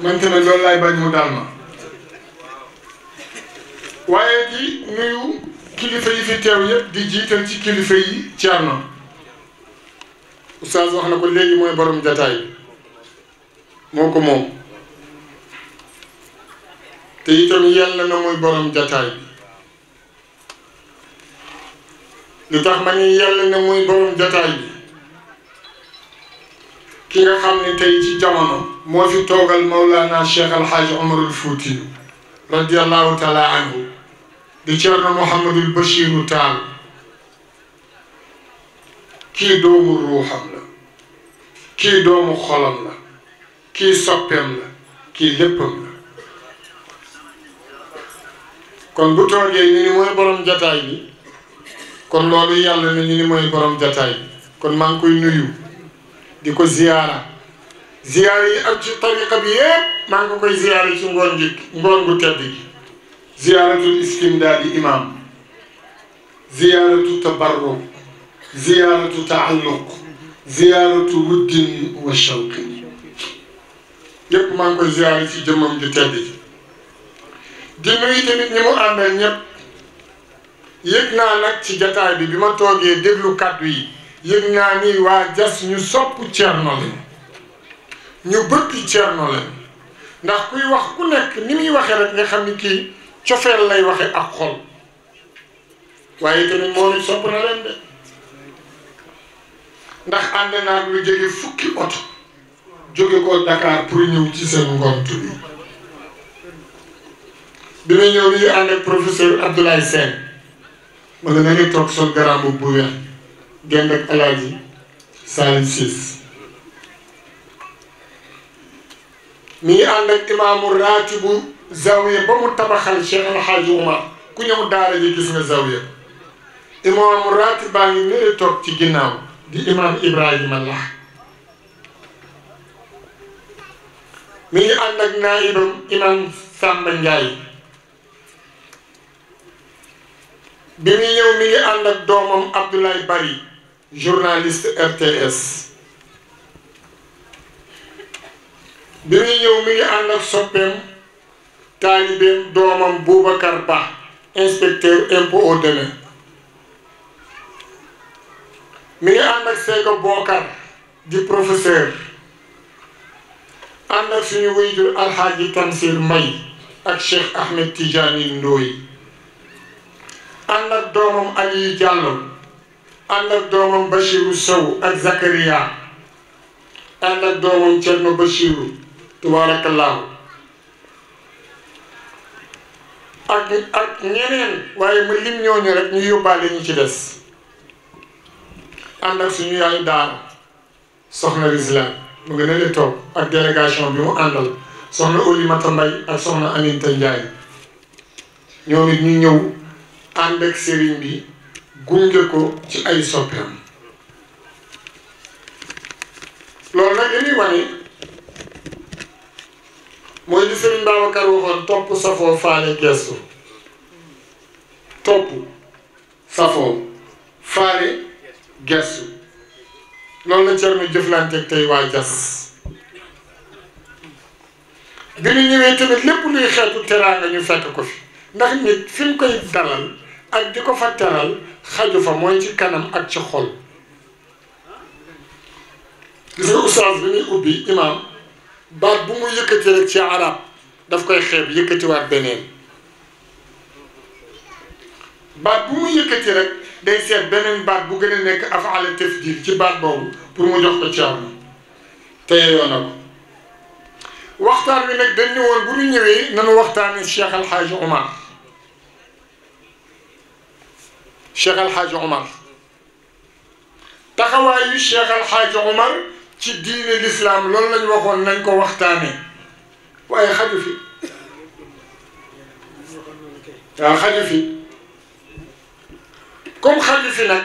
man tamit loolu laay bañ mu daal ma waaye di nuyu كلفي في تاوية دي جيتل تي كلفي تيارنا أستاذ وحنا كل ليلي موي برم جاتاي موكو مو تيتم يالنا موي برم جاتاي لتاح ماني يالنا موي برم جاتاي كيغا خامني تاي تي جامانا موفي توغل مولانا شيخ الحاج عمر الفوتي رضي الله تعالى عنه di Cerno Mouhamadul Bachiru Taal kii doomu ruuxam la kii doomu xolam la kii soppeem la kii léppam la kon bu toogee ni mooy borom jataay bi kon loolu yàlla ne ñu ni mooy borom jataay bi kon maa ngi koy nuyu di ko ziyaara ziyaara yi ak ci tariqa bi yépp maa ngi koy ziyaara ci ngoon gi ngoon gu tedd gi ziyaaratul istimdaadi imaam ziyaaratu tabarruk ziyaaratu taalluq ziyaaratu wuddin wa shawqi yëpp koy ziyaare ci jëmmam ji tedd ji di nuyu tamit ñi mu àndal ñëpp yëg naa nag ci jataay bi bi ma toogee déglu kàddu yi yëg naa ni waa jas ñu sopp Cerno lañ ñu bëgg Cerno ndax kuy wax ku nekk ni muy waxee rek nga xam ni kii cofeel lay waxe ak xol waaye tamit moom it sopp na leen de ndax ànd naag lu jóge fukki oto jóge ko Dakar pour ñëw ci seen ngont bi bi ma ñëw yi ànd ak professeur Abdoulaye Sène ma nga na ngi toog sol garaam bu weex dend ak alaaji Salim Ciss mi ngi ànd ak imaamu raatibu zawiya ba mu tabaxal Cheikh El Hadj ku ñëw daara ji gis nga zawiya imaam raati baa ngi nële toog ci ginnaaw di imaam Ibrahima la mi ngi ànd ak naayibam imaam Samba Ndiaye bi muy ñëw mi ngi ànd ak doomam Abdoulaye Bari journaliste RTS bi muy ñëw mi ngi ànd ak soppeem. taalibeem doomam Boubacar Ba inspecteur impôt au mi ngi ànd ak Sega Bokar di professeur ànd ak suñu wéyjur Alxaaji Tamsir May ak Cheikh Ahmed Tidiane Ndoye ànd ak doomam Aliou Diallo ànd ak doomam Bachirou Sow ak Zakaria ànd ak doomam Thierno Bachirou tabaarakallaahu ak ak ñeneen waaye ma lim ñooñu rek ñu yóbbaale ñu ci des ànd ak suñu yaay daara soxna Rizlan mu ngi ne toog ak délégation bi mu àndal soxna Oulimata Mbaye ak soxna Aminta Ndiaye ñoom it ñu ñëw ànd ak bi gunge ko ci ay soppeem loolu nag li mooy li sëriñ Babacar waxoon topp safoo faale gestu topp safoo faale gestu loolu la Thierno jëflanteeg tey waa bi ñu ñëwee tamit lépp luy xeetu teraanga ñu fekk ko fi ndax nit fi mu koy dalal ak di ko fa teral xaju fa mooy ci kanam ak ci xol gis nga bi ñuy ubbi imaam باب بومو يكتي لك شي عرب داف كاي خيب يكتي وات بنين باب بومو يكتي لك داي سيت بنين باب بو غنا نيك افعال التفضيل شي باب بوم بور مو جوخ كو تيام تي يونو وقتان لي نك دني وون بو نيوي نانو وقتان الشيخ الحاج عمر الشيخ الحاج عمر تخوى الشيخ الحاج عمر ci diine lislaam loolu lañu waxoon nañ ko waxtaanee waaye xalifi fi waaw xaju fi comme xaju nag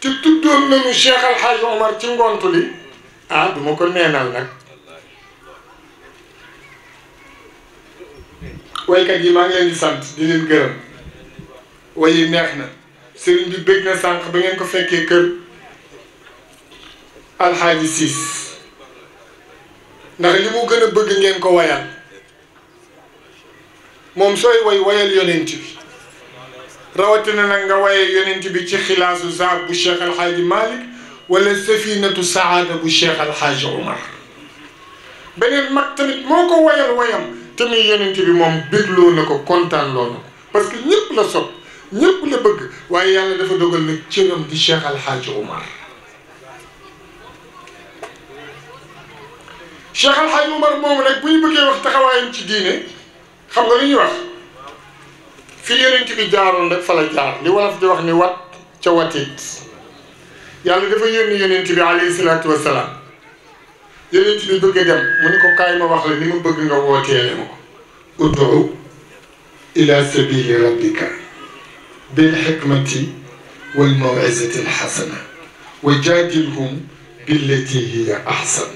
te tuddoon nañu Cheikh Al Hadj Omar ci ngontu li ah du ko neenal nag waykat yi maa ngi leen sant di leen gërëm wayi neex na sëriñ bi bëgg na sànq ba ngeen ko fekkee kër alxaaji siis ndax li gën a bëgg ngeen ko wayal moom sooy way wayal yonent bi rawatina nag nga waye yonent bi ci xilaasu zaab bu cheikh alxaaji malik wala safinatu saada bu cheikh alxaaji omar beneen mag tamit moo ko wayal wayam te yonent bi moom bégloo na ko kontaan loo na ko parce que ñëpp la sopp ñëpp la bëgg waaye yàlla dafa dogal nag cëram di cheikh alxaaji omar شيخ الحاج عمر موم نك بوي بوجي وقت خوايم سي دينه خمغا ني وخ في يونت بي جارون نك فلا جار لي ولاف دي وخ ني وات تا واتيت يالا دا فا يوني يونت بي عليه الصلاه والسلام يونت بي بوجي دم موني كو كايما وخ لي ما بوجي نغا ووتيه مكو ادعو الى سبيل ربك بالحكمه والموعظه الحسنه وجادلهم بالتي هي احسن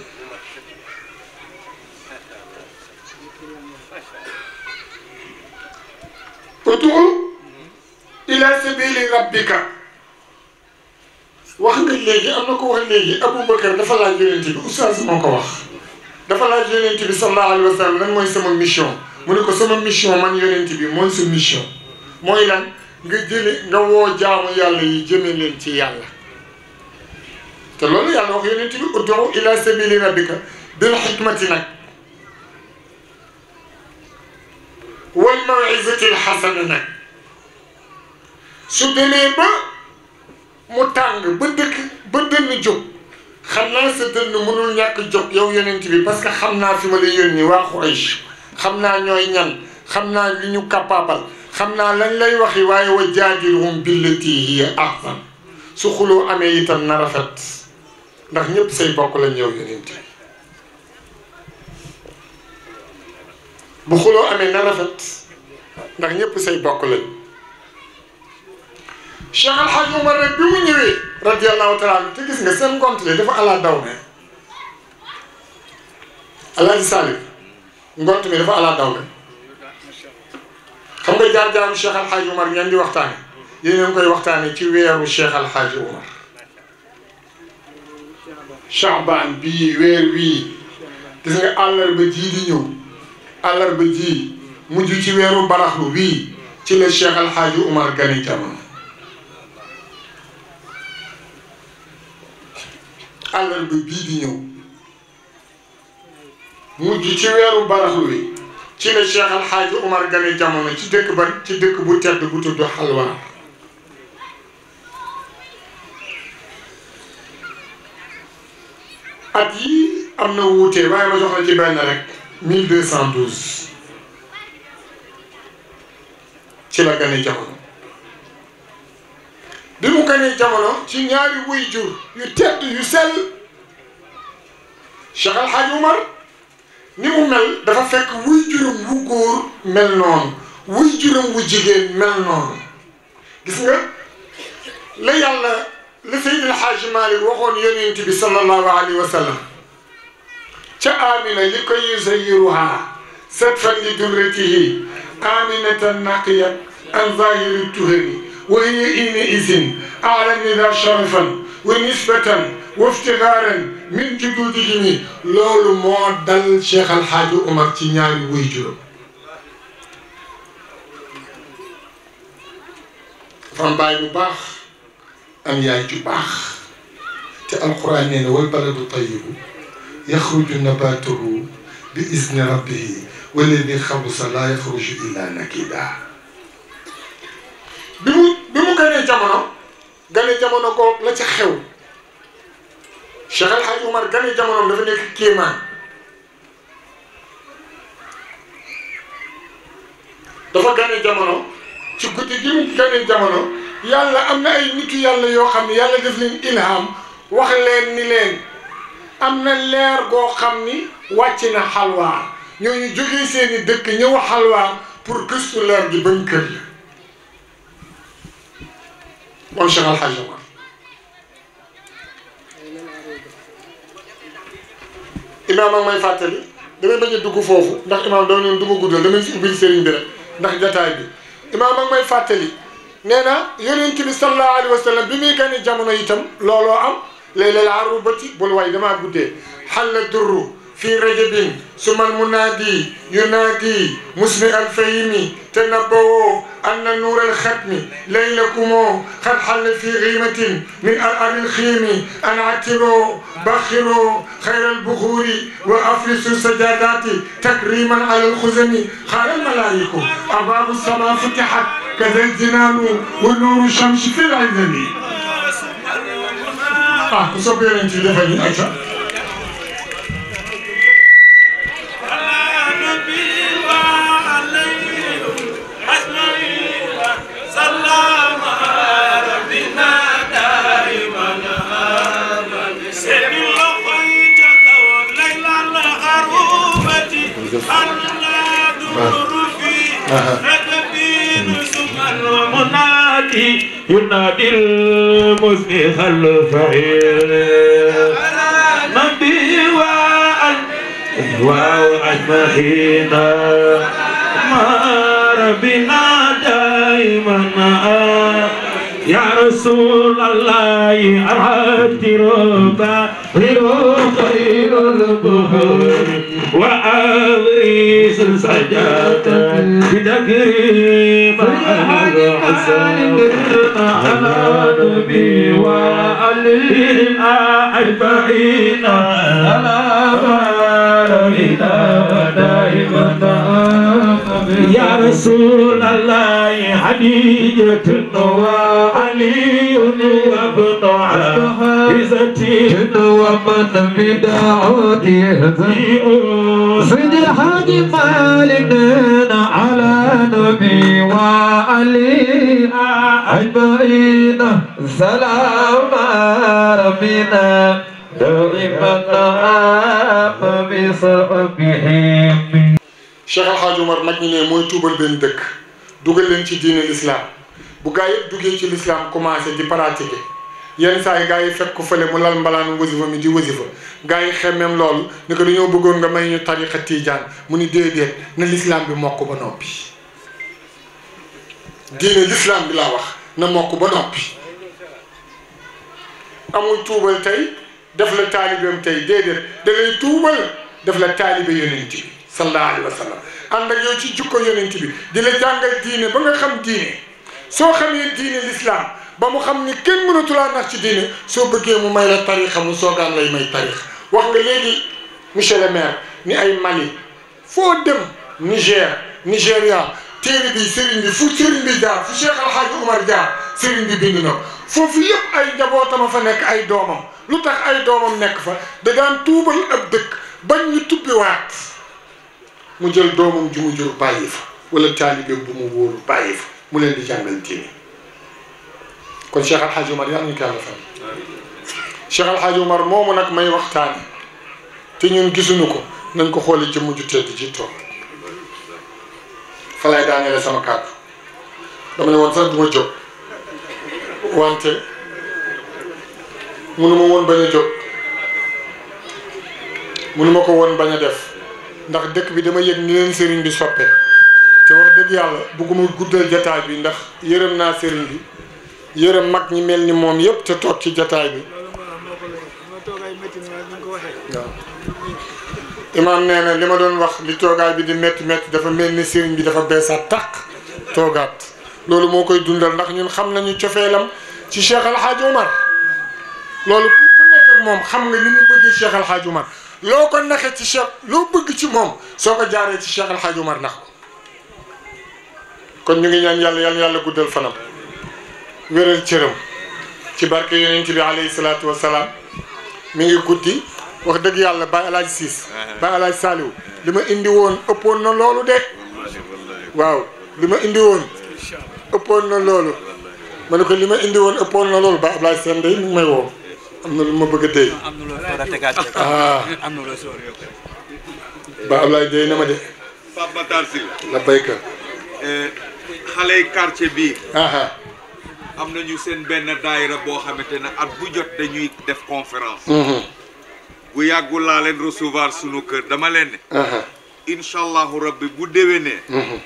udu ila sabili rabbika wax nga léegi am na ko wax léegi Aboubacar dafa laaj yonent bi oustaz moo ko wax dafa laaj yonent bi sallallahu alayhi wa sallam lan mooy sama mission mu ne ko sama mission man yonent bi mooy sa mission mooy lan nga jële nga woo jaamu yàlla yi jëme leen ci yàlla te loolu yàlla wax yonent bi udu ila sabili rabbika bil xikmati nag wal mawisatil xasana nag su demee ba mu tàng ba dëkk ba dënn jóg xam naa sa dënn mënul ñàkk jóg yow yonent bi parce que xam naa fi ma la yónni waa Quraysh xam naa ñooy ñan xam naa li ñu capable xam naa lañ lay waxi waaye wa jaadilhum billati hiya ahsan su xuloo amee itam na rafet ndax ñëpp say bokk la ñëw yonent bi bukulo ame amee na rafet ndax ñëpp say bokk lañ Cheikh Al Hadj Omar rek bi mu ñëwee radiyallahu taala anhu te gis nga seen ngont li ala daw ne Alaaji Salif ngont mi dafa ala daw ne xam nga jaar-jaaru Cheikh Al Hadj Omar ngeen di waxtaane yéen a ngi koy waxtaane ci weeru Cheikh تسمع الله Omar Chaabaan àllarba ji mujj ci weeru baraxlu wii ci la Cheikh El Hadj Oumar gane jamono àllarba bii di ñëw mujj ci weeru baraxlu wi ci la Cheikh El Hadj gane jamono ci dëkk ba ci dëkk bu tedd bu tudd Xalwaar at yi am na wuute waaye ma jox la ci benn 1212 ci la gane jamono bi mu gane jamono ci ñaari waajur yu tedd yu sell Cheikh Al Hadj Umar ni mu mel dafa fekk waajuram wu góor mel noonu waajuram wu jigéen mel noonu gis nga la yàlla li fi El Hadj Malick waxoon yonent bi sallallahu alayhi wa sallam كآمنة لكي يزيرها سدفا لدرته آمنة ناقية عن ظاهر التهم وهي إذن أعلن ذا شرفا ونسبة وافتغارا من جدودهم لول مودل شيخ الحاج عمر تنياري ويجر fam baay bu baax am yaay ju baax te alquran nee يخرج نباته بإذن ربه والذي خبص لا يخرج إلا نكدا بمو بمو غني جامونو غني جامونو لا تخيو شغل حاج عمر قال جامونو دا كيما كيمان قال gane jamono ci قال gi يالا أمنا أي yàlla يالا يوخم يالا nitu إلهام وخلين نيلين ilham am na leer goo xam ni wàcc na xalwaar ñooñu jógee seen dëkk ñëw xalwaar pour gëstu leer gi bañ kër la moom Cheikh Al Hadj may fàttali damay bañ dugg foofu ndax imaam dama noonu du ma damay fi ubbil sëriñ bi ndax jataay bi imaam may fàttali nee na yonent bi sallallahu alayhi wa bi muy gane jamono itam looloo am ليلى العروبة بول واي دما بودي حل الدر في رجب ثم المنادي ينادي مسمع الفيم تنبؤوا أن النور الختم ليلكم قد حل في غيمة من أرأر الخيم أن عتبوا بخروا خير البخور وأفلسوا سجاداتي تكريما على الخزن خير الملائكه أبواب السماء فتحت كذا الجنان ونور الشمس في العزم ah ku sopp yonent bi defal ñu ayca Uh-huh. الذي ينادي المسيح الفعيل نبي واو أجمعين ما ربنا دائما يا رسول الله أرحبت ربا لروح خير البحور وعاريس سجاتا بتكريم على الحسن على نبي وعلي أجمعين على بارئنا ودائما يا رسول الله حديجة النوار سيد الحاج مالنا على نبي وعلي سلام ربنا دائما نعم بصحبهم شيخ الحاج عمر nag ñu ne mooy tuubal benn dëkk dugal leen ci bu gaa yëpp duggee ci lislaam commencé di pratiquer yenn saa yi gaa yi fekk ko fële mu lal mbalaanu wasifa mi di wasifa gaa yi xemmeem loolu ni ko dañoo bëggoon nga may ñu tariqa tiijaan mu ni déedéet na lislaam bi mokk ba noppi diine lislaam bi laa wax na mokk ba noppi amul tuubal tey def la taalibeem tey déedéet da lay tuubal def la taalibe yonent bi sallallahu alayhi wa sallam ànd ak yow ci jukko yonent bi di la jàngal diine ba nga xam diine soo xamee diine l'islam ba mu xam ni kenn mënatu laa nax ci diine soo bëggee mu may la tarixa mu soogaan lay may tarix wax nga léegi monsieur le maire ni ay Mali foo dem Niger Nigéria téere bi sëriñ bi fu sëriñ bi jaar fu Cheikh Al Hadj Oumar jaar sëriñ bi bind na foofu yëpp ay njabootama fa nekk ay doomam lu tax ay doomam nekk fa da daan tuubal ab dëkk bañ ñu tubbiwaat mu jël doomam ju mu jur bàyyi fa wala taalibe bu mu wóoru bàyyi fa mu leen di jàngal diine kon Cheikh Al Hadj Omar yàlla ñu ko yàlla fay Cheikh Al Hadj moomu nag may waxtaane te ñun gisuñu ko nañ ko xooli ci mujj tedd ci toog fa lay daaneele sama kàddu dama ne woon sax du ma jóg wante mënuma woon bañ jóg mënuma ko woon bañ a def ndax dëkk bi dama yëg ni leen sëriñ bi soppe te wax dëgg yàlla bugguma guddal jataay bi ndax yërëm naa sëriñ bi yërëm mag ñi mel ni moom yëpp te toog ci jataay bi waaw imaam nee li ma doon wax li toogaay bi di métti métti dafa mel ni sëriñ bi dafa beesaat tàq toogaat loolu moo koy dundal ndax ñun xam nañu cofeelam ci Cheikh El Hadj Omar loolu ku nekk ak moom xam nga ni mu bëggee Cheikh El Hadj Omar loo ko naxe ci Cheikh loo bëgg ci moom soo ko jaaree ci Cheikh El Hadj Omar nax ko kon ñu ngi ñaan yàlla yàlla yàlla guddal fanam wéral cëram ci barke ci bi alayhi salaatu wasalaam mi ngi guddi wax dëgg yàlla Baye El siis Ciss Baye El Hadj li ma indi woon ëppoon na loolu de waaw li ma indi woon ëppoon na loolu ma ne ko li ma indi woon ëppoon na loolu Baye Ablaye Sène day mi ngi may woo am na lu ma bëgg a dee ah Baye Ablaye dee na ma de la baykat eh, xale yi quartier bii am ñu seen benn daayira boo xamante ne at bu jot dañuy def conférence mhm. bu yàggul laa leen recevoir sunu kër dama leen ne incha allahu bu déwénee mhm.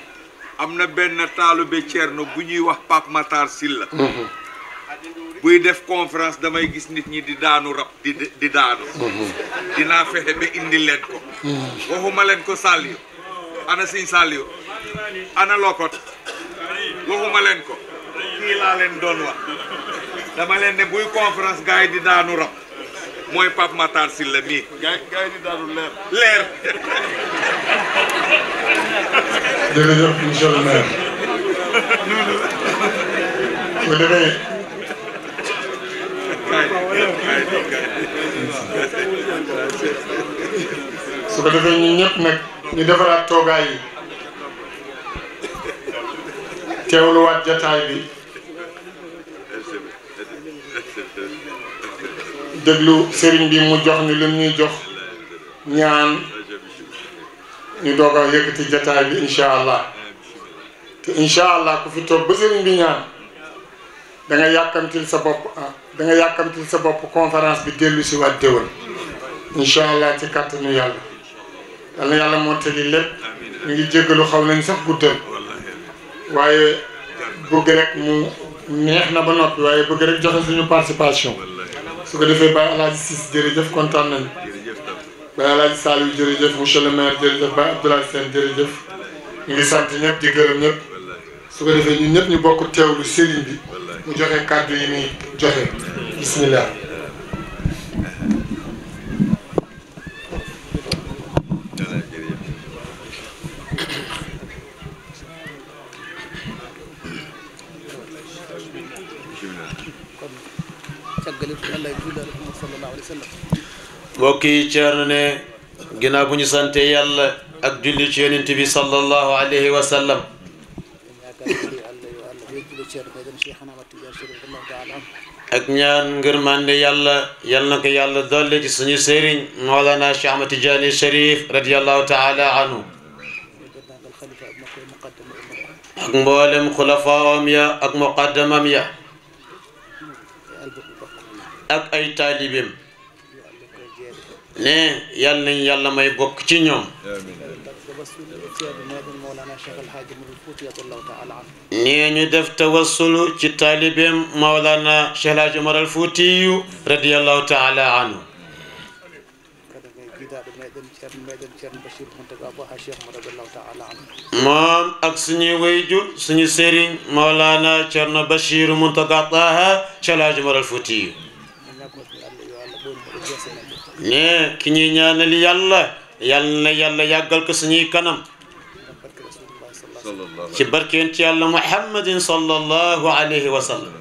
am na benn taalube Thierno bu ñuy wax Pape Matar Sylla mhm. buy def conférence damay gis nit ñi di daanu rab di di daanu dinaa fexe ba indi leen ko waxuma leen ko Saliou ana Sëñ Saliou ana Lokot waxuma leen ko kii laa leen doon wax dama leen ne buy conférence gars yi di daanu rab mooy Pape Matar Sylla mii. gars yi di daanu leer. leer. jërëjëf monsieur le maire. ko defee ñun ñëpp nag ñu defaraat toogaay yi. teewluwaat jataay bi déglu sëriñ bi mu jox ni lu ñuy jox ñaan ñu doog a yëkkati jataay bi incha allah te incha allah ku fi toog ba sëriñ bi ñaan da nga yàkkamtil sa bopp ah, da nga yàkkamtil sa bopp conférence bi dellu si waat déwén incha allah ci kàttanu yàlla yàlla yàlla moo tëli lépp ñu ngi jéggalu xaw nañ sax guddal waaye bëgg rek mu neex na ba noppi waaye bëgg rek joxe suñu participation su ko defee Baye El Hadj Ciss jërëjëf kontaan nañu Baye El Hadj Saliou jërëjëf monsieur le maire jërëjëf Baye Abdoulaye Sène jërëjëf ñu ngi sant ñëpp di gërëm ñëpp su ko defee ñun ñëpp ñu bokk teewlu sëriñ bi mu joxe kàddu yi muy joxe bismillah caggal yonent bi allah e juulde alakuma sallallahu alayhi wa sallam mbokk yi ceerno ne ginnaaw bu ñu sante yàlla ak julli ci yonent bi sallallahu alayhi wa sallam ak ñaan ngërmande yàlla yal na ko yàlla dolle ci suñu sëriñ Mawlana Cheikh Ahmad Tidiane Chérif radiyallahu taala anhu ak mboolem xulafaam ya ak muqaddamam ya ak ay taalibeem ne yal nañ yàlla may bokk ci ñoom nee ñu def tawassulu ci taalibeem Mawlana Cheikh El Hadj Omar al Fuutiyu radiyallahu taala anhu moom ak suñuy wayjur suñu sëriñ Mawlana Cerno Bachir Muntaga Taha Cheikh El Hadj Omar al Fuutiyu ne ki ñuy ñaanal yàlla yàlla na yàlla yàggal ko suñuy kanam ci barkeen ci yàlla muhammadin sallallahu alayhi wa sallam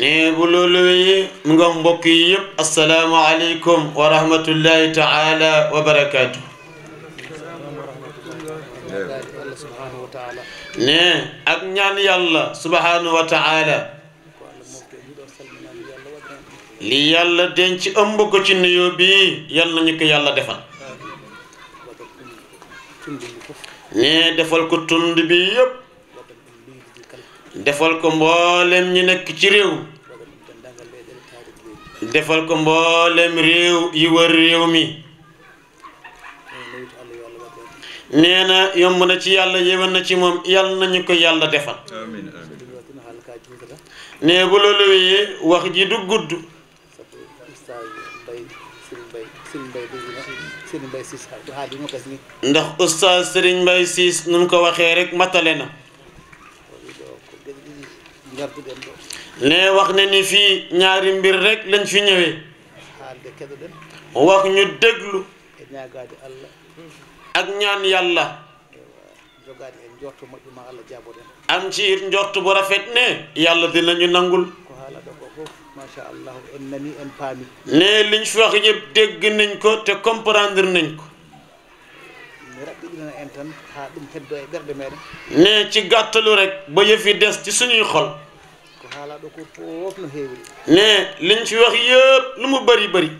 ne bu loolu yi mu nga mbokk yi yëpp assalaamu aleykum wa rahmatullahi taala wa barakatuh ne ak ñaan yàlla subhanahu wa taala li yàlla denc ëmb ko ci nuyoo bii yàlla ñu ko yàlla defal ne defal ko tund bi yëpp defal ko mboolem ñu nekk ci réew defal ko mboolem réew yi wër réew mi nee na yomb na ci yàlla yéwén na ci moom yàlla nañu ko yàlla defal nee bu loolu wéyee wax ji du gudd ndax oustaz Serigne Mbaye Ciss nu mu ko waxee rek matale na nee wax na ni fii ñaari mbir rek lañ fi ñëwee wax ñu déglu ak ñaan yàlla am ci it njort bu rafet ne yàlla ñu nangul ne liñ fi wax yëpp dégg nañ ko te comprendre nañ ko ne ci gàttalu rek ba yëfi des ci suñuy xol ne liñ fi wax yëpp lu mu bari bari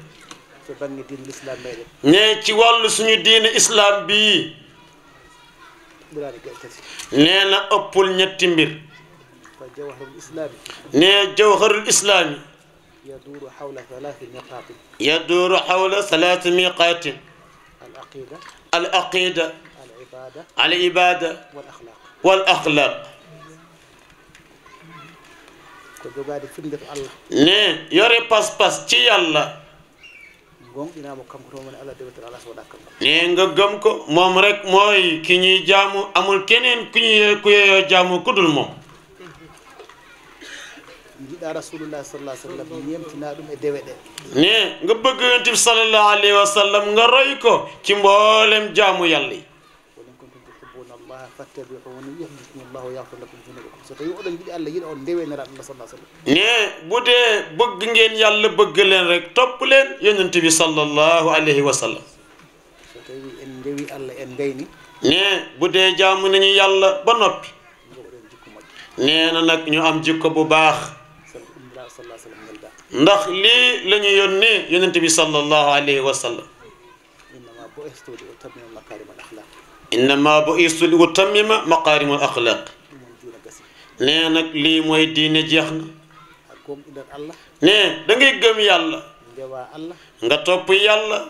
ci walu suñu diin islam bi neena ëppul ñetti mbir ne jawharul islami يدور حول ثلاث ميقات العقيدة العقيدة العبادة العبادة والأخلاق والأخلاق كدو قاعد فندق الله ليه يوري باس باس تي الله nee nga gëm ko moom rek mooy ki ñuy jaamu amul keneen ku ñuy ku yeeyoo jaamu ku dul moom jiɗa rasulullah sallah sallam yemtina ɗum e nga bëgg yonti salallahu alayhi wa nga roy ko ci mboolem jaamu yàlla yi wain kuntum so tawi oɗon jiɗi allah yiɗa on ndeweniraɓe mba sallah sallam ne bude bëgg ngeen yàlla bëgg leen rek topp leen yonent bi sallallahu alayhi wa sallam so tawi en ndewi allah en ndeyni ne bude jaamu nañu yàlla ba noppi nee na nag ñu am jikko bu baax ndax lii la ñu yónnee yonent bi sallallahu alayhi wa sallam innama bu istu li utammima maqarima al axlaq nee nag lii mooy diine jeex na nee da ngay gëm yàlla nga topp yàlla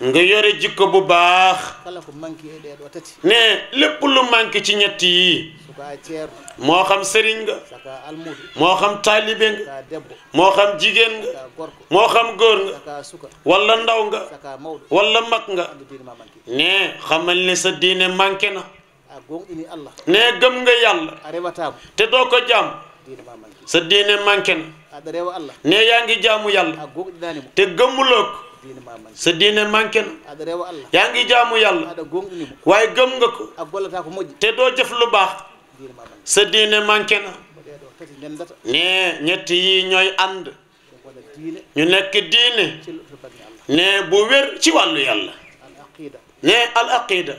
nga yore jikko bu baax nee lépp lu manqué ci ñett yi moo xam sëriñ nga moo xam taalibe nga moo xam jigéen nga moo xam góor nga walla ndaw nga walla mag nga nee xamal ne sa diine manqué na ne gëm nga yàlla te doo ko jaam sa diine manqué na ne yaa ngi jaamu yàlla te gëmmuloo ko sa diine manqué na yaa ngi jaamu yàlla waaye gëm nga ko te doo jëf lu baax sa diine manqué na ne ñett yi ñooy ànd ñu nekk diine ne bu wér ci wàllu yàlla ne al aqida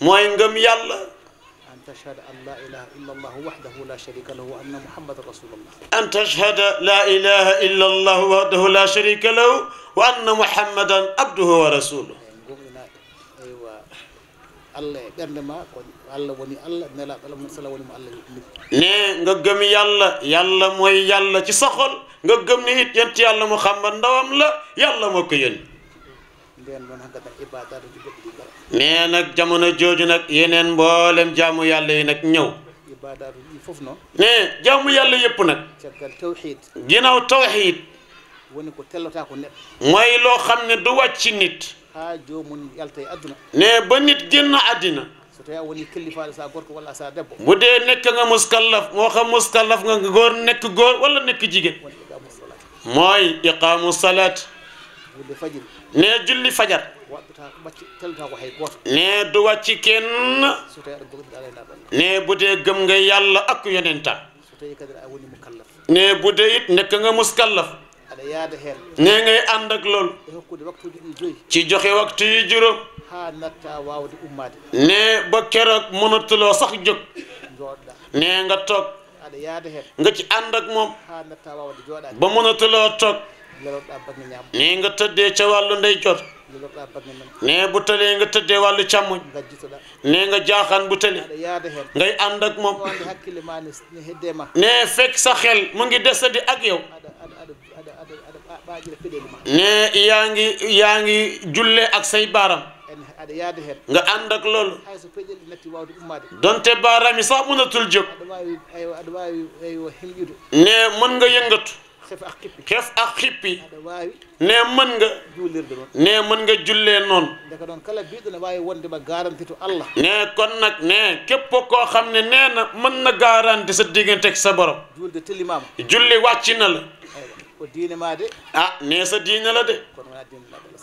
موينغم يلا أن تشهد أن لا إله إلا الله وحده لا شريك له وأن محمد رسول الله أن تشهد لا إله إلا الله وحده لا شريك له وأن محمدا عبده ورسوله أيوة الله قال ما الله وني الله نلا الله مرسل وني الله نه نغم يلا يلا موي يلا تي سخل نغم نيت ينت nee nag jamono jooju nag yeneen mboolem jaamu yàlla yi nag ñëw ne jaamu yàlla yëpp nag ginnaaw tawxiid mooy loo xam ne du wàcc nit ne ba nit génn àddina bu dee nekk nga muskallaf moo xam muskallaf nga góor nekk góor wala nekk jigéen mooy iqaamu salaat nee julli fajar nee du wàcc kenn nee bu dee gëm nga yàlla ak yonentam nee bu dee it nekk nga muskallaf nee ngay ànd ak loolu ci joxe waxtu yi juróom nee ba keroog mënatuloo sax jóg nee nga toog nga ci ànd ak moom ba mënatuloo toog nii nga tëddee ca wàllu ndeyjoor nee bu tëlee nga tëddee wàllu càmmoñ nee nga jaaxaan bu tëlee ngay ànd ak moom nee fekk sa xel mu ngi desandi ak yow nee yaa ngi yaa ngi jullee ak say baaram aɗa yaade heen nga annda ko loolu hayso peƴel natti wawde ummade donte baarami sa ɓunatul jog aɗa wawi aɗa wawi eyo himƴude ne mën nga yëngatu xef ak xippi ne mën nga ne mën nga jullee noonu ne kon nag ne képp koo xam ne nee na mën na garanti sa diggante ak sa borom julli wàcc na la ah nee sa diine la de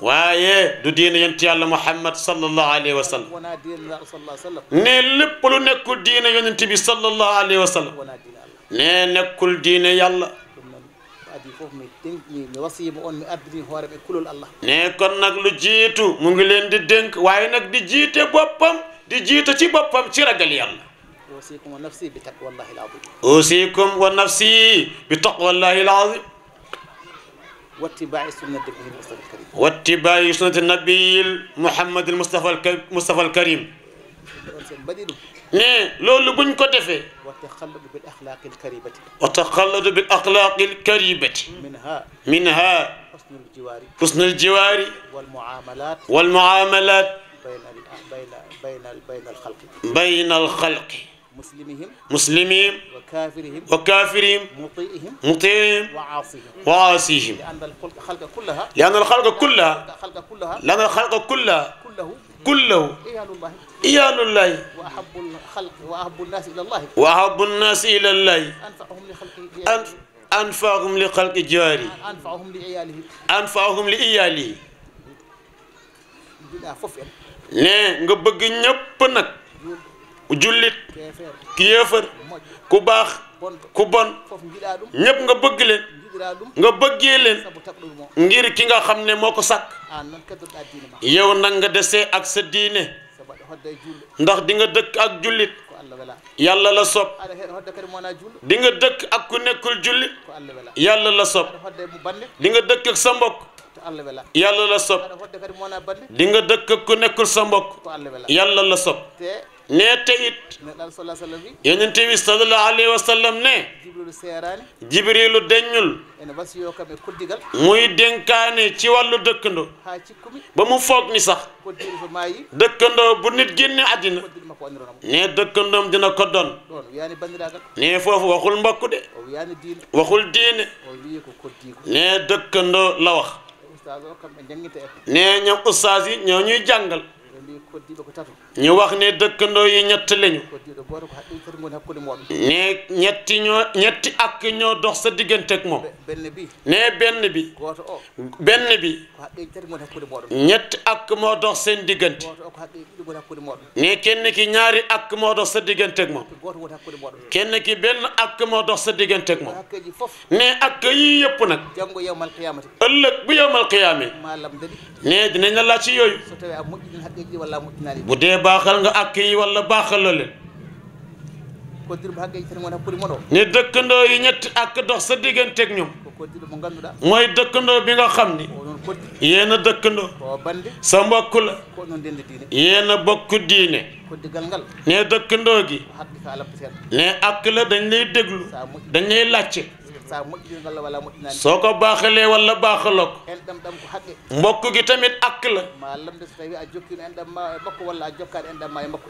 waaye du diine yonent yàlla Muhammad sallallahu alayhi wa sallam ne lépp lu nekkul diine yonent bi sallallahu alayhi wa sallam ne nekkul diine yàlla fof mi denɗi mi wasiima on mi abbini hoore ɓe kulol allah ne kon nag lu jiitu mu ngi leen di dénk waaye nag di jiite boppam di jiita ci boppam ci ragal yàlla أوصيكم ونفسي بتقوى الله العظيم أوصيكم ونفسي بتقوى الله العظيم واتباع سنة النبي المصطفى الكريم واتباع سنة النبي محمد المصطفى الكريم ne loolu buñ ko defee wa taxalladu bil axlaaqil karimati wa taxalladu bil axlaaqil karimati minha minha xusnul jiwaari xusnul jiwaari wal muamalat wal muamalat bayna bayna al xalqi bayna al xalqi مسلمهم مسلمهم وكافرهم وكافرهم مطيئهم مطيئهم وعاصيهم وعاصيهم لأن الخلق كلها لأن الخلق كلها لأن الخلق كلها كله كله إيال الله وأحب الخلق وأحب الناس إلى الله وأحب الناس إلى الله أنفعهم لخلقه أنفعهم لخلق جاري أنفعهم لعياله أنفعهم لعياله لا فوفين nee nga bëgg ñépp nag jullit ku yéefar ku nga bëggee leen ngir ki nga xam ne moo ko sàkk yow nag nga desee ak sa diine ndax di nga dëkk ak jullit yàlla la sob di nga dëkk ak ku nekkul jullit yàlla la sob di nga dëkk ak sa mbok yàlla la sob di nga dëkk ak ku nekkul sa mbokk yàlla la sob ne teyit yonente wi sallallahu alayhi wa sallam ne jibrilu deññul muy dénkaane ci wàllu dëkkandoo ba mu foog ni sax dëkkandoo bu nit génne àddina ne dëkkandoom dina ko doon ne foofu waxul mbokk de waxul diine ne dëkkandoo la wax ne ñoom ustaas yi ñoo ñuy jàngal ñu wax ne dëkkandoo yi ñett lañu ne ñetti ñoo ñetti ak ñoo dox sa diggante ak moom ne benn bi benn bi ñetti ak moo dox seen diggante ne kenn ki ñaari ak moo dox sa diggante ak moom kenn ki benn ak moo dox sa diggante ak moom ne ak yii yëpp nag ëllëg bu yowmal qiyaame ne dinañ la laaj ci yooyu bu dee baaxal nga àkk yi walla baaxal la leen ne dëkkandoo yi ñetti ak dox sa diggante ak ñoom mooy dëkkandoo bi nga xam ni yéen a dëkkandoo sa mbokk la yéen a bokk diine ne dëkkandoo gi ne ak la dañ lay déglu dañ lay làcce soo ko baaxalee walla baaxaloo ko mbokk gi tamit ak la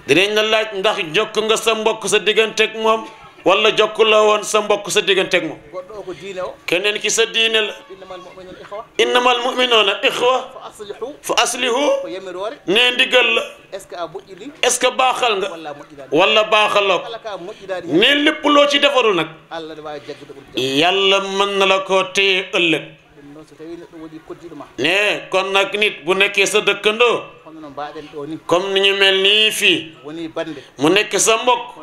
dinañ la laaj ndax jokk nga sa mbokk sa digganteeg moom walla jokk la woon sa mbokk sa digganteeg moom keneen ki sa diine la innamal mu'minuuna ixwa fa aslihu ne ndigal la est ce que baaxal nga wala baaxal la ne lépp loo ci defarul nag yàlla mën na la ko téye ëllëg ne kon nak nit bu nekké sa dëkkandoo comme ni ñu mel nii fii mu nekk sa mbokk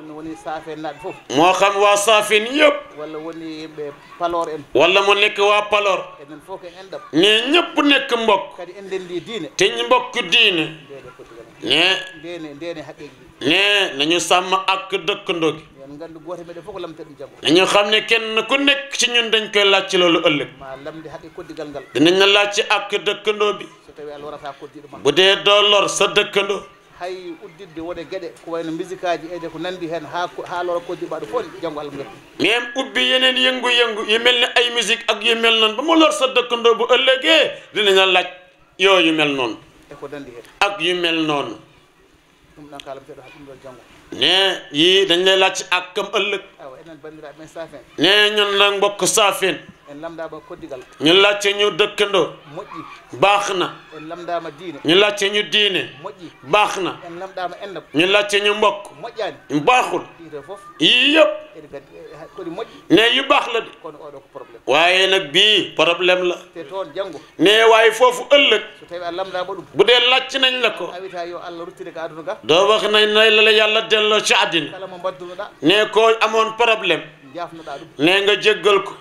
mo xam waa walla mu nekk wa palor ni ñepp nekk mbokk te ñu mbokk diine ne ne nañu sam ak dëkkandoo gi dañu xam ne kenn ku nekk ci ñun dañ koy laaj ci loolu ëllëg dinañ la laaj ci ak dëkkandoo bi bu dee doo lor sa dëkkandoo hay udditde wone gueɗe ko wayno musique aji ede ko nandi hen ha ha lora koddi mbaɗo fof janggo allah gati même ubbi yenen yengu yëngu yu mel ni ay musique ak yu mel noon bamo lor sa dëkkandoo bu ëllëgee dinaña laaj yoo yu mel noonu e ko nandi hen ak yu mel noonu ɗum ɗan kalam teɗo ne yii dañ lay laaj ak kam ëllëg ah ne ñun nag mbokk saafin en lamdama koddigal ñu lacce ñu dëkkandoo moƴƴi baax na en lamdama diine ñu lacce ñu diine moƴƴi baax na en lamdama endam ñu lacce ñu mbokk moƴƴani baaxul yii yëpp kodi eh, moƴƴi ne yu baax la de kono oɗo ko probléme waaye nag bii problème la te toon janngo ne waaye foofu ëllëg so tawi a lamdama bu dee lacc nañ la ko a wiyata doo wax nañ nay la la yàlla delloo ci àddina mo mbaddunoɗa ne ko amoon problème nee nga jéggal ko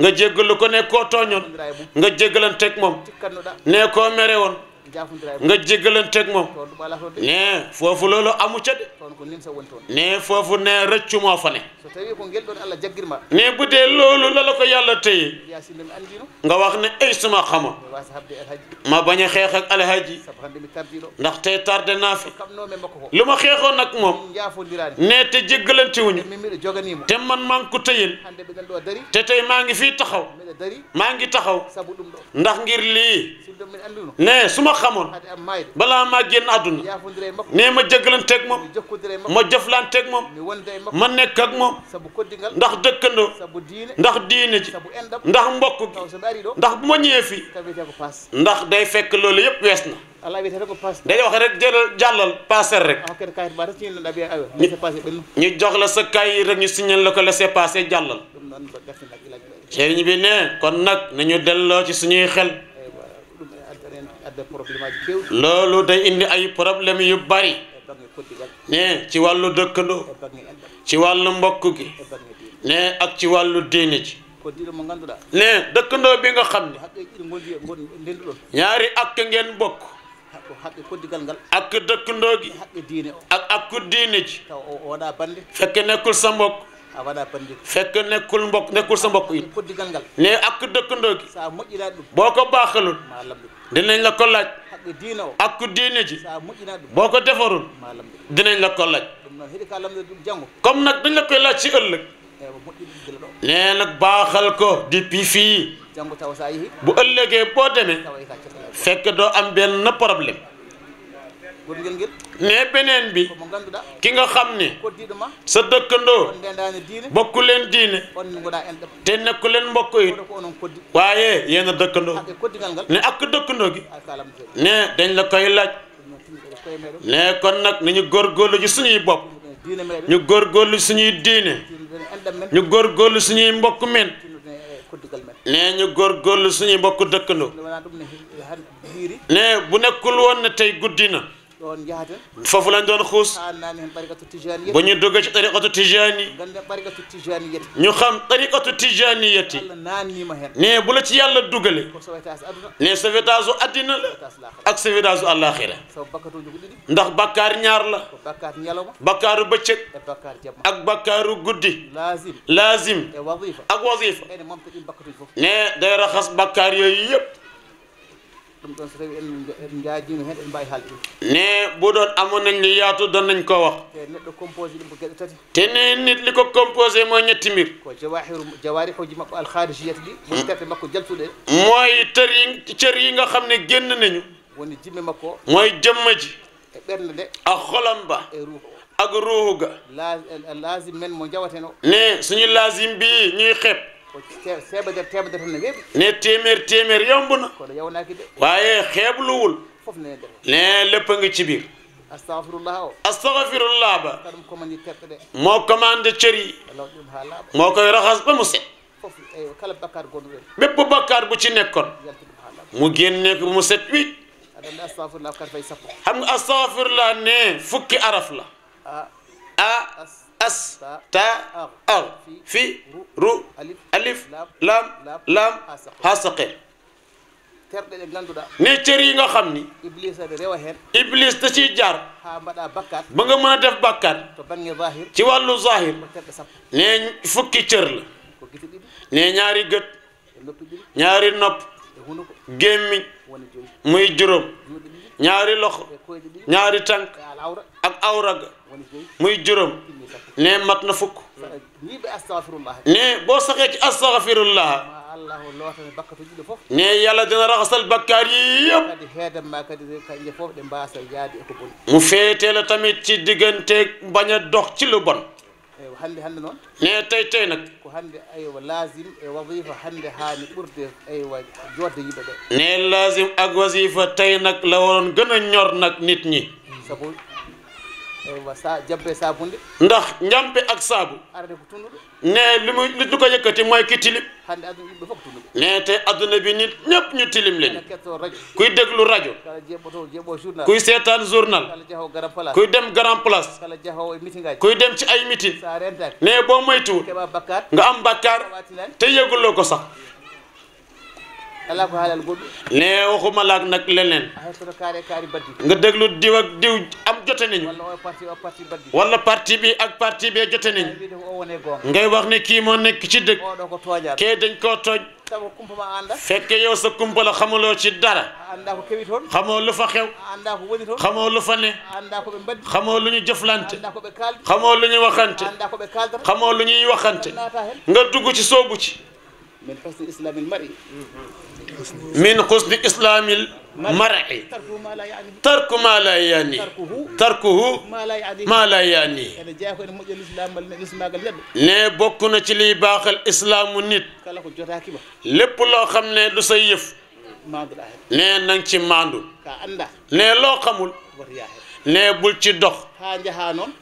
nga jéggal ko ne koo tooñoon nga jéggalanteeg moom nee koo mere woon nga jégalanteeg moom ne foofu loolu amu ca de ne foofu ne rëccu moo fa ne ne bu dee loolu la la ko yàlla téye nga wax ne ay suma xama ma bañ a xeex ak alhaji ndax tey tardé naa fi lu ma xeexoon nag moom ne te jégalante wuñu te man maa ngi ko téyel te tey maa ngi fii taxaw maa ngi taxaw ndax ngir lii ne suma xamoon balaa maa génn àdduna nee ma jëggalanteeg moom ma jëflanteeg moom ma nekk ak moom ndax dëkkandoo ndax diine ji ndax mbokk gi ndax bu ma ñëwee fii ndax day fekk loolu yëpp wees na. Allah wi tata ko passe day wax rek jëlal jàllal ah, passer rek ñu jox la sa kayit rek ñu signal la ko la laisser passer jàllal sëriñ bi ne kon nag nañu delloo ci suñuy xel loolu day indi ay problème yu bari ne ci wàllu dëkkandoo ci wàllu mbokk gi ne ak ci wàllu diine ji ne dëkkandoo bi nga xam ne ñaari ak ngeen bokk ak dëkkandoo gi ak ak diine ji fekk nekkul sa mbokk fekk nekkul mbokk nekkul sa mbokk yi ne ak dëkkandoo gi boo ko baaxalul dinañ la ko laaj ak ku diine ji boo ko defarul dinañ la ko laaj comme nag dañ la koy laaj si ëllëg eh, nee nag baaxal ko di fii bu ëllëgee boo demee fekk doo am benn problème mais beneen bi ki nga xam ni sa dëkkandoo bokk leen diine te nekku leen mbokk yi waaye yéen a dëkkandoo ah, e ne ak dëkkandoo gi ne dañ la koy laaj ne kon nag ni ñu góorgóorlu ci suñuy bopp ñu góor góorgóorlu suñuy diine ñu góor góorgóorlu suñuy mbokk men nee e ñu góorgóorlu suñuy mbokk dëkkandoo ne bu nekkul woon ne tey guddi na فوفو لاندون خوس نعم، بني دوغا طريقه تجاني نعم، ني خام طريقه تجاني نعم، ني بولتي يالا دوغالي ني سيفيتازو ادنا اك سيفيتازو الاخره ندخ بكار ñar la بكار بكار اك بكار غودي لازم لازم اك وظيفه إيه، ني داير خاص بكار ييب ne bu doon amoon nañ li yaatu doon nañ ko wax te ne nit li ko composé mooy ñetti mbir mooy tër yi cër yi nga xam ne génn nañu mooy jëmm ji ak xolam ba ak ruuxu ga ne suñu laazim bii ñuy xeeb ne téeméer téeméer yomb na waaye xeebluwul ne lépp a ngi ci biir astaghfirullah ba moo commandé cër yi moo koy raxas ba mu set eh, bépp bakkaar bu ci nekkoon mu génne ko mu set wicc xam nga astaghfirullah ne fukki araf la a ah. ah. as ta ar fi ru alif lam lam ha saqel ne cër yi nga xam ni iblis da ciy jaar ba nga mën a def bàkkaat ci wàllu zahir ne fukki cër la ne ñaari gët e ñaari nopp e gémmiñ muy juróom ñaari loxo e ñaari tànk ak awra ga muy نعم مات نفك نعم با استغفر الله نعم بو سخي استغفر الله الله الله لوتو بكا تجي فوف ني يالا دينا رخصل بكار ييب دي هدا ما كاد دي كاني فوف دي مباسل يادي اكو بول مو فيتي لا تاميت سي ديغنتك باغا دوخ سي لو لازم وظيفه هاندي هاني برد ايوا جوت ييب ndax njampe ak saabu ne li mu li du ko yëkkati mooy ki tilim ne te adduna bi nit ñëpp ñu tilim lañu kuy déglu rajo kuy seetaan journal kuy dem grand place kuy dem ci ay mitin ne boo moytuwul nga am bakkaar te yëguloo ko sax ala ko haalal goɗɗo ne waxuma laak nag leneen haysoto kaari kaari nga déglu diw ak diw am jote nañu walla o parti o parti baddi walla parti bi ak parti bi jote ne nañu ngay wax ne kii moo nekk ci dëgg oɗo ko tooñat kee dañ koo tooñ sabu kumpa ma ànda fekk yow sa kumpa la xamuloo ci dara ànda ko kewi toon xamoo lu fa xew ànda ko woni toon xamoo lu fa ne ànda ko xamoo lu ñu jëflante ànda ko ɓe kaaldi xamoo lu ñuy waxante ànda ko ɓe kaaldata xamoo lu ñuy waxante nga dugg ci soobu ci min fasni islamil من قصد إسلام المرعي ترك ما لا يعني تركه ما لا يعني لي بوكنا باخ الاسلام نيت لب لو خمنه لو سيف لي نان تي ماندو لي لو nee bul ci dox ha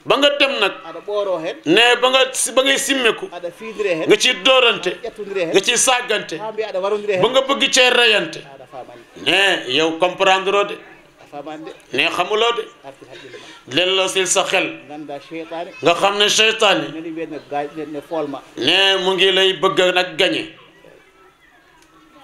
ba nga tem nag aɗa ɓooro heen nee ba nga ba ngay simmiku aɗa fiidire nga ci doorante ƴettondire nga ci saagante ha mbiya aɗa warondire ba nga bëgg cee reyante aɗa famani nee yow comprendre o de nee xamuloo de delloo sil sa xel nga xam ne seytaane nee mu ngi lay bëgg nag gañe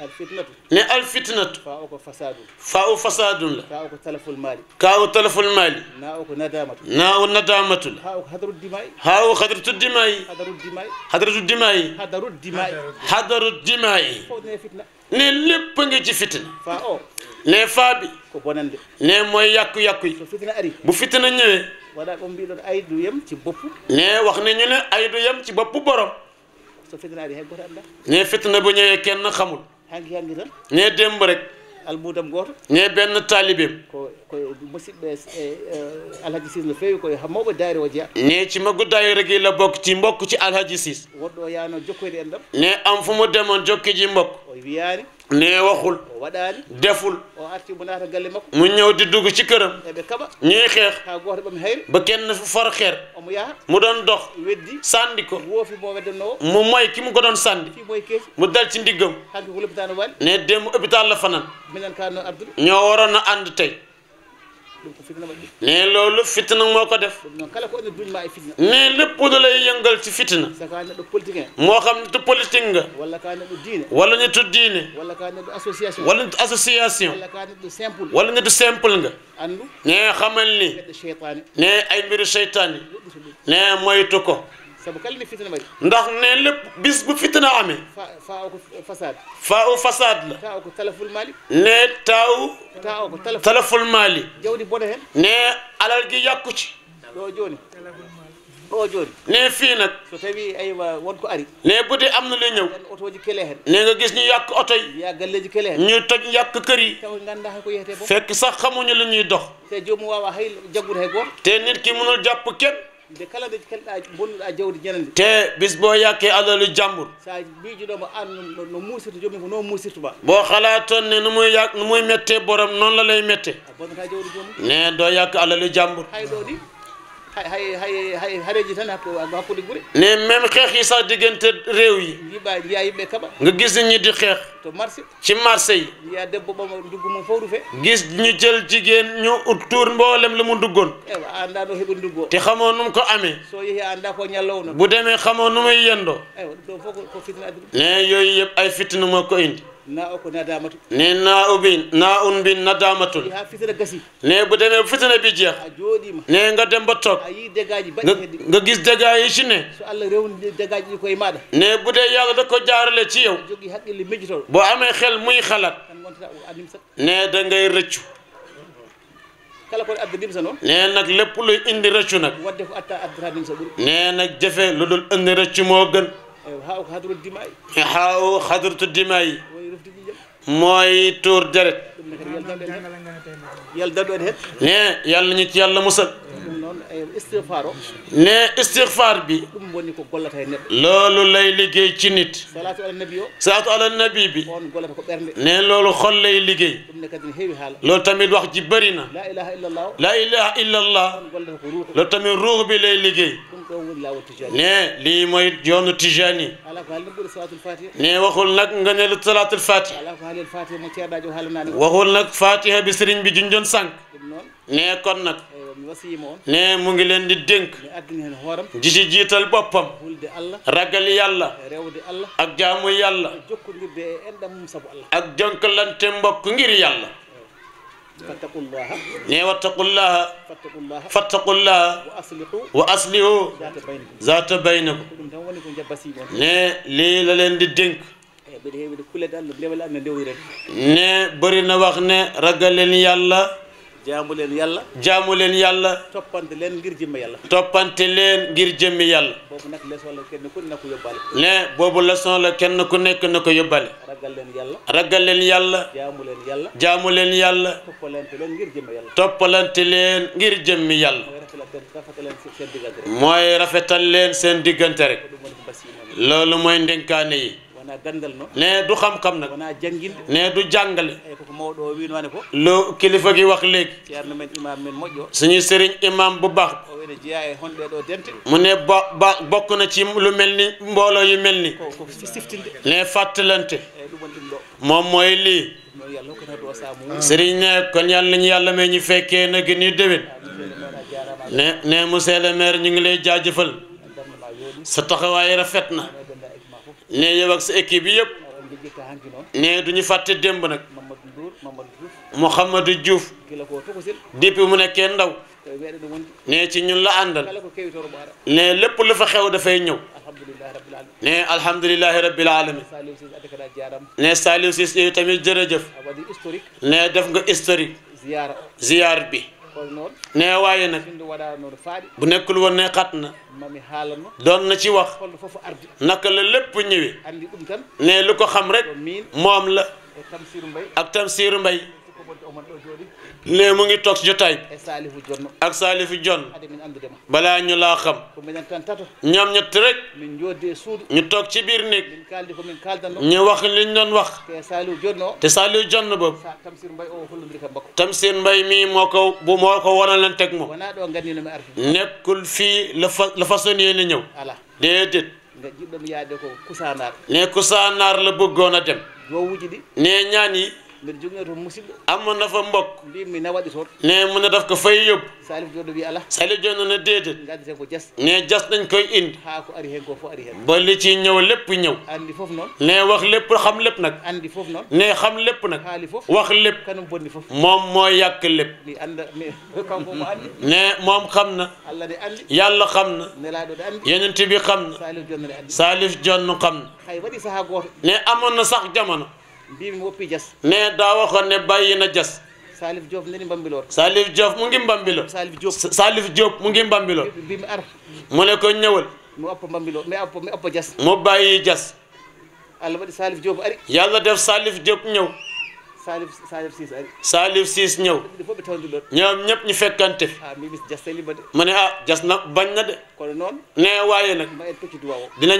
alfitnatu ne alfitnatu fa o ko fasadun fa o fasadun la ka o ko talaful na o ko nadamatu na o nadamatu ha o ko hadarud dimai ha ne lépp nga ci fitna ne faabi ne mooy yàqu-yàqu bu fitna ñëwee boppu ne wax ne ñu ne aydu yam ci boppu borom so fitna ari ne fitna bu ñëwee kenn xamul hanki hankitan ñe démb rek almudam goto ñe benn taalibem ko koye musidɓe e eh, eh, eh, alhaji sis no feewi koye mawɓe daayre o jeeya ne ci maggu daayre gi la bokk ci mbokk ci alhaji sis wonɗo yaano jokkoyde en ɗam am fu mu demoon jokki mbokk o nee waxul deful mu ñëw di dugg ci këram ñuy xeex ba kenn far xeer mu doon dox sànni ko mu mooy ki mu ko doon sànni mu dal ci ndiggam ne dem hôpital la fanaan ñoo waroon a ànd tey ne loolu fitna moo ko def ne lépp lu lay yëngal ci fitna moo xam nitu politique nga wala nitu diine wala nitu association wala nitu simple nga ne xamal ni ne ay mbiru ne moytu saabu kala nde fitna mari ndax ne lépp bis bu fitna amee faa o ko fasad faa o fasad la taa o ko talaful maali ne taaw taa o ko talaful maali jawdi bona heen ne alal gi yàkku ci ɗo jooni ɗo jooni ne fii nag so tawi aywa wonko ari ne bu dee am na lu ñëw otoji kele heen ne nga gis ñu yàq oto yi ya galleji kele heen ñu toj yàq kër yi taw ngannda hay ko yeyete bo fekk sax xamuñu lu ñuy dox te joomu waawa hay jaggude hay gooto te nit ki mënul jàpp kenn nde kala ɗo kelɗa bonnuɗa jawdi ñalande te bis boo yàkkee alalu jàmbur sa mbiijuɗomo an no muusirta joomun ko noon muusirtuma boo xalaa ne nu muy yàq nu muy méttee borom noonu la lay méttee a bonnata jawdi joomum doo yàq alalu jàmbur hay ɗo ɗi hay hay hay hareji tan hakkude guure ne même xeex yi sax diggante réew yi yiɓa jiya yimɓe kaɓa nga gis nit ñi di xeex to marché ci marché yi yiya debbo ɓama duggu mum fof rufe gis ñu jël jigéen ñu tuur mboolem lu mu duggoon ewa annda no heɓi te xamoo nu mu ko amee so yeehi annda ko ñalloow noon bu demee xamoo nu muy yendoo ewa ɗum ɗon ne yooyu yëpp ay fitna moo ko indi ne naaw na naawun bi nadamatul ne bu demee fitina bi jeex ne nga dem ba toog nga gis dégâts yi ci ne ne bu dee yàlla da ko jaarale ci yow boo amee xel muy xalaat ne da ngay rëccu nee nag lépp luy indi rëccu nag nee nag jëfe lu dul indi rëccu moo gën xaaw xadratu dimaa yi mooy tuur deret yàlla daal eh, yàlla ñu ci yàlla musal ne istigfaar bi loolu lay liggéey ci nit salaatu ala nabi bi ne loolu xol lay liggéey loolu tamit wax ji bëri na laa ilaha illallah loolu tamit ruux bi lay liggéey ne lii mooy yoonu Tijani ne waxul nag nga ne lu salaatul fatiha waxul nag fatiha bi sëriñ bi junjoon sànq ne kon nag ne mu ngi leen di dénk di ci jiital boppam ragal yàlla ak jaamu yàlla ak jonkalante mbokk ngir yàlla ne wattaqullaha fattaqullaha wa aslihu zaata baynakum ne lii la leen di dénk eh, ne bëri na wax ne ragal leen jaamu leen yàlla. jaamu leen yàlla. toppante leen ngir jëmmi yàlla. toppante leen ngir jëmmi yàlla. boobu nag leçon la kenn ku nekk yóbbaale. mais boobu leçon la kenn ku nekk na ko yóbbaale. ragal leen yàlla. ragal leen yàlla. jaamu leen yàlla. jaamu leen yàlla. toppalante leen ngir jëmmi yàlla. toppalante leen ngir jëmmi yàlla. mooy rafetal leen seen diggante rek. loolu mooy ndenkaane yi. ne du xam-xam nag ne du jàngale lu kilifa gi wax léegi suñu sëriñ imam bu baax e mu ne ba ba bokk na ci lu mel ni mbooloo yu mel ni ne fàttalante e moom mooy lii sëriñ ne kon yàlla nañu yàlla may ñu fekkee na gën ñu déwén ne ne mu le maire ñu ngi lay jaajëfal sa taxawaay rafet na ne yow ak sa équipe bi yëpp ne du ñu fàtte démb nag Mouhamadou Diouf depuis mu ne nekkee ndaw ne ci ñun la àndal ne lépp la fa xew dafay ñëw ne alhamdulilahi rabbil alamin ne Saliou Ciss yow tamit jërëjëf ne def nga historique ziyaar bi. nee waaye nag bu nekkul woon ne xat na doon na ci wax naka la lépp ñëwee um nee lu ko xam rek moom la ak Tamsirou Mbaye ne mu ngi toog ci jotaay ak saalifu jon balaa ñu laa xam ñoom ñett rek ñu toog ci biir néeg ñu wax liñ doon wax te saalifu jon boobu tamsir mbay mi moo ko bu moo ko waralanteeg moom nekkul fii la fa la façon yéene ñëw déedéet ne kusaanaar la bëggoon a dem nee ñaan yi amma nafa mbokk ne mu ne daf ko fay yóbbu salif joni ne déedéet ne jas dañ koy indi haa ko ci ñëw lépp ñëw ne wax lépp xam lépp nag ne xam lépp nag wax lépp moom moo yàq lépp ne moom xam na yàlla xam na nelaaɗo bi xam na salif jonne xam na ne amoon na sax jamono mbimi woppi jas ne daawa xonne bàyyi na jas salif diop nani mbambilor salif diop mu ngi mbambilo salif diop salif diop mu ngi mbambilo mbimi ar mu ne ko ñëwal mi oppo mbambilo mi oppo mi jas mu bàyyi jas allah waɗi salif diop ari yàlla def salif diop ñëw salif salif siis ari salif ñëw fof ɓe ñëpp ñu fekkante ah, mi mis jas salima de mu ne ah jas na bañ na de kono noon ne waaye nag ma en tocci duwa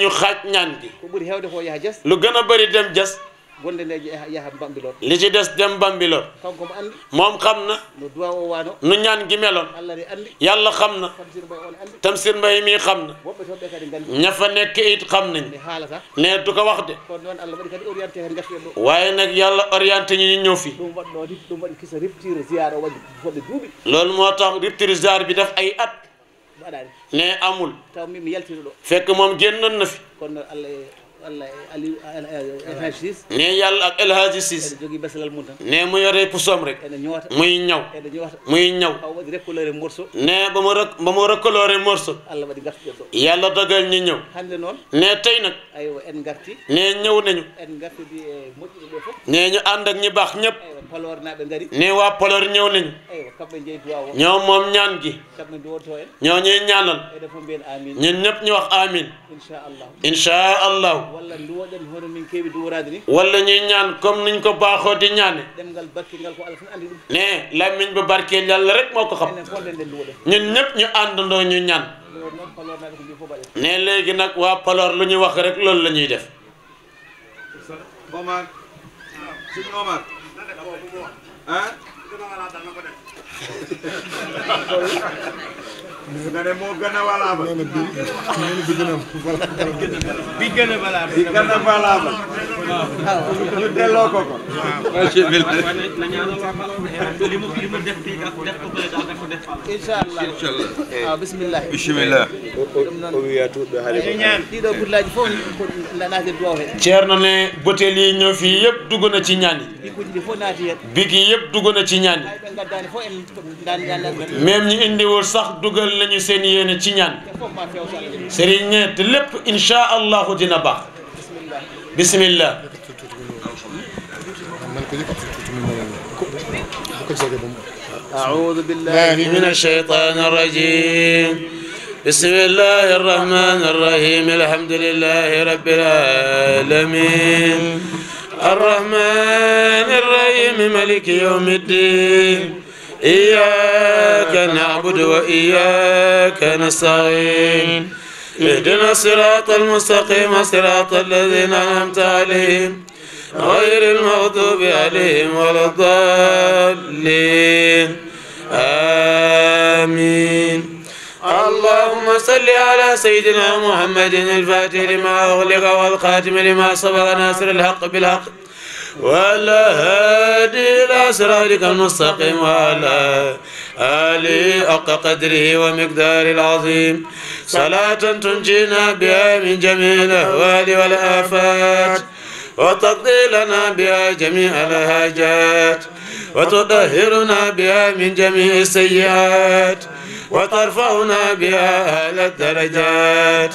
o xaaj ñaan gi ko ɓuri heewde jas lu gën a bëri dem jas golleneji yaha bambilor li ci des dem bambilor kanko mo andi nu ñaan gi meloon yàlla xam tamsir mbay mi xam na fa nekk it xam nañ ne haalata ne du ko wax de kono noon allah waɗi kadi orienté yàlla orienté ñi ñëw fi ɗum waɗno ni ziar bi def ay at ne amul taw min fekk moom génnoon na fi walla Aliou El Hadj Ciss ne yàlla ak El Hadj Ciss ne mu yore pusoom rek muy ñaw muy ñaw ne ba ma rek ba ma rëkkaloore morso yàlla dogal ñu ñëw ne tey nag ne ñëw nañu eh, ne ñu ànd ak ñi baax ñëpp ni wa polor ñew nañ ñoom mom ñaan gi ñoo ñi ñaanal ñen ñep ñu wax amin insha allah wala ñi ñaan comme niñ ko baxo di ñaane ne miñ ba barké yalla rek moko xam ñen ñep ñu àndandoo ñu ñaan ne léegi nak wa polor lu ñu wax rek loolu lañuy def Omar Sëñ Omar ah. [laughs] nga ne moo a valable. nee na bi a a a valable. waaw li mu li mu def fii def ko bële daal def ko def fa. incha allah ne botel yi ñëw fii yëpp dugg na ci ñaan yi. biki yëpp dugg na ci ñaan yi. même indiwul sax dugal. jël lañu seen yéene ci ñaan sëriñ lépp insha dina bismillah أعوذ بالله من الشيطان الرجيم بسم الله الرحمن الرحيم الحمد لله رب العالمين الرحمن الرحيم ملك يوم الدين إياك نعبد وإياك نستعين اهدنا الصراط المستقيم صراط الذين أنعمت عليهم غير المغضوب عليهم ولا الضالين آمين اللهم صل على سيدنا محمد الفاتح لما أغلق والخاتم لما صبر ناصر الحق بالحق ولا هادي إلى صراطك المستقيم وعلى آلي أق قدره ومقداره العظيم صلاة تنجينا بها من جميع الأهوال والآفات وتقضي لنا بها جميع الهاجات وتطهرنا بها من جميع السيئات وترفعنا بها أعلى الدرجات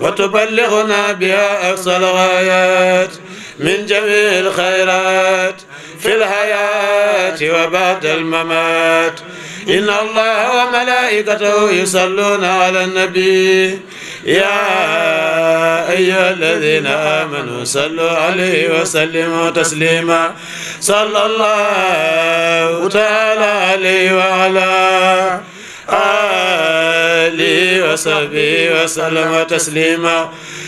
وتبلغنا بها أقصى الغايات من جميع الخيرات في الحياة وبعد الممات إن الله وملائكته يصلون على النبي يا أيها الذين آمنوا صلوا عليه وسلموا تسليما صلى الله تعالى عليه وعلى آله وصحبه وسلم تسليما